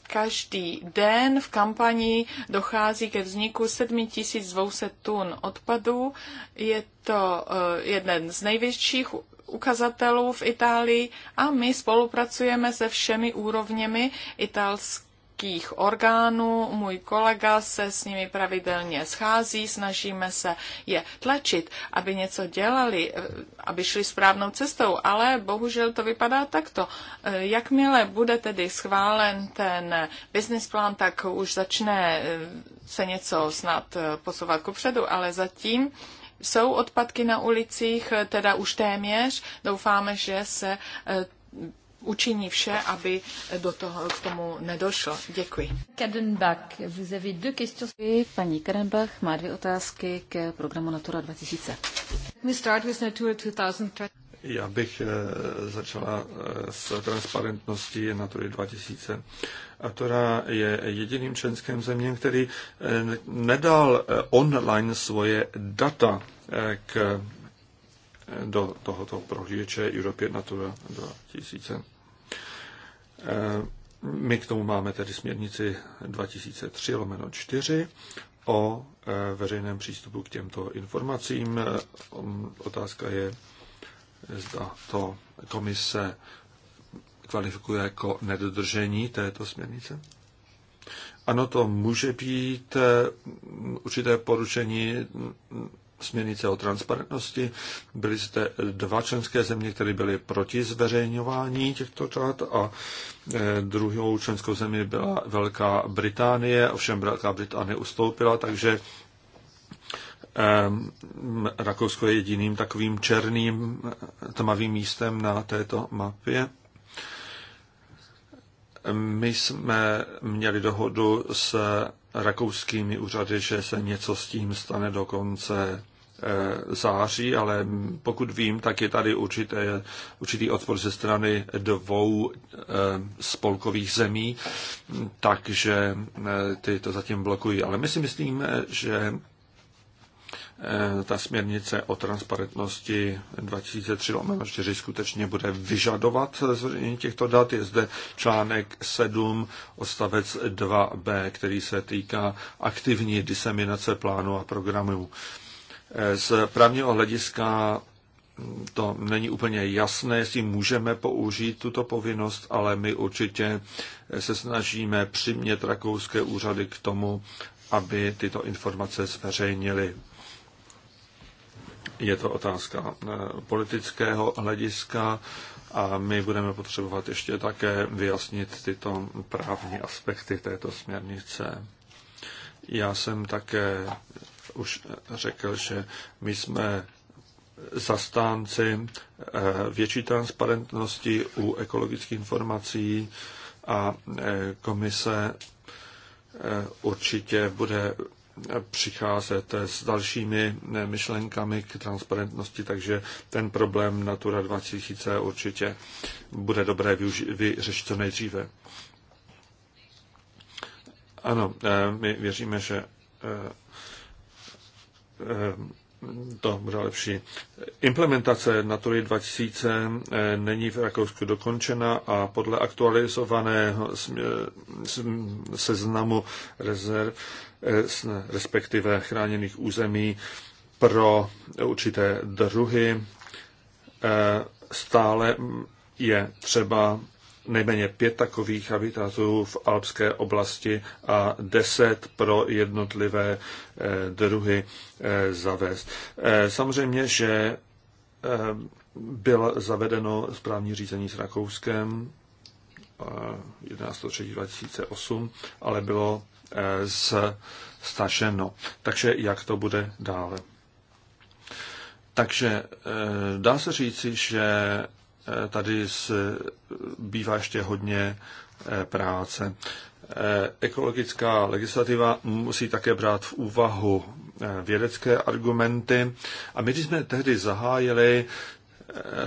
každý den v kampani dochází ke vzniku 7200 tun odpadů. Je to eh, jeden z největších ukazatelů v Itálii a my spolupracujeme se všemi úrovněmi italské evropských orgánů. Můj kolega se s nimi pravidelně schází, snažíme se je tlačit, aby něco dělali, eh, aby šli správnou cestou, ale bohužel to vypadá takto. Eh, jakmile bude tedy schválen ten business plán, tak už začne eh, se něco snad posouvat kupředu, ale zatím jsou odpadky na ulicích, teda už téměř. Doufáme, že se učiní vše, aby do toho, k tomu nedošlo. Děkuji. Kadenbach, vous avez deux questions. Paní Kadenbach má dvě otázky k programu Natura 2000. We start with Natura 2000. Já bych eh, začala eh, s transparentností Natury 2000. A je jediným členským zeměm, který eh, nedal online svoje data k do tohoto prohlížeče European Natura 2000. Eh, my k tomu máme tedy směrnici 2003 lomeno 4 o eh, veřejném přístupu k těmto informacím. Ehm, otázka je, zda to komise kvalifikuje jako nedodržení této směrnice. Ano, to může být eh, určité porušení směrnice o transparentnosti. Byly zde dva členské země, které byly proti zveřejňování těchto dat a eh, druhou členskou zemí byla Velká Británie, ovšem Velká Británie ustoupila, takže ehm, Rakousko je jediným takovým černým eh, tmavým místem na této mapě. My jsme měli dohodu s rakouskými úřady, že se něco s tím stane do konce Eh, září, ale pokud vím, tak je tady určité, určitý odpor ze strany dvou eh, spolkových zemí, takže eh, ty to zatím blokují. Ale my si myslíme, že ta směrnice o transparentnosti 2003-4 no, skutečně bude vyžadovat zveřejnění těchto dat. Je zde článek 7 odstavec 2b, který se týká aktivní diseminace plánu a programů. Z právního hlediska to není úplně jasné, jestli můžeme použít tuto povinnost, ale my určitě se snažíme přimět rakouské úřady k tomu, aby tyto informace zveřejnili. Je to otázka eh, politického hlediska a my budeme potřebovat ještě také vyjasnit tyto právní aspekty této směrnice. Já jsem také už řekl, že my jsme zastánci eh, větší transparentnosti u ekologických informací a eh, komise eh, určitě bude přicházet s dalšími myšlenkami k transparentnosti, takže ten problém Natura 2000 určitě bude dobré vyřešit co nejdříve. Ano, my věříme, že Eh, to možná lepší. Implementace Natury 2000 eh, není v Rakousku dokončena a podle aktualizovaného seznamu rezerv, eh, respektive chráněných území pro určité druhy, stále je třeba nejméně pět takových habitatů v alpské oblasti a deset pro jednotlivé eh, druhy eh, zavést. Eh, samozřejmě, že bylo zavedeno správní řízení s Rakouskem 11.3.2008, ale bylo stašeno. Takže jak to bude dále? Takže dá se říci, že Eh, tady eh, bývá ještě hodně eh, práce. Ekologická legislativa musí také brát v úvahu vědecké argumenty. A my, když jsme tehdy zahájili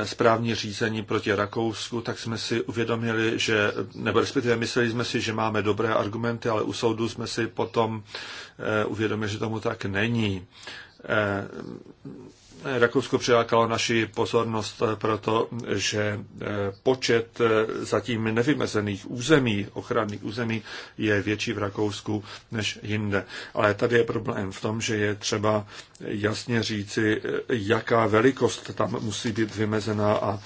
správní řízení proti Rakousku, tak jsme si uvědomili, že, nebo respektive mysleli jsme si, že máme dobré argumenty, ale u soudu jsme si potom uvědomili, že tomu tak není Rakousko přilákalo naši pozornost eh, proto, že eh, počet eh, zatím nevymezených území, ochranných území, je větší v Rakousku než jinde. Ale tady je problém v tom, že je třeba jasně říci, jaká velikost tam musí být vymezená a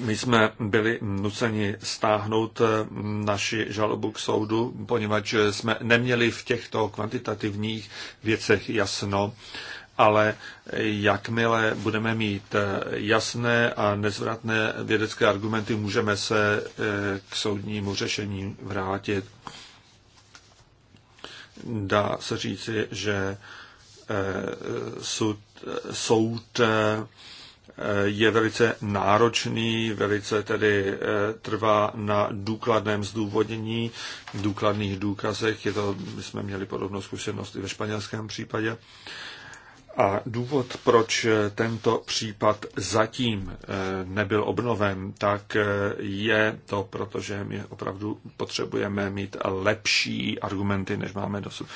my jsme byli nuceni stáhnout naši žalobu k soudu, poněvadž jsme neměli v těchto kvantitativních věcech jasno ale jakmile budeme mít eh, jasné a nezvratné vědecké argumenty, můžeme se eh, k soudnímu řešení vrátit. Dá se říci, že eh, soud, soud je velice náročný, velice tedy trvá na důkladném zdůvodnění, důkladných důkazech. Je to, my jsme měli podobnou zkušenost i ve španělském případě. A důvod, proč tento případ zatím eh, nebyl obnoven, tak eh, je to, protože my opravdu potřebujeme mít lepší argumenty, než máme dosud.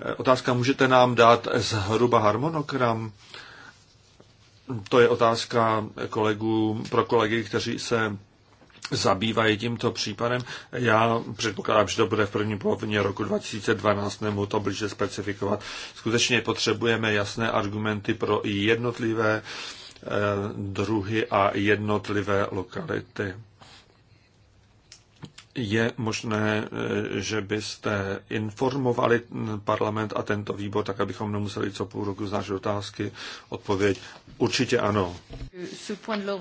Eh, otázka, můžete nám dát zhruba harmonogram? To je otázka kolegů, pro kolegy, kteří se zabývají tímto případem. Já předpokládám, že to bude v první polovině roku 2012, Nemůžu to blíže specifikovat. Skutečně potřebujeme jasné argumenty pro jednotlivé eh, druhy a jednotlivé lokality je možné, eh, že byste informovali parlament a tento výbor, tak abychom nemuseli co půl roku znášet otázky. Odpověď určitě ano.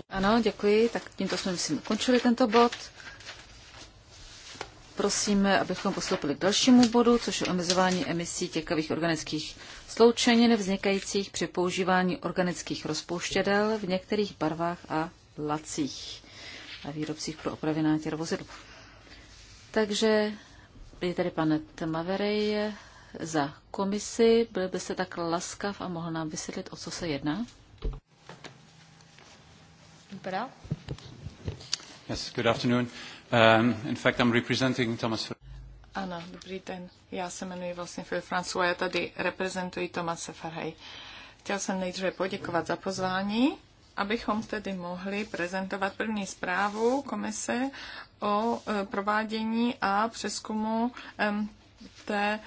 Ano, děkuji. Tak tímto jsme, myslím, ukončili tento bod. Prosím, abychom postoupili k dalšímu bodu, což je omezování emisí těkavých organických sloučenin vznikajících při používání organických rozpouštědel v některých barvách a lacích a výrobcích pro opravy nátěr vozidla. Takže je tady pan Tmaverej za komisi. Byl byste tak laskav a mohl nám vysvětlit, o co se jedná? Dobrá. Yes, good afternoon. Um, in fact, I'm representing Thomas Ano, dobrý den. Já se jmenuji vlastně Phil François, já tady reprezentuji Tomase Farhej. Chtěl jsem nejdříve poděkovat za pozvání abychom tedy mohli prezentovat první zprávu komise o e, provádění a přeskumu té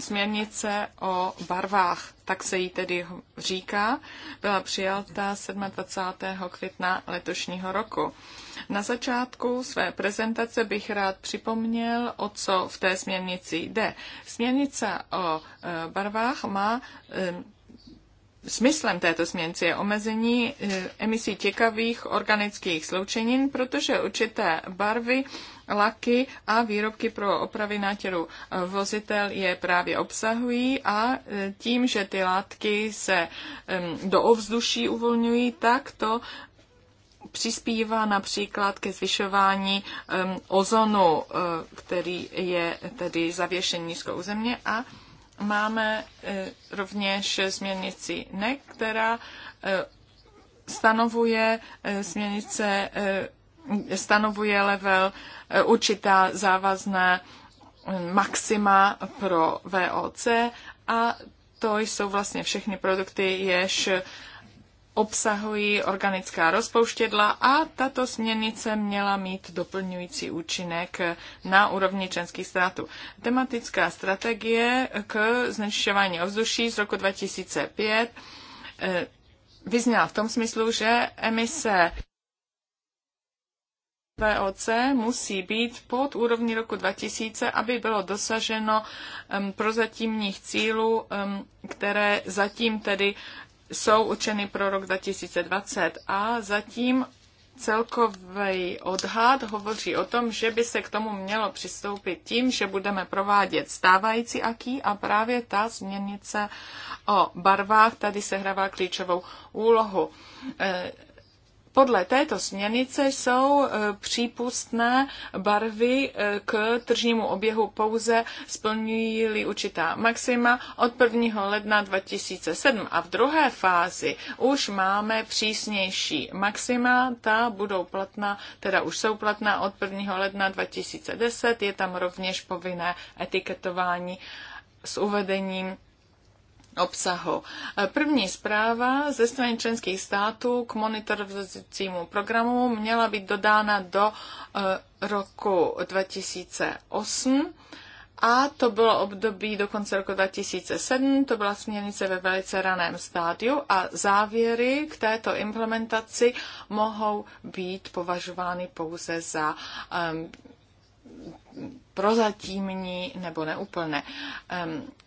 směrnice o barvách, tak se jí tedy říká, byla přijata 27. května letošního roku. Na začátku své prezentace bych rád připomněl, o co v té směrnici jde. Směrnice o e, barvách má smyslem této směrnice je omezení eh, emisí těkavých organických sloučenin, protože určité barvy, laky a výrobky pro opravy nátěru eh, vozitel je právě obsahují a eh, tím, že ty látky se do ovzduší uvolňují, tak to přispívá například ke zvyšování ozonu, který je tedy zavěšen nízkou země a Máme e, rovněž směrnici NEC, která e, stanovuje e, směrnice, stanovuje level určitá závazná maxima pro VOC a to jsou vlastně všechny produkty, jež obsahují organická rozpouštědla a tato směrnice měla mít doplňující účinek na úrovni členských států. Tematická strategie k znečišťování ovzduší z roku 2005 eh, vyzněla v tom smyslu, že emise VOC musí být pod úrovní roku 2000, aby bylo dosaženo um, prozatímních cílů, um, které zatím tedy jsou určeny pro rok 2020 a zatím celkový odhad hovoří o tom, že by se k tomu mělo přistoupit tím, že budeme provádět stávající aký a právě ta změnice o barvách tady sehrává klíčovou úlohu. Eh, podle této směrnice jsou e, přípustné barvy e, k tržnímu oběhu pouze splňují určitá maxima od 1. ledna 2007 a v druhé fázi už máme přísnější maxima, ta budou platná, teda už jsou platná od 1. ledna 2010, je tam rovněž povinné etiketování s uvedením obsahu. První zpráva ze strany členských států k monitorovacímu programu měla být dodána do eh, roku 2008 a to bylo období do konce roku 2007, to byla směrnice ve velice raném stádiu a závěry k této implementaci mohou být považovány pouze za um, prozatímní nebo neúplné.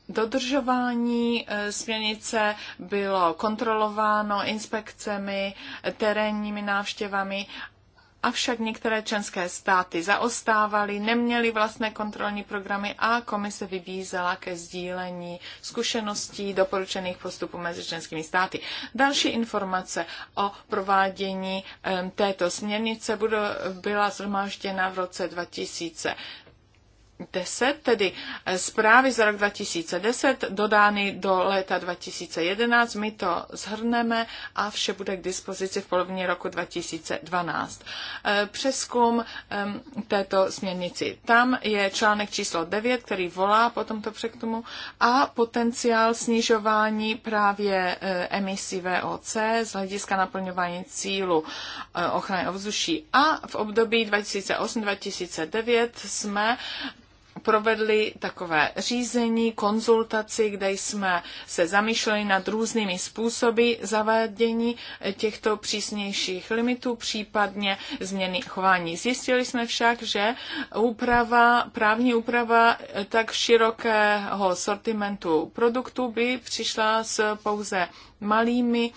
Dodržování e, směrnice bylo kontrolováno inspekcemi, terénními návštěvami Avšak některé členské státy zaostávaly, neměly vlastné kontrolní programy a komise vybízela ke sdílení zkušeností doporučených postupů mezi členskými státy. Další informace o provádění této směrnice byla zhromážděna v roce 2000 10, tedy zprávy z rok 2010 dodány do léta 2011. My to zhrneme a vše bude k dispozici v polovině roku 2012. Eh, přeskum ehm, této směrnici. Tam je článek číslo 9, který volá po tomto přektumu a potenciál snižování právě eh, emisí VOC z hlediska naplňování cílu eh, ochrany ovzduší. A v období 2008-2009 jsme provedli takové řízení, konzultaci, kde jsme se zamýšleli nad různými způsoby zavádění těchto přísnějších limitů, případně změny chování. Zjistili jsme však, že úprava, právní úprava tak širokého sortimentu produktů by přišla s pouze malými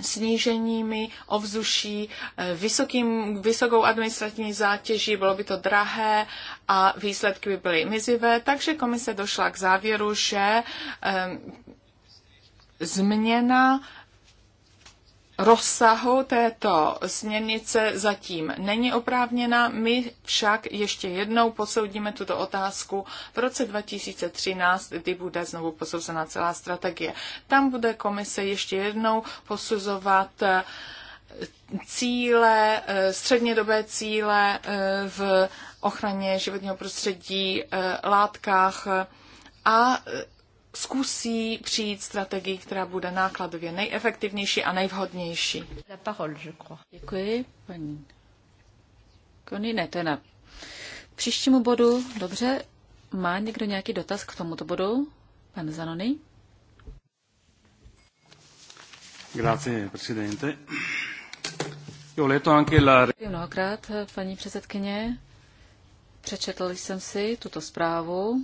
sníženími ovzduší, eh, vysokým, vysokou administrativní zátěží, bylo by to drahé a výsledky by byly mizivé, takže komise došla k závěru, že eh, změna rozsahu této směrnice zatím není oprávněna. My však ještě jednou posoudíme tuto otázku v roce 2013, kdy bude znovu posouzena celá strategie. Tam bude komise ještě jednou posuzovat eh, cíle, eh, střednědobé cíle eh, v ochraně životního prostředí, látkách a zkusí přijít strategii, která bude nákladově nejefektivnější a nejvhodnější. La parole, je crois. Děkuji, paní Koninetena. Příštímu bodu, dobře, má někdo nějaký dotaz k tomuto bodu? Pan Zanony? Grazie, presidente. Jo, leto anche la... Mnohokrát, paní předsedkyně, přečetl jsem si tuto zprávu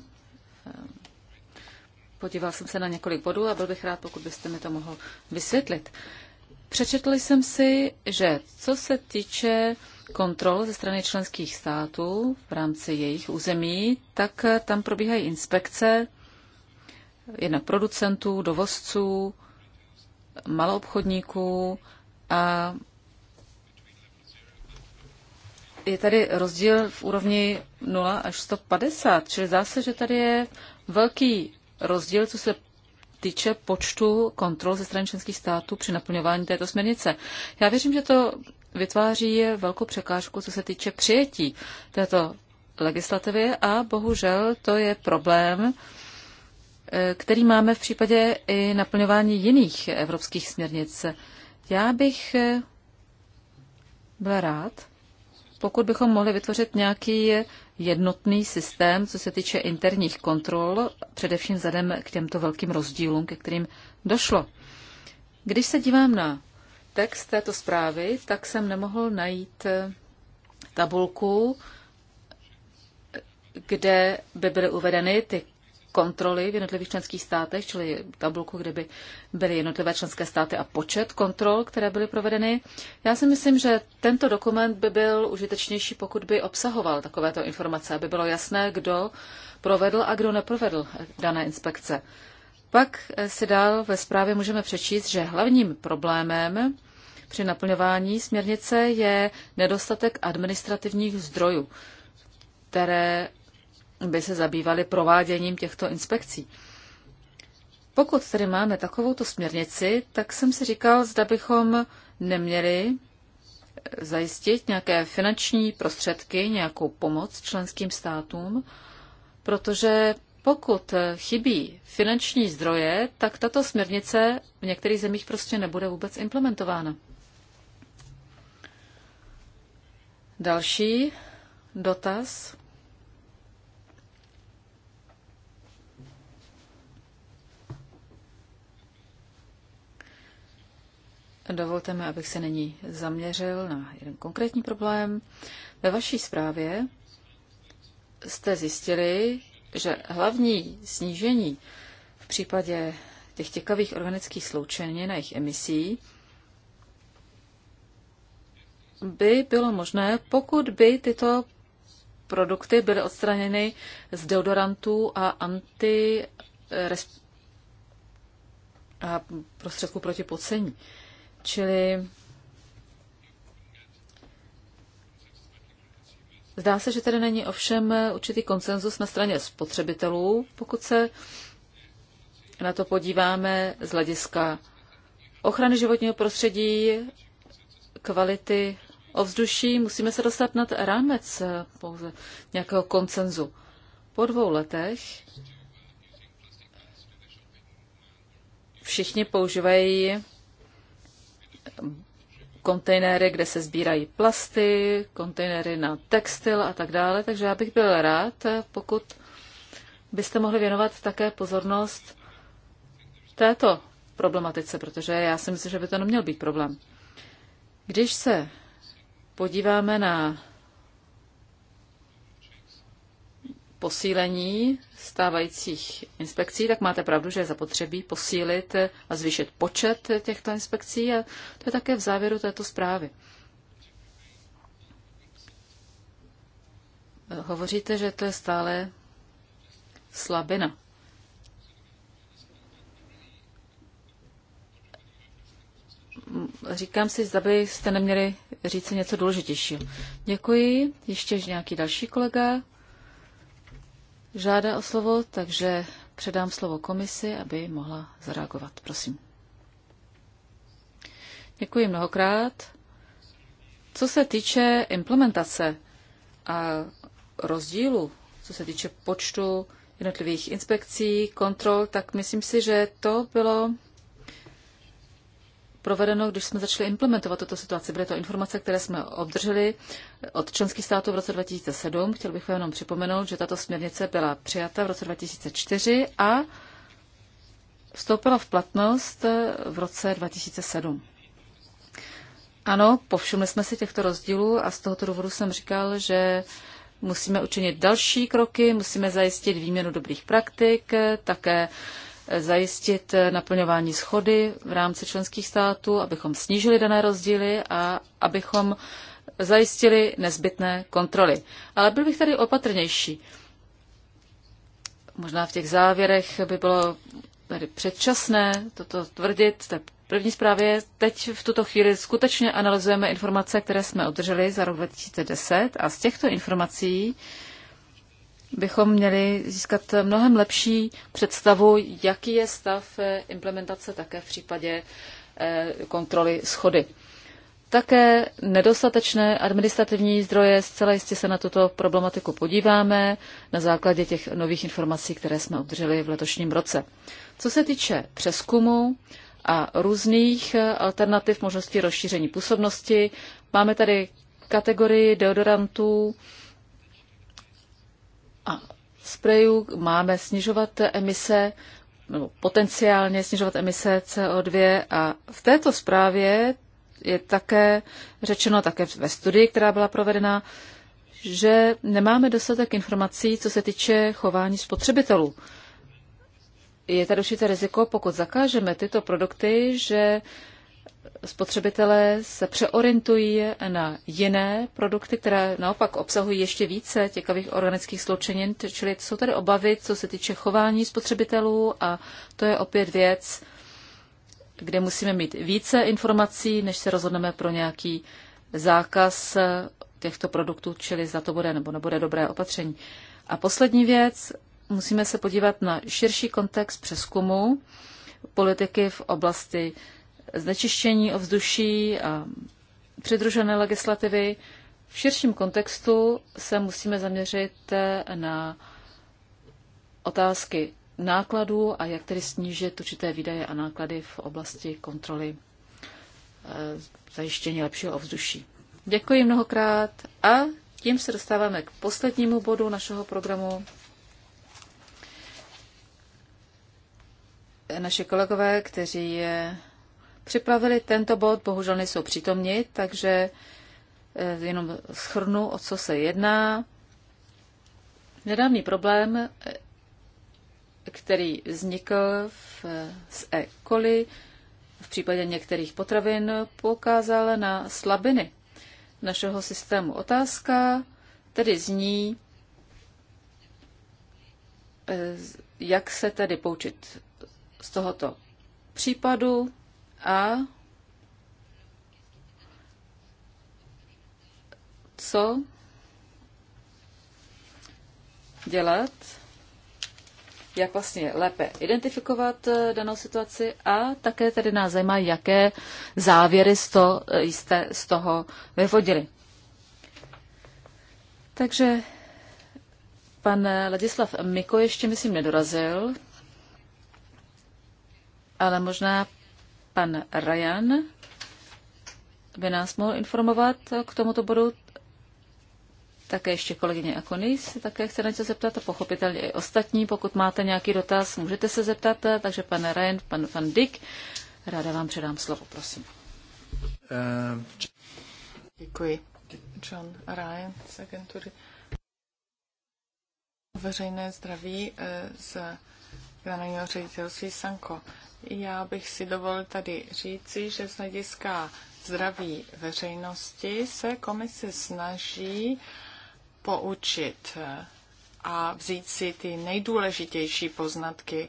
Podíval jsem se na několik bodů a byl bych rád, pokud byste mi to mohl vysvětlit. Přečetl jsem si, že co se týče kontrol ze strany členských států v rámci jejich území, tak tam probíhají inspekce jednak producentů, dovozců, maloobchodníků a je tady rozdíl v úrovni 0 až 150, čili zase, že tady je velký rozdíl, co se týče počtu kontrol ze strany členských států při naplňování této směrnice. Já věřím, že to vytváří velkou překážku, co se týče přijetí této legislativy a bohužel to je problém, eh, který máme v případě i naplňování jiných evropských směrnic. Já bych eh, byla rád, pokud bychom mohli vytvořit nějaký jednotný systém, co se týče interních kontrol, především vzhledem k těmto velkým rozdílům, ke kterým došlo. Když se dívám na text této zprávy, tak jsem nemohl najít eh, tabulku, kde by byly uvedeny ty kontroly v jednotlivých členských státech, čili tabulku, kde by byly jednotlivé členské státy a počet kontrol, které byly provedeny. Já si myslím, že tento dokument by byl užitečnější, pokud by obsahoval takovéto informace, aby bylo jasné, kdo provedl a kdo neprovedl dané inspekce. Pak eh, si dál ve zprávě můžeme přečíst, že hlavním problémem při naplňování směrnice je nedostatek administrativních zdrojů, které by se zabývaly prováděním těchto inspekcí. Pokud tedy máme takovouto směrnici, tak jsem si říkal, zda bychom neměli eh, zajistit nějaké finanční prostředky, nějakou pomoc členským státům, protože pokud eh, chybí finanční zdroje, tak tato směrnice v některých zemích prostě nebude vůbec implementována. Další dotaz Dovolte mi, abych se nyní zaměřil na jeden konkrétní problém. Ve vaší zprávě jste zjistili, že hlavní snížení v případě těch těkavých organických sloučenin na jejich emisí by bylo možné, pokud by tyto produkty byly odstraněny z deodorantů a anti a prostředků proti pocení. Čili zdá se, že tady není ovšem určitý konsenzus na straně spotřebitelů, pokud se na to podíváme z hlediska ochrany životního prostředí, kvality ovzduší, musíme se dostat nad rámec pouze nějakého koncenzu. Po dvou letech všichni používají kontejnery, kde se sbírají plasty, kontejnery na textil a tak dále. Takže já bych byl rád, pokud byste mohli věnovat také pozornost této problematice, protože já si myslím, že by to neměl být problém. Když se podíváme na posílení stávajících inspekcí, tak máte pravdu, že je zapotřebí posílit a zvýšit počet těchto inspekcí a to je také v závěru této zprávy. Hovoříte, že to je stále slabina. Říkám si, zda byste neměli říct něco důležitějšího. Děkuji. Ještě nějaký další kolega? žádá o slovo, takže předám slovo komisi, aby mohla zareagovat. Prosím. Děkuji mnohokrát. Co se týče implementace a rozdílu, co se týče počtu jednotlivých inspekcí, kontrol, tak myslím si, že to bylo provedeno, když jsme začali implementovat tuto situaci. Byly to informace, které jsme obdrželi od členských států v roce 2007. Chtěl bych jenom připomenout, že tato směrnice byla přijata v roce 2004 a vstoupila v platnost eh, v roce 2007. Ano, povšimli jsme si těchto rozdílů a z tohoto důvodu jsem říkal, že musíme učinit další kroky, musíme zajistit výměnu dobrých praktik, eh, také zajistit eh, naplňování schody v rámci členských států, abychom snížili dané rozdíly a abychom zajistili nezbytné kontroly. Ale byl bych tady opatrnější. Možná v těch závěrech by bylo tady předčasné toto tvrdit. Té první zprávě teď v tuto chvíli skutečně analyzujeme informace, které jsme obdrželi za rok 2010 a z těchto informací bychom měli získat mnohem lepší představu, jaký je stav eh, implementace také v případě eh, kontroly schody. Také nedostatečné administrativní zdroje, zcela jistě se na tuto problematiku podíváme na základě těch nových informací, které jsme obdrželi v letošním roce. Co se týče přeskumu a různých eh, alternativ možností rozšíření působnosti, máme tady kategorii deodorantů, a sprejů máme snižovat emise nebo potenciálně snižovat emise CO2 a v této zprávě je také řečeno, také ve studii, která byla provedena, že nemáme dostatek informací, co se týče chování spotřebitelů. Je tady určité riziko, pokud zakážeme tyto produkty, že spotřebitelé se přeorientují na jiné produkty, které naopak obsahují ještě více těkavých organických sloučenin, čili jsou tady obavy, co se týče chování spotřebitelů a to je opět věc, kde musíme mít více informací, než se rozhodneme pro nějaký zákaz těchto produktů, čili za to bude nebo nebude dobré opatření. A poslední věc, musíme se podívat na širší kontext přeskumu politiky v oblasti znečištění ovzduší a přidružené legislativy. V širším kontextu se musíme zaměřit eh, na otázky nákladů a jak tedy snížit určité výdaje a náklady v oblasti kontroly eh, zajištění lepšího ovzduší. Děkuji mnohokrát a tím se dostáváme k poslednímu bodu našeho programu. Naše kolegové, kteří je připravili tento bod, bohužel nejsou přítomni, takže eh, jenom schrnu, o co se jedná. Nedávný problém, eh, který vznikl v, eh, z E. coli v případě některých potravin, poukázal na slabiny našeho systému. Otázka tedy zní, jak se tedy poučit z tohoto případu, a co dělat, jak vlastně lépe identifikovat eh, danou situaci a také tedy nás zajímá, jaké závěry z to, eh, jste z toho vyvodili. Takže pan Ladislav Miko ještě, myslím, nedorazil, ale možná Pan Ryan by nás mohl informovat k tomuto bodu. Také ještě kolegyně Akonis také chce něco zeptat a pochopitelně i ostatní. Pokud máte nějaký dotaz, můžete se zeptat. Takže pan Ryan, pan Van Dyk, ráda vám předám slovo, prosím. Uh, děkuji. John Ryan z agentury veřejné zdraví eh, z generálního ředitelství Sanko. Já bych si dovolil tady říci, že z hlediska zdraví veřejnosti se komise snaží poučit eh, a vzít si ty nejdůležitější poznatky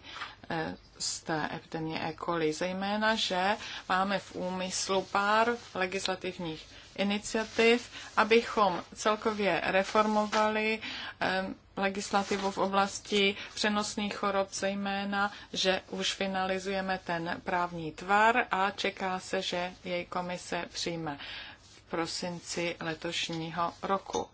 eh, z té epidemie E. coli. Zejména, že máme v úmyslu pár legislativních iniciativ, abychom celkově reformovali legislativu v oblasti přenosných chorob, zejména, že už finalizujeme ten právní tvar a čeká se, že jej komise přijme v prosinci letošního roku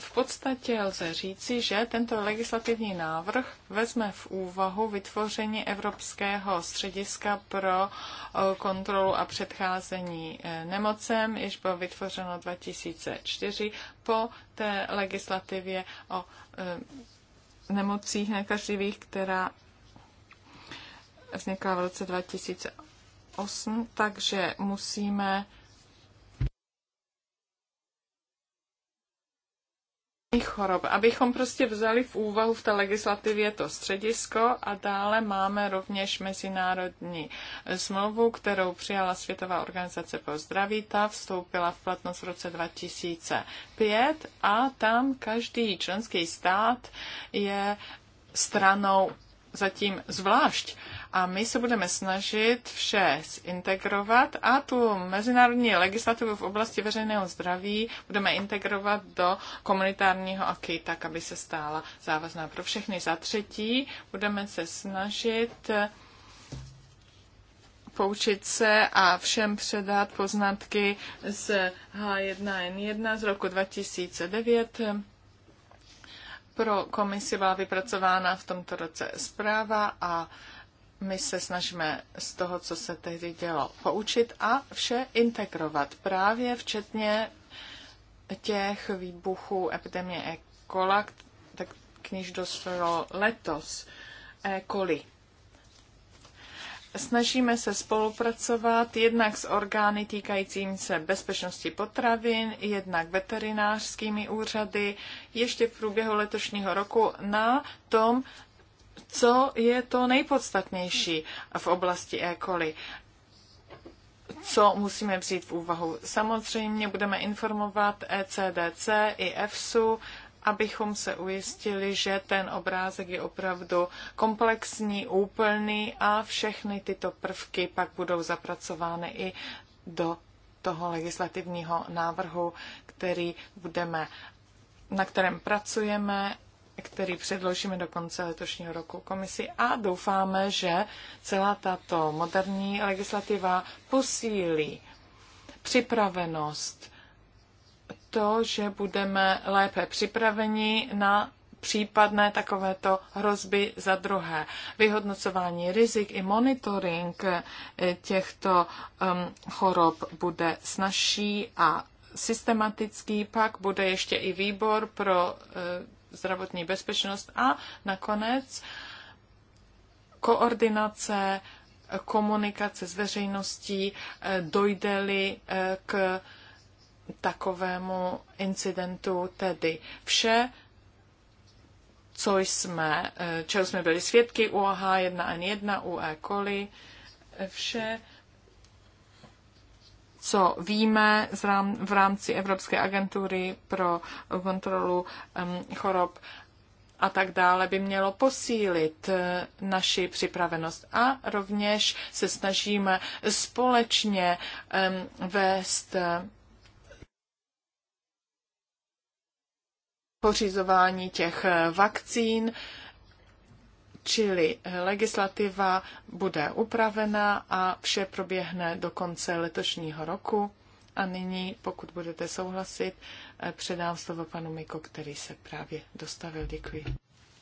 v podstatě lze říci, že tento legislativní návrh vezme v úvahu vytvoření Evropského střediska pro eh, kontrolu a předcházení eh, nemocem, jež bylo vytvořeno 2004 po té legislativě o eh, nemocích nekaživých, která vznikla v roce 2008, takže musíme chorob, abychom prostě vzali v úvahu v té legislativě to středisko a dále máme rovněž mezinárodní smlouvu, kterou přijala Světová organizace pro zdraví. Ta vstoupila v platnost v roce 2005 a tam každý členský stát je stranou zatím zvlášť a my se budeme snažit vše zintegrovat a tu mezinárodní legislativu v oblasti veřejného zdraví budeme integrovat do komunitárního aky, tak aby se stála závazná pro všechny. Za třetí budeme se snažit poučit se a všem předat poznatky z H1N1 z roku 2009. Pro komisi byla vypracována v tomto roce zpráva a my se snažíme z toho, co se tehdy dělo, poučit a vše integrovat, právě včetně těch výbuchů epidemie E. coli, tak k níž dostalo letos E. coli. Snažíme se spolupracovat jednak s orgány týkajícím se bezpečnosti potravin, jednak veterinářskými úřady, ještě v průběhu letošního roku na tom, co je to nejpodstatnější v oblasti E. coli co musíme vzít v úvahu. Samozřejmě budeme informovat ECDC i EFSU, abychom se ujistili, že ten obrázek je opravdu komplexní, úplný a všechny tyto prvky pak budou zapracovány i do toho legislativního návrhu, který budeme, na kterém pracujeme který předložíme do konce letošního roku komisi a doufáme, že celá tato moderní legislativa posílí připravenost to, že budeme lépe připraveni na případné takovéto hrozby za druhé. Vyhodnocování rizik i monitoring eh, těchto um, chorob bude snažší a systematický. Pak bude ještě i výbor pro uh, zdravotní bezpečnost a nakonec koordinace komunikace s veřejností, eh, dojde-li eh, k takovému incidentu, tedy vše, co jsme, eh, čeho jsme byli svědky u AH1N1, u E. coli, vše co víme v rámci Evropské agentury pro kontrolu chorob a tak dále by mělo posílit eh, naši připravenost. A rovněž se snažíme společně vést eh, pořizování těch eh, vakcín, Čili legislativa bude upravena a vše proběhne do konce letošního roku. A nyní, pokud budete souhlasit, eh, předám slovo panu Miko, který se právě dostavil. Děkuji.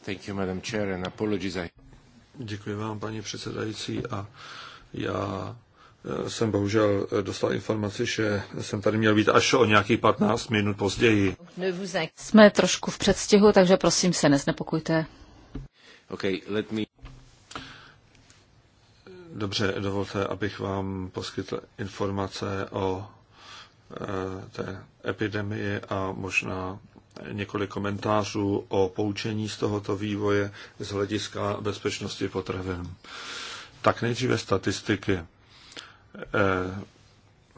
Thank you, Madam Chair, and apologies. Děkuji vám, paní předsedající, a já eh, jsem bohužel eh, dostal informaci, že jsem tady měl být až o nějakých 15 minut později. Jsme trošku v předstihu, takže prosím se neznepokojte. Okay, let me... Dobře, dovolte, abych vám poskytl informace o eh, té epidemii a možná několik komentářů o poučení z tohoto vývoje z hlediska bezpečnosti potravin. Tak nejdříve statistiky. Eh,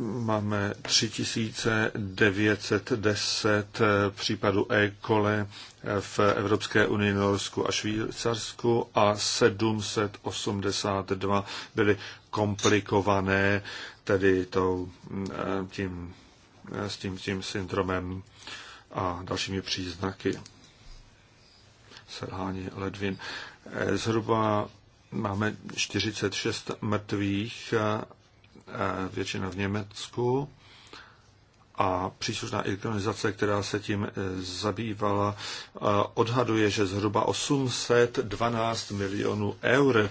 máme 3910 eh, případů E. coli eh, v Evropské unii, Norsku a Švýcarsku a 782 byly komplikované tedy tou, eh, tím, s tím, tím syndromem a dalšími příznaky selhání ledvin. Zhruba máme 46 mrtvých Eh, většina v Německu a příslušná organizace, která se tím eh, zabývala, eh, odhaduje, že zhruba 812 milionů eur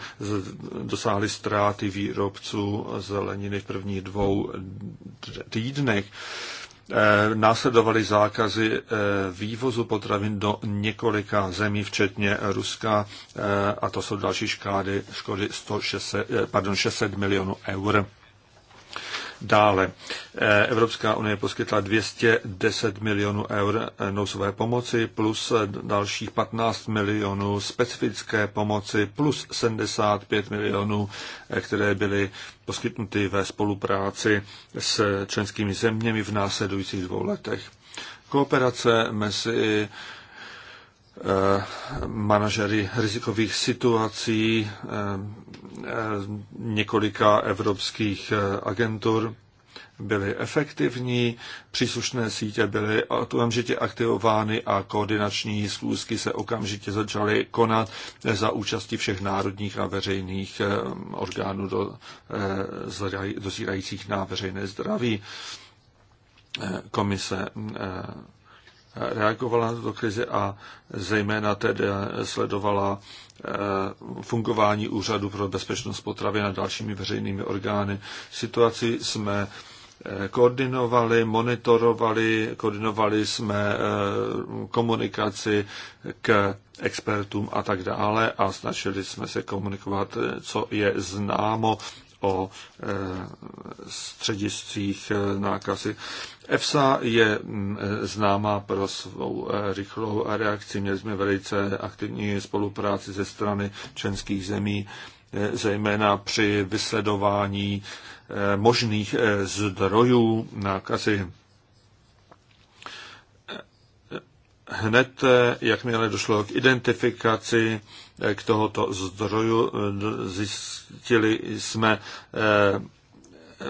dosáhly ztráty výrobců zeleniny v prvních dvou týdnech. Následovaly zákazy vývozu potravin do několika zemí, včetně Ruska, a to jsou další škády, škody 106 pardon, 600 milionů eur. Dále, eh, Evropská unie poskytla 210 milionů eur eh, nouzové pomoci plus eh, dalších 15 milionů specifické pomoci plus 75 milionů, které byly poskytnuty ve spolupráci s členskými zeměmi v následujících dvou letech. Kooperace mezi manažery rizikových situací Eh, několika evropských eh, agentur byly efektivní, příslušné sítě byly okamžitě aktivovány a koordinační schůzky se okamžitě začaly konat eh, za účasti všech národních a veřejných orgánů do, dozírajících na veřejné zdraví. Komise reagovala na tuto krizi a zejména tedy sledovala Eh, fungování Úřadu pro bezpečnost potravy a dalšími veřejnými orgány. Situaci jsme eh, koordinovali, monitorovali, koordinovali jsme eh, komunikaci k expertům a tak dále a snažili jsme se komunikovat, co je známo o e, střediscích e, nákazy. EFSA je e, známá pro svou rychlou reakci. Měli jsme velice aktivní spolupráci ze strany členských zemí, zejména při vysledování možných zdrojů nákazy. Hned, jakmile došlo k identifikaci k tohoto zdroju. Zjistili jsme eh,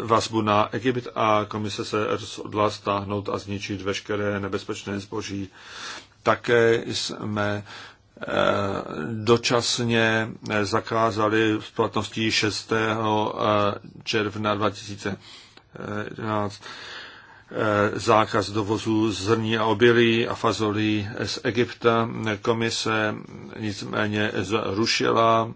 vazbu na Egypt a komise se rozhodla stáhnout a zničit veškeré nebezpečné zboží. Také jsme eh, dočasně eh, zakázali v platnosti 6. června 2011 Eh, zákaz dovozu zrní a obilí a fazolí z Egypta. Komise nicméně zrušila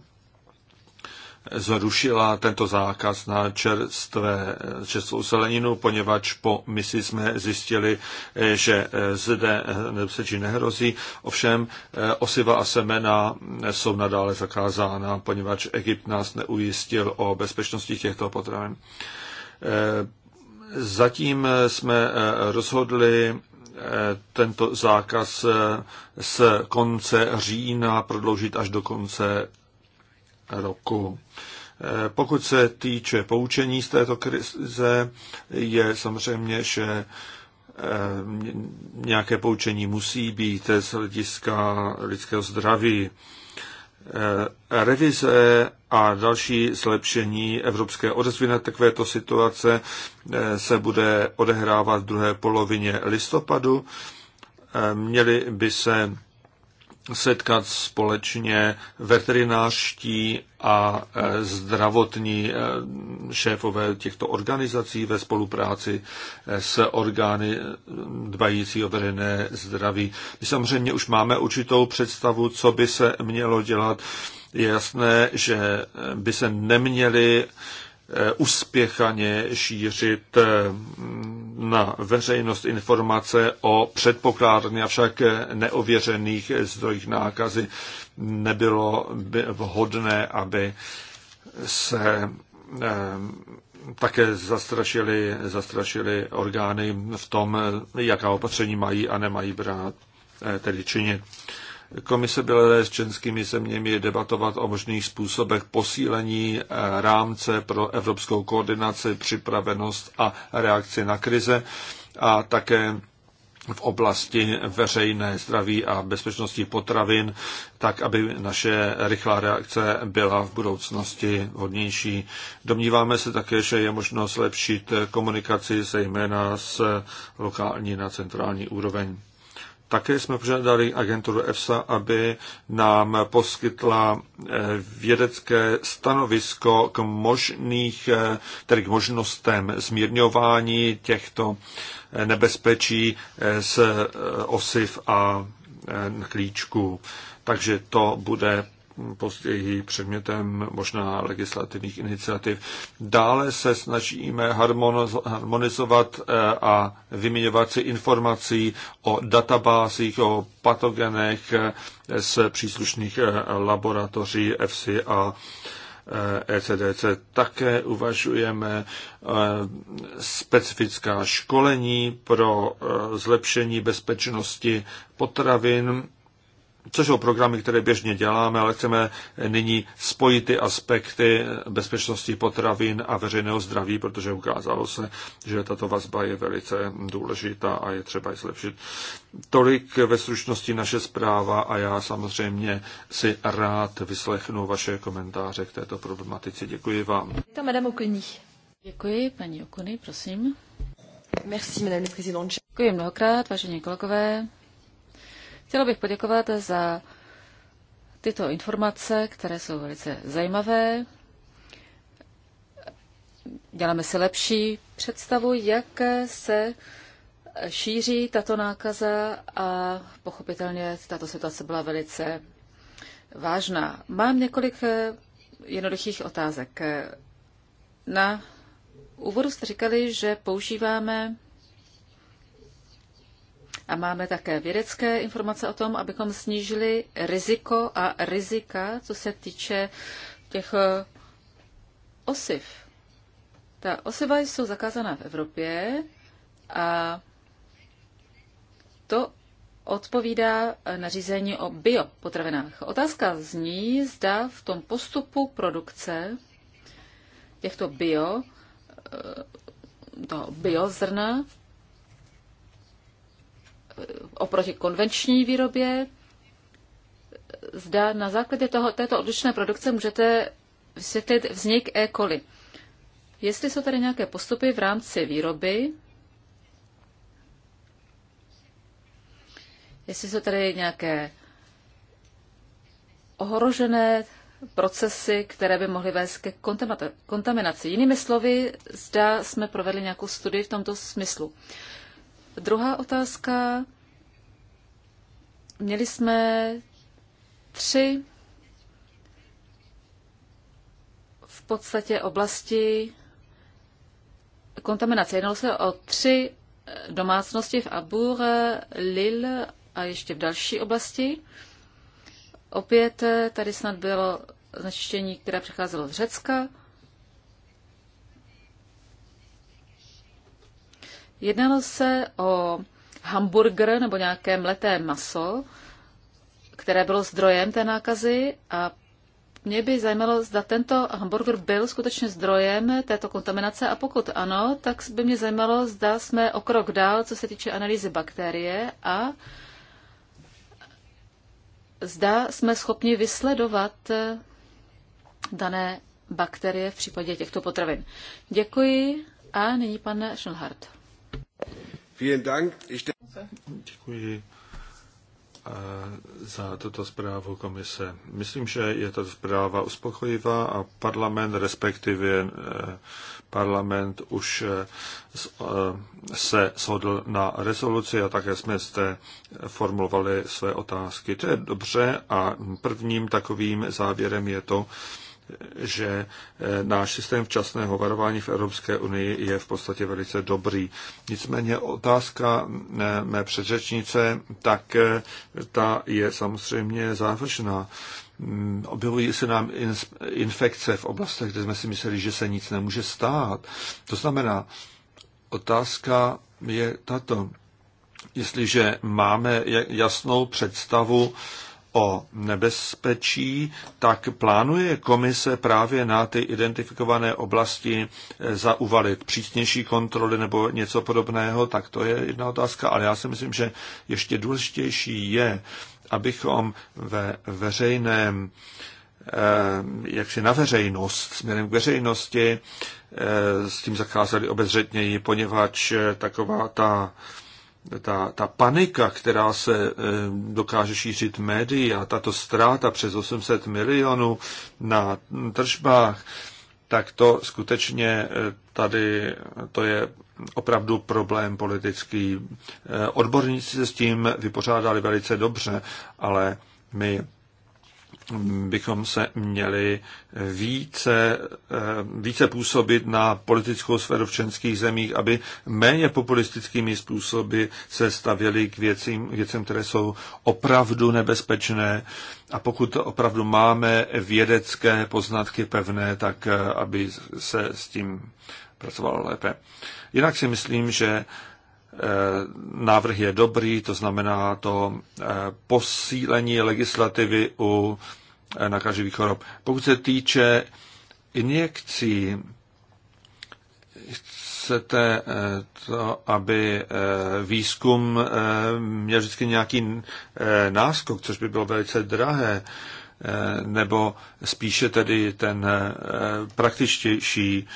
zrušila tento zákaz na čerstvé, čerstvou zeleninu, poněvadž po misi jsme zjistili, eh, že eh, zde nebezpečí nehrozí. Ovšem osiva a semena jsou nadále zakázána, poněvadž Egypt nás neujistil o bezpečnosti těchto potravin. Zatím eh, jsme eh, rozhodli eh, tento zákaz z konce října prodloužit až do konce roku. Pokud se týče poučení z této krize, je samozřejmě, že nějaké poučení musí být z hlediska lidského zdraví. Eh, revize a další zlepšení evropské odezvy na takovéto situace eh, se bude odehrávat v druhé polovině listopadu. Eh, Měli by se setkat společně veterinářští a e, zdravotní e, šéfové těchto organizací ve spolupráci e, s orgány dbající o veřejné zdraví. My samozřejmě už máme určitou představu, co by se mělo dělat. Je jasné, že by se neměly Eh, uspěchaně šířit eh, na veřejnost informace o předpokládně avšak neověřených zdrojích nákazy. Nebylo by vhodné, aby se eh, také zastrašili, zastrašili orgány v tom, jaká opatření mají a nemají brát, tedy činit. Komise byla s členskými zeměmi debatovat o možných způsobech posílení eh, rámce pro evropskou koordinaci, připravenost a reakci na krize a také v oblasti veřejné zdraví a bezpečnosti potravin, tak aby naše rychlá reakce byla v budoucnosti hodnější. Domníváme se také, že je možno zlepšit komunikaci zejména z lokální na centrální úroveň. Také jsme požádali agenturu EFSA, aby nám poskytla eh, vědecké stanovisko k možných, eh, tedy k možnostem zmírňování těchto eh, nebezpečí z osiv a klíčků. Takže to bude později předmětem možná legislativních iniciativ. Dále se snažíme harmonizovat eh, a vyměňovat si informací o databázích, o patogenech eh, z příslušných eh, laboratoří EFSI a ECDC. E Také uvažujeme specifická školení pro zlepšení bezpečnosti potravin což jsou programy, které běžně děláme, ale chceme nyní spojit ty aspekty bezpečnosti potravin a veřejného zdraví, protože ukázalo se, že tato vazba je velice důležitá a je třeba ji zlepšit. Tolik ve stručnosti naše zpráva a já samozřejmě si rád vyslechnu vaše komentáře k této problematice. Děkuji vám. Děkuji, paní Okuny, prosím. Merci, madame Děkuji mnohokrát, vážení kolegové. Chtěla bych poděkovat za tyto informace, které jsou velice zajímavé. Děláme si lepší představu, jak se šíří tato nákaza a pochopitelně tato situace byla velice vážná. Mám několik jednoduchých otázek. Na úvodu jste říkali, že používáme a máme také vědecké informace o tom, abychom snížili riziko a rizika, co se týče těch eh, osiv. Ta osiva jsou zakázaná v Evropě a to odpovídá eh, nařízení o biopotravinách. Otázka zní, zda v tom postupu produkce těchto bio, eh, toho biozrna, oproti konvenční výrobě. Zda na základě toho, této odlišné produkce můžete vysvětlit vznik E. coli. Jestli jsou tady nějaké postupy v rámci výroby, jestli jsou tady nějaké ohrožené procesy, které by mohly vést ke kontaminaci. Jinými slovy, zda jsme provedli nějakou studii v tomto smyslu. Druhá otázka. Měli jsme tři v podstatě oblasti kontaminace. Jednalo se o tři eh, domácnosti v Abur, Lille a ještě v další oblasti. Opět eh, tady snad bylo znečištění, které přicházelo z Řecka. Jednalo se o hamburger nebo nějaké mleté maso, které bylo zdrojem té nákazy a mě by zajímalo, zda tento hamburger byl skutečně zdrojem této kontaminace a pokud ano, tak by mě zajímalo, zda jsme o krok dál, co se týče analýzy bakterie a zda jsme schopni vysledovat dané bakterie v případě těchto potravin. Děkuji a nyní pan Schnellhardt. Děkuji eh, za tuto zprávu komise. Myslím, že je to zpráva uspokojivá a parlament, respektive eh, parlament už eh, se shodl na rezoluci a také jsme zde formulovali své otázky. To je dobře a prvním takovým závěrem je to, že eh, náš systém včasného varování v Evropské unii je v podstatě velice dobrý. Nicméně otázka eh, mé předřečnice, tak eh, ta je samozřejmě závažná. Mm, objevují se nám infekce v oblastech, kde jsme si mysleli, že se nic nemůže stát. To znamená, otázka je tato. Jestliže máme jasnou představu, o nebezpečí, tak plánuje komise právě na ty identifikované oblasti eh, zauvalit přísnější kontroly nebo něco podobného, tak to je jedna otázka, ale já si myslím, že ještě důležitější je, abychom ve veřejném eh, jak si na veřejnost, směrem k veřejnosti, eh, s tím zakázali obezřetněji, poněvadž taková ta ta, ta panika, která se eh, dokáže šířit médií a tato ztráta přes 800 milionů na tržbách, tak to skutečně eh, tady to je opravdu problém politický. Eh, odborníci se s tím vypořádali velice dobře, ale my bychom se měli více, eh, více působit na politickou sféru v členských zemích, aby méně populistickými způsoby se stavěli k věcím, věcem, které jsou opravdu nebezpečné. A pokud opravdu máme vědecké poznatky pevné, tak eh, aby se s tím pracovalo lépe. Jinak si myslím, že Eh, návrh je dobrý, to znamená to eh, posílení legislativy u eh, nakažlivých chorob. Pokud se týče injekcí, chcete to, aby výzkum měl vždycky nějaký náskok, což by bylo velice drahé, nebo spíše tedy ten praktičtější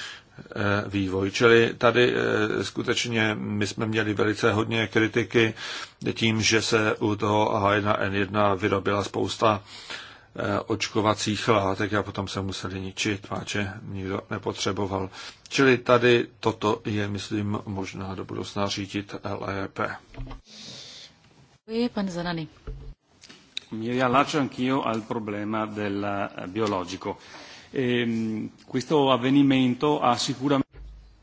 Eh, vývoj. Čili tady eh, skutečně my jsme měli velice hodně kritiky tím, že se u toho H1N1 vyrobila spousta eh, očkovacích látek a potom se museli ničit, páče nikdo nepotřeboval. Čili tady toto je, myslím, možná do budoucna řídit LEP. Děkuji, pan Zanany. Mi anch'io al problema del biologico. Ehm, questo avvenimento ha sicuramente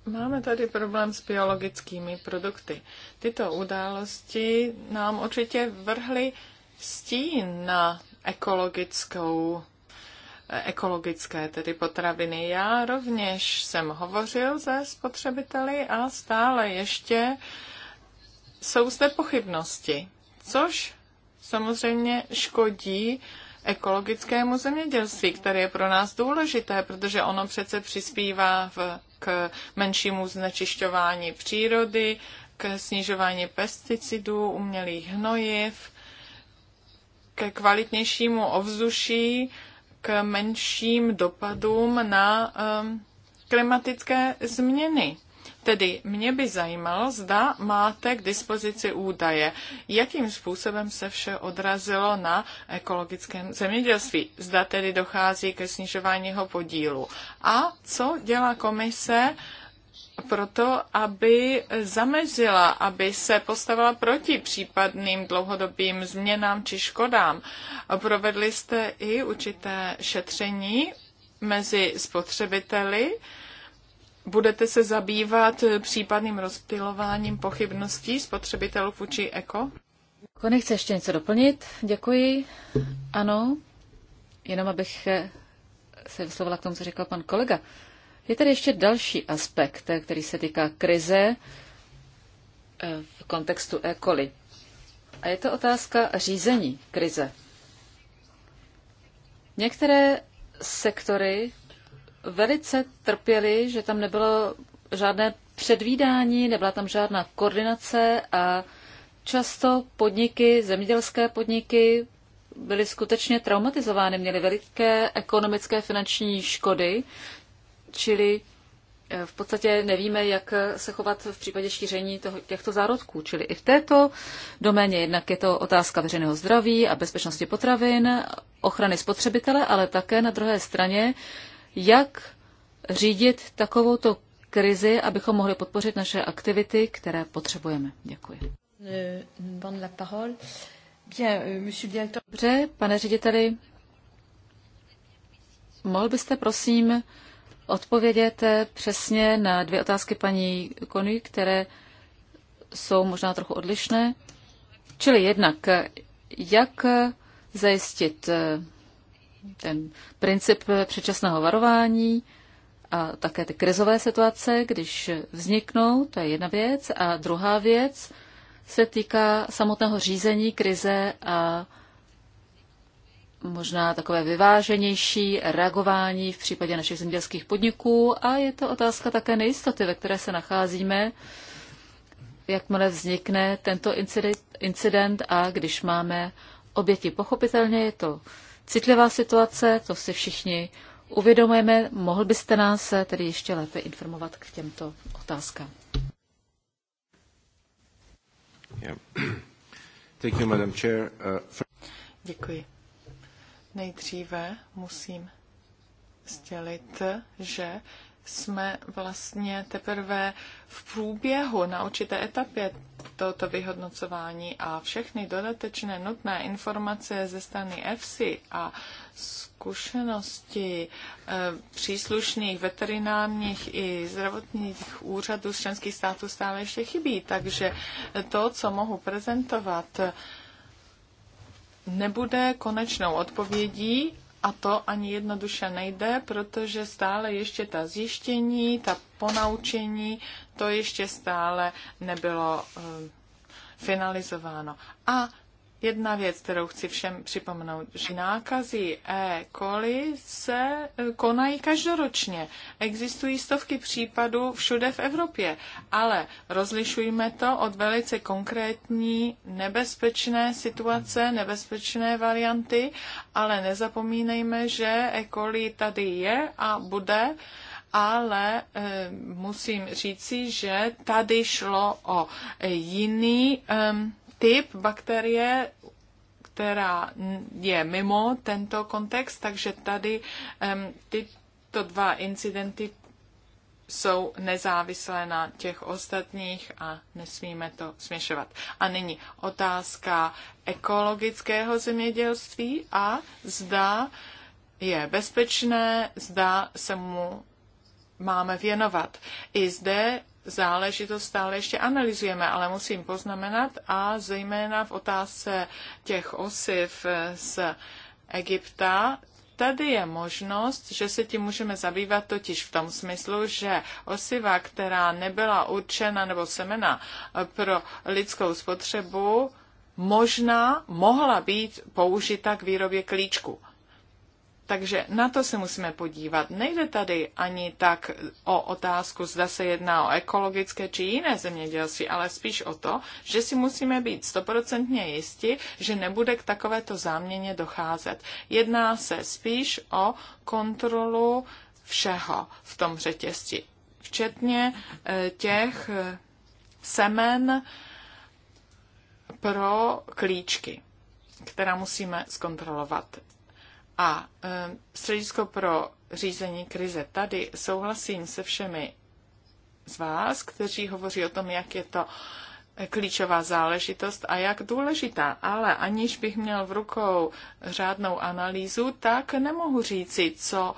Máme tady problém s biologickými produkty. Tyto události nám určitě vrhly stín na ekologickou ekologické, tedy potraviny. Já rovněž jsem hovořil se spotřebiteli a stále ještě jsou zde pochybnosti, což samozřejmě škodí ekologickému zemědělství, které je pro nás důležité, protože ono přece přispívá v, k menšímu znečišťování přírody, k snižování pesticidů, umělých hnojiv, ke kvalitnějšímu ovzduší, k menším dopadům na um, klimatické změny. Tedy mě by zajímalo, zda máte k dispozici údaje, jakým způsobem se vše odrazilo na ekologickém zemědělství. Zda tedy dochází ke snižování jeho podílu. A co dělá komise proto, aby zamezila, aby se postavila proti případným dlouhodobým změnám či škodám. Provedli jste i určité šetření mezi spotřebiteli, budete se zabývat případným rozpilováním pochybností spotřebitelů vůči ECO? Kony chce ještě něco doplnit? Děkuji. Ano, jenom abych se vyslovila k tomu, co říkal pan kolega. Je tady ještě další aspekt, který se týká krize eh, v kontextu E. coli. A je to otázka řízení krize. Některé sektory velice trpěli, že tam nebylo žádné předvídání, nebyla tam žádná koordinace a často podniky, zemědělské podniky, byly skutečně traumatizovány, měly veliké ekonomické finanční škody, čili eh, v podstatě nevíme, jak se chovat v případě šíření toho, těchto zárodků. Čili i v této doméně jednak je to otázka veřejného zdraví a bezpečnosti potravin, ochrany spotřebitele, ale také na druhé straně jak řídit takovouto krizi, abychom mohli podpořit naše aktivity, které potřebujeme. Děkuji. Euh, euh, Dobře, pane řediteli, mohl byste prosím odpovědět eh, přesně na dvě otázky paní Kony, které jsou možná trochu odlišné. Čili jednak, jak zajistit eh, ten princip předčasného varování a také ty krizové situace, když vzniknou, to je jedna věc. A druhá věc se týká samotného řízení krize a možná takové vyváženější reagování v případě našich zemědělských podniků a je to otázka také nejistoty, ve které se nacházíme, jakmile vznikne tento incident a když máme oběti. Pochopitelně je to citlivá situace, to si všichni uvědomujeme. Mohl byste nás eh, tedy ještě lépe informovat k těmto otázkám? Děkuji. Uh, Děkuji. Nejdříve musím sdělit, že jsme vlastně teprve v průběhu na určité etapě tohoto vyhodnocování a všechny dodatečné nutné informace ze strany EFSI a zkušenosti eh, příslušných veterinárních i zdravotních úřadů z členských států stále ještě chybí. Takže to, co mohu prezentovat, nebude konečnou odpovědí a to ani jednoduše nejde, protože stále ještě ta zjištění, ta ponaučení, to ještě stále nebylo eh, finalizováno. A Jedna věc, kterou chci všem připomenout, že nákazy E. coli se e, konají každoročně. Existují stovky případů všude v Evropě, ale rozlišujme to od velice konkrétní nebezpečné situace, nebezpečné varianty, ale nezapomínejme, že E. coli tady je a bude ale e, musím říci, že tady šlo o jiný E, typ bakterie, která je mimo tento kontext, takže tady um, tyto dva incidenty jsou nezávislé na těch ostatních a nesmíme to směšovat. A nyní otázka ekologického zemědělství a zda je bezpečné, zda se mu máme věnovat. I zde záležitost stále ještě analyzujeme, ale musím poznamenat a zejména v otázce těch osiv z Egypta, tady je možnost, že se tím můžeme zabývat totiž v tom smyslu, že osiva, která nebyla určena nebo semena pro lidskou spotřebu, možná mohla být použita k výrobě klíčku. Takže na to se musíme podívat. Nejde tady ani tak o otázku, zda se jedná o ekologické či jiné zemědělství, ale spíš o to, že si musíme být stoprocentně jisti, že nebude k takovéto záměně docházet. Jedná se spíš o kontrolu všeho v tom řetězci, včetně eh, těch eh, semen pro klíčky, která musíme zkontrolovat a eh, středisko pro řízení krize. Tady souhlasím se všemi z vás, kteří hovoří o tom, jak je to eh, klíčová záležitost a jak důležitá. Ale aniž bych měl v rukou řádnou analýzu, tak nemohu říci, co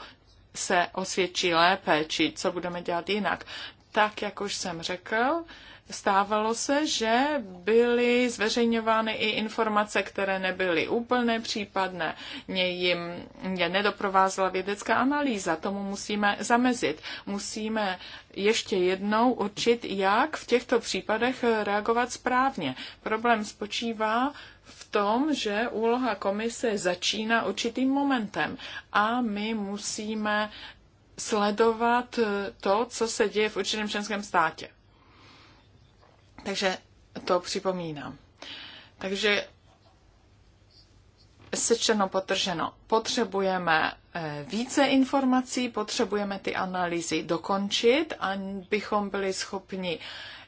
se osvědčí lépe, či co budeme dělat jinak. Tak, jak už jsem řekl, Stávalo se, že byly zveřejňovány i informace, které nebyly úplné, případné jim mě nedoprovázela vědecká analýza. Tomu musíme zamezit. Musíme ještě jednou určit, jak v těchto případech reagovat správně. Problém spočívá v tom, že úloha komise začíná určitým momentem a my musíme sledovat to, co se děje v určitém členském státě. Takže to připomínám. Takže sečteno, potrženo, potřebujeme eh, více informací, potřebujeme ty analýzy dokončit, abychom byli schopni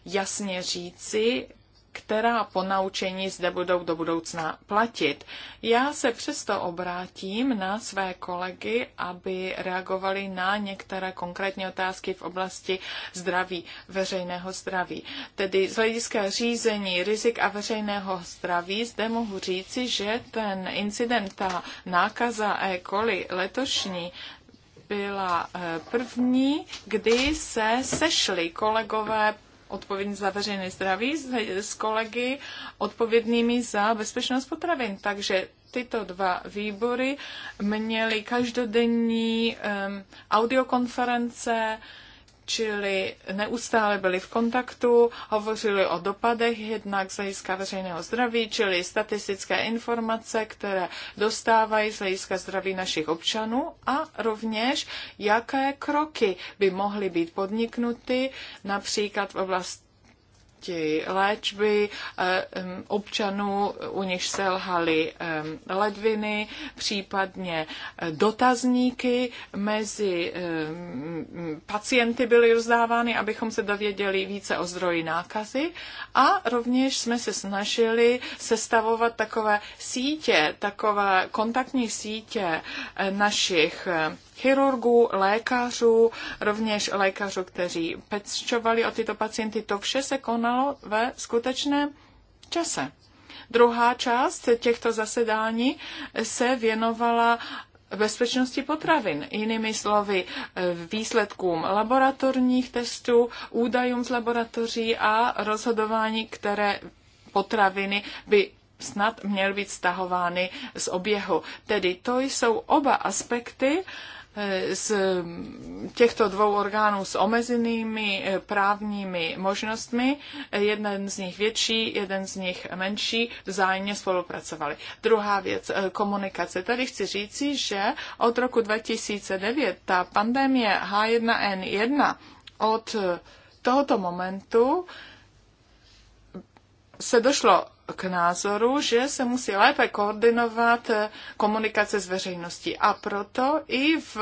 jasně říci, která po naučení zde budou do budoucna platit. Já se přesto obrátím na své kolegy, aby reagovali na některé konkrétní otázky v oblasti zdraví, veřejného zdraví. Tedy z hlediska řízení rizik a veřejného zdraví zde mohu říci, že ten incident, ta nákaza E. coli letošní byla eh, první, kdy se sešli kolegové odpovědný za veřejné zdraví s kolegy odpovědnými za bezpečnost potravin. Takže tyto dva výbory měly každodenní um, audiokonference, uh, čili neustále byli v kontaktu, hovořili o dopadech jednak z hlediska veřejného zdraví, čili statistické informace, které dostávají z hlediska zdraví našich občanů a rovněž, jaké kroky by mohly být podniknuty, například v oblasti oblasti léčby eh, občanů, u nich lhaly ledviny, případně eh, dotazníky mezi pacienty byly rozdávány, abychom se dověděli více o zdroji nákazy a rovněž jsme se snažili sestavovat takové sítě, takové kontaktní sítě eh, našich chirurgů, lékařů, rovněž lékařů, kteří pečovali o tyto pacienty. To vše se konalo konalo ve skutečném čase. Druhá část těchto zasedání se věnovala bezpečnosti potravin, jinými slovy výsledkům laboratorních testů, údajům z laboratoří a rozhodování, které potraviny by snad měly být stahovány z oběhu. Tedy to jsou oba aspekty, Eh, z mm, těchto dvou orgánů s omezenými eh, právními možnostmi, eh, jeden z nich větší, jeden z nich menší, vzájemně spolupracovali. Druhá věc, komunikace. Tady chci říci, že od roku 2009 ta pandemie H1N1 od tohoto momentu se došlo k názoru, že se musí lépe koordinovat eh, komunikace s veřejností. A proto i v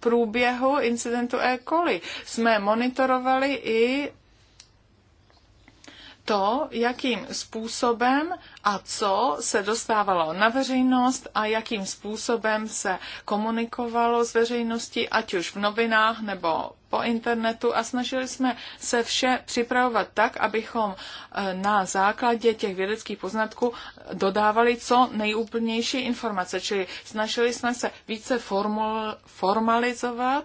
průběhu incidentu E. coli jsme monitorovali i to, jakým způsobem a co se dostávalo na veřejnost a jakým způsobem se komunikovalo s veřejností, ať už v novinách nebo po internetu a snažili jsme se vše připravovat tak, abychom eh, na základě těch vědeckých poznatků dodávali co nejúplnější informace, čili snažili jsme se více formalizovat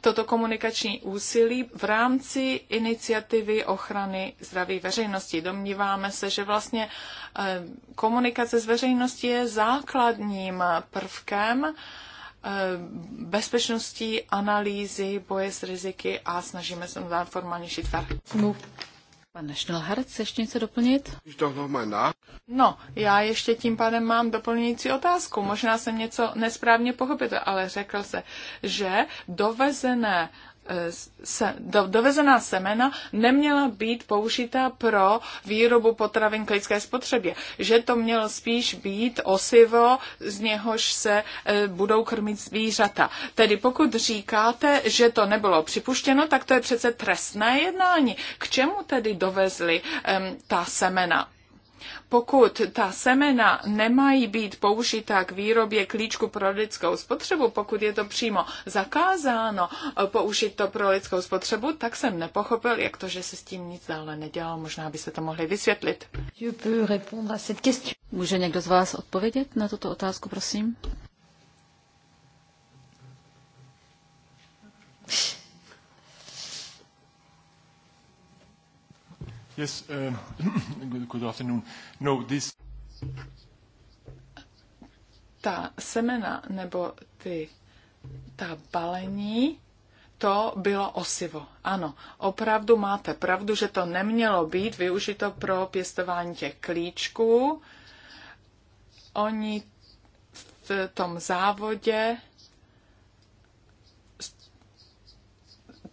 toto komunikační úsilí v rámci iniciativy ochrany zdraví veřejnosti. Domníváme se, že vlastně eh, komunikace s veřejností je základním prvkem eh, bezpečnosti, analýzy, boje s riziky a snažíme se dát formálnější tvar. Pane Šnelhard, chceš něco doplnit? No, já ještě tím pádem mám doplňující otázku. Možná jsem něco nesprávně pochopil, ale řekl se, že dovezené Eh, se, do, dovezená semena neměla být použita pro výrobu potravin k lidské spotřebě, že to mělo spíš být osivo, z něhož se e, budou krmit zvířata. Tedy pokud říkáte, že to nebylo připuštěno, tak to je přece trestné jednání. K čemu tedy dovezli e, ta semena? Pokud ta semena nemají být použita k výrobě klíčku pro lidskou spotřebu, pokud je to přímo zakázáno eh, použít to pro lidskou spotřebu, tak jsem nepochopil, jak to, že se s tím nic dále nedělalo. Možná by se to mohli vysvětlit. Může někdo z vás odpovědět na tuto otázku, prosím? Yes, um, good afternoon. No, this... Ta semena nebo ty, ta balení, to bylo osivo. Ano, opravdu máte pravdu, že to nemělo být využito pro pěstování těch klíčků. Oni v tom závodě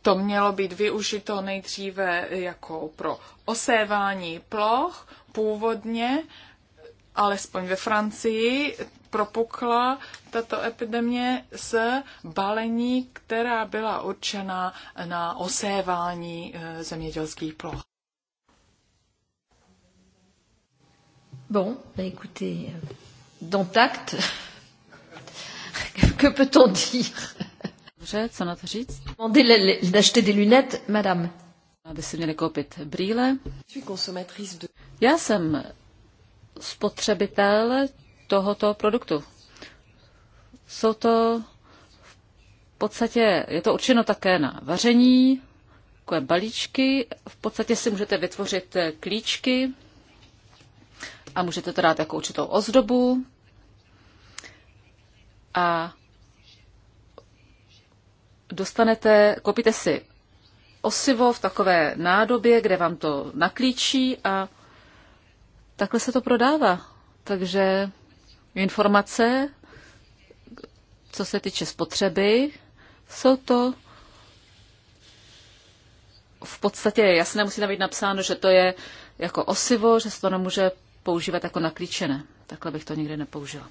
to mělo být využito nejdříve jako pro osévání ploch původně, alespoň ve Francii, propukla tato epidemie s balení, která byla určena na osévání eh, zemědělských ploch. Bon, bah écoutez, euh, tact, que peut-on dire Dobře, co na to říct? Aby si měli koupit brýle. Já jsem spotřebitel tohoto produktu. Jsou to v podstatě, je to určeno také na vaření, takové balíčky. V podstatě si můžete vytvořit klíčky a můžete to dát jako určitou ozdobu. A dostanete, koupíte si osivo v takové nádobě, kde vám to naklíčí a takhle se to prodává. Takže informace, co se týče spotřeby, jsou to v podstatě jasné, musí tam být napsáno, že to je jako osivo, že se to nemůže používat jako naklíčené. Takhle bych to nikdy nepoužila.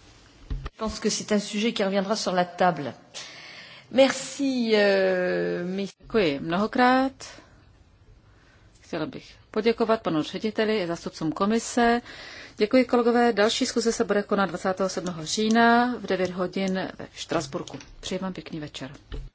pense que c'est un sujet qui reviendra sur la table. Euh, Eh, merci, Děkuji mnohokrát. Chtěla bych poděkovat panu řediteli i zastupcům komise. Děkuji kolegové. Další schůze se bude konat 27. října v 9 hodin ve Štrasburku. Přeji vám pěkný večer.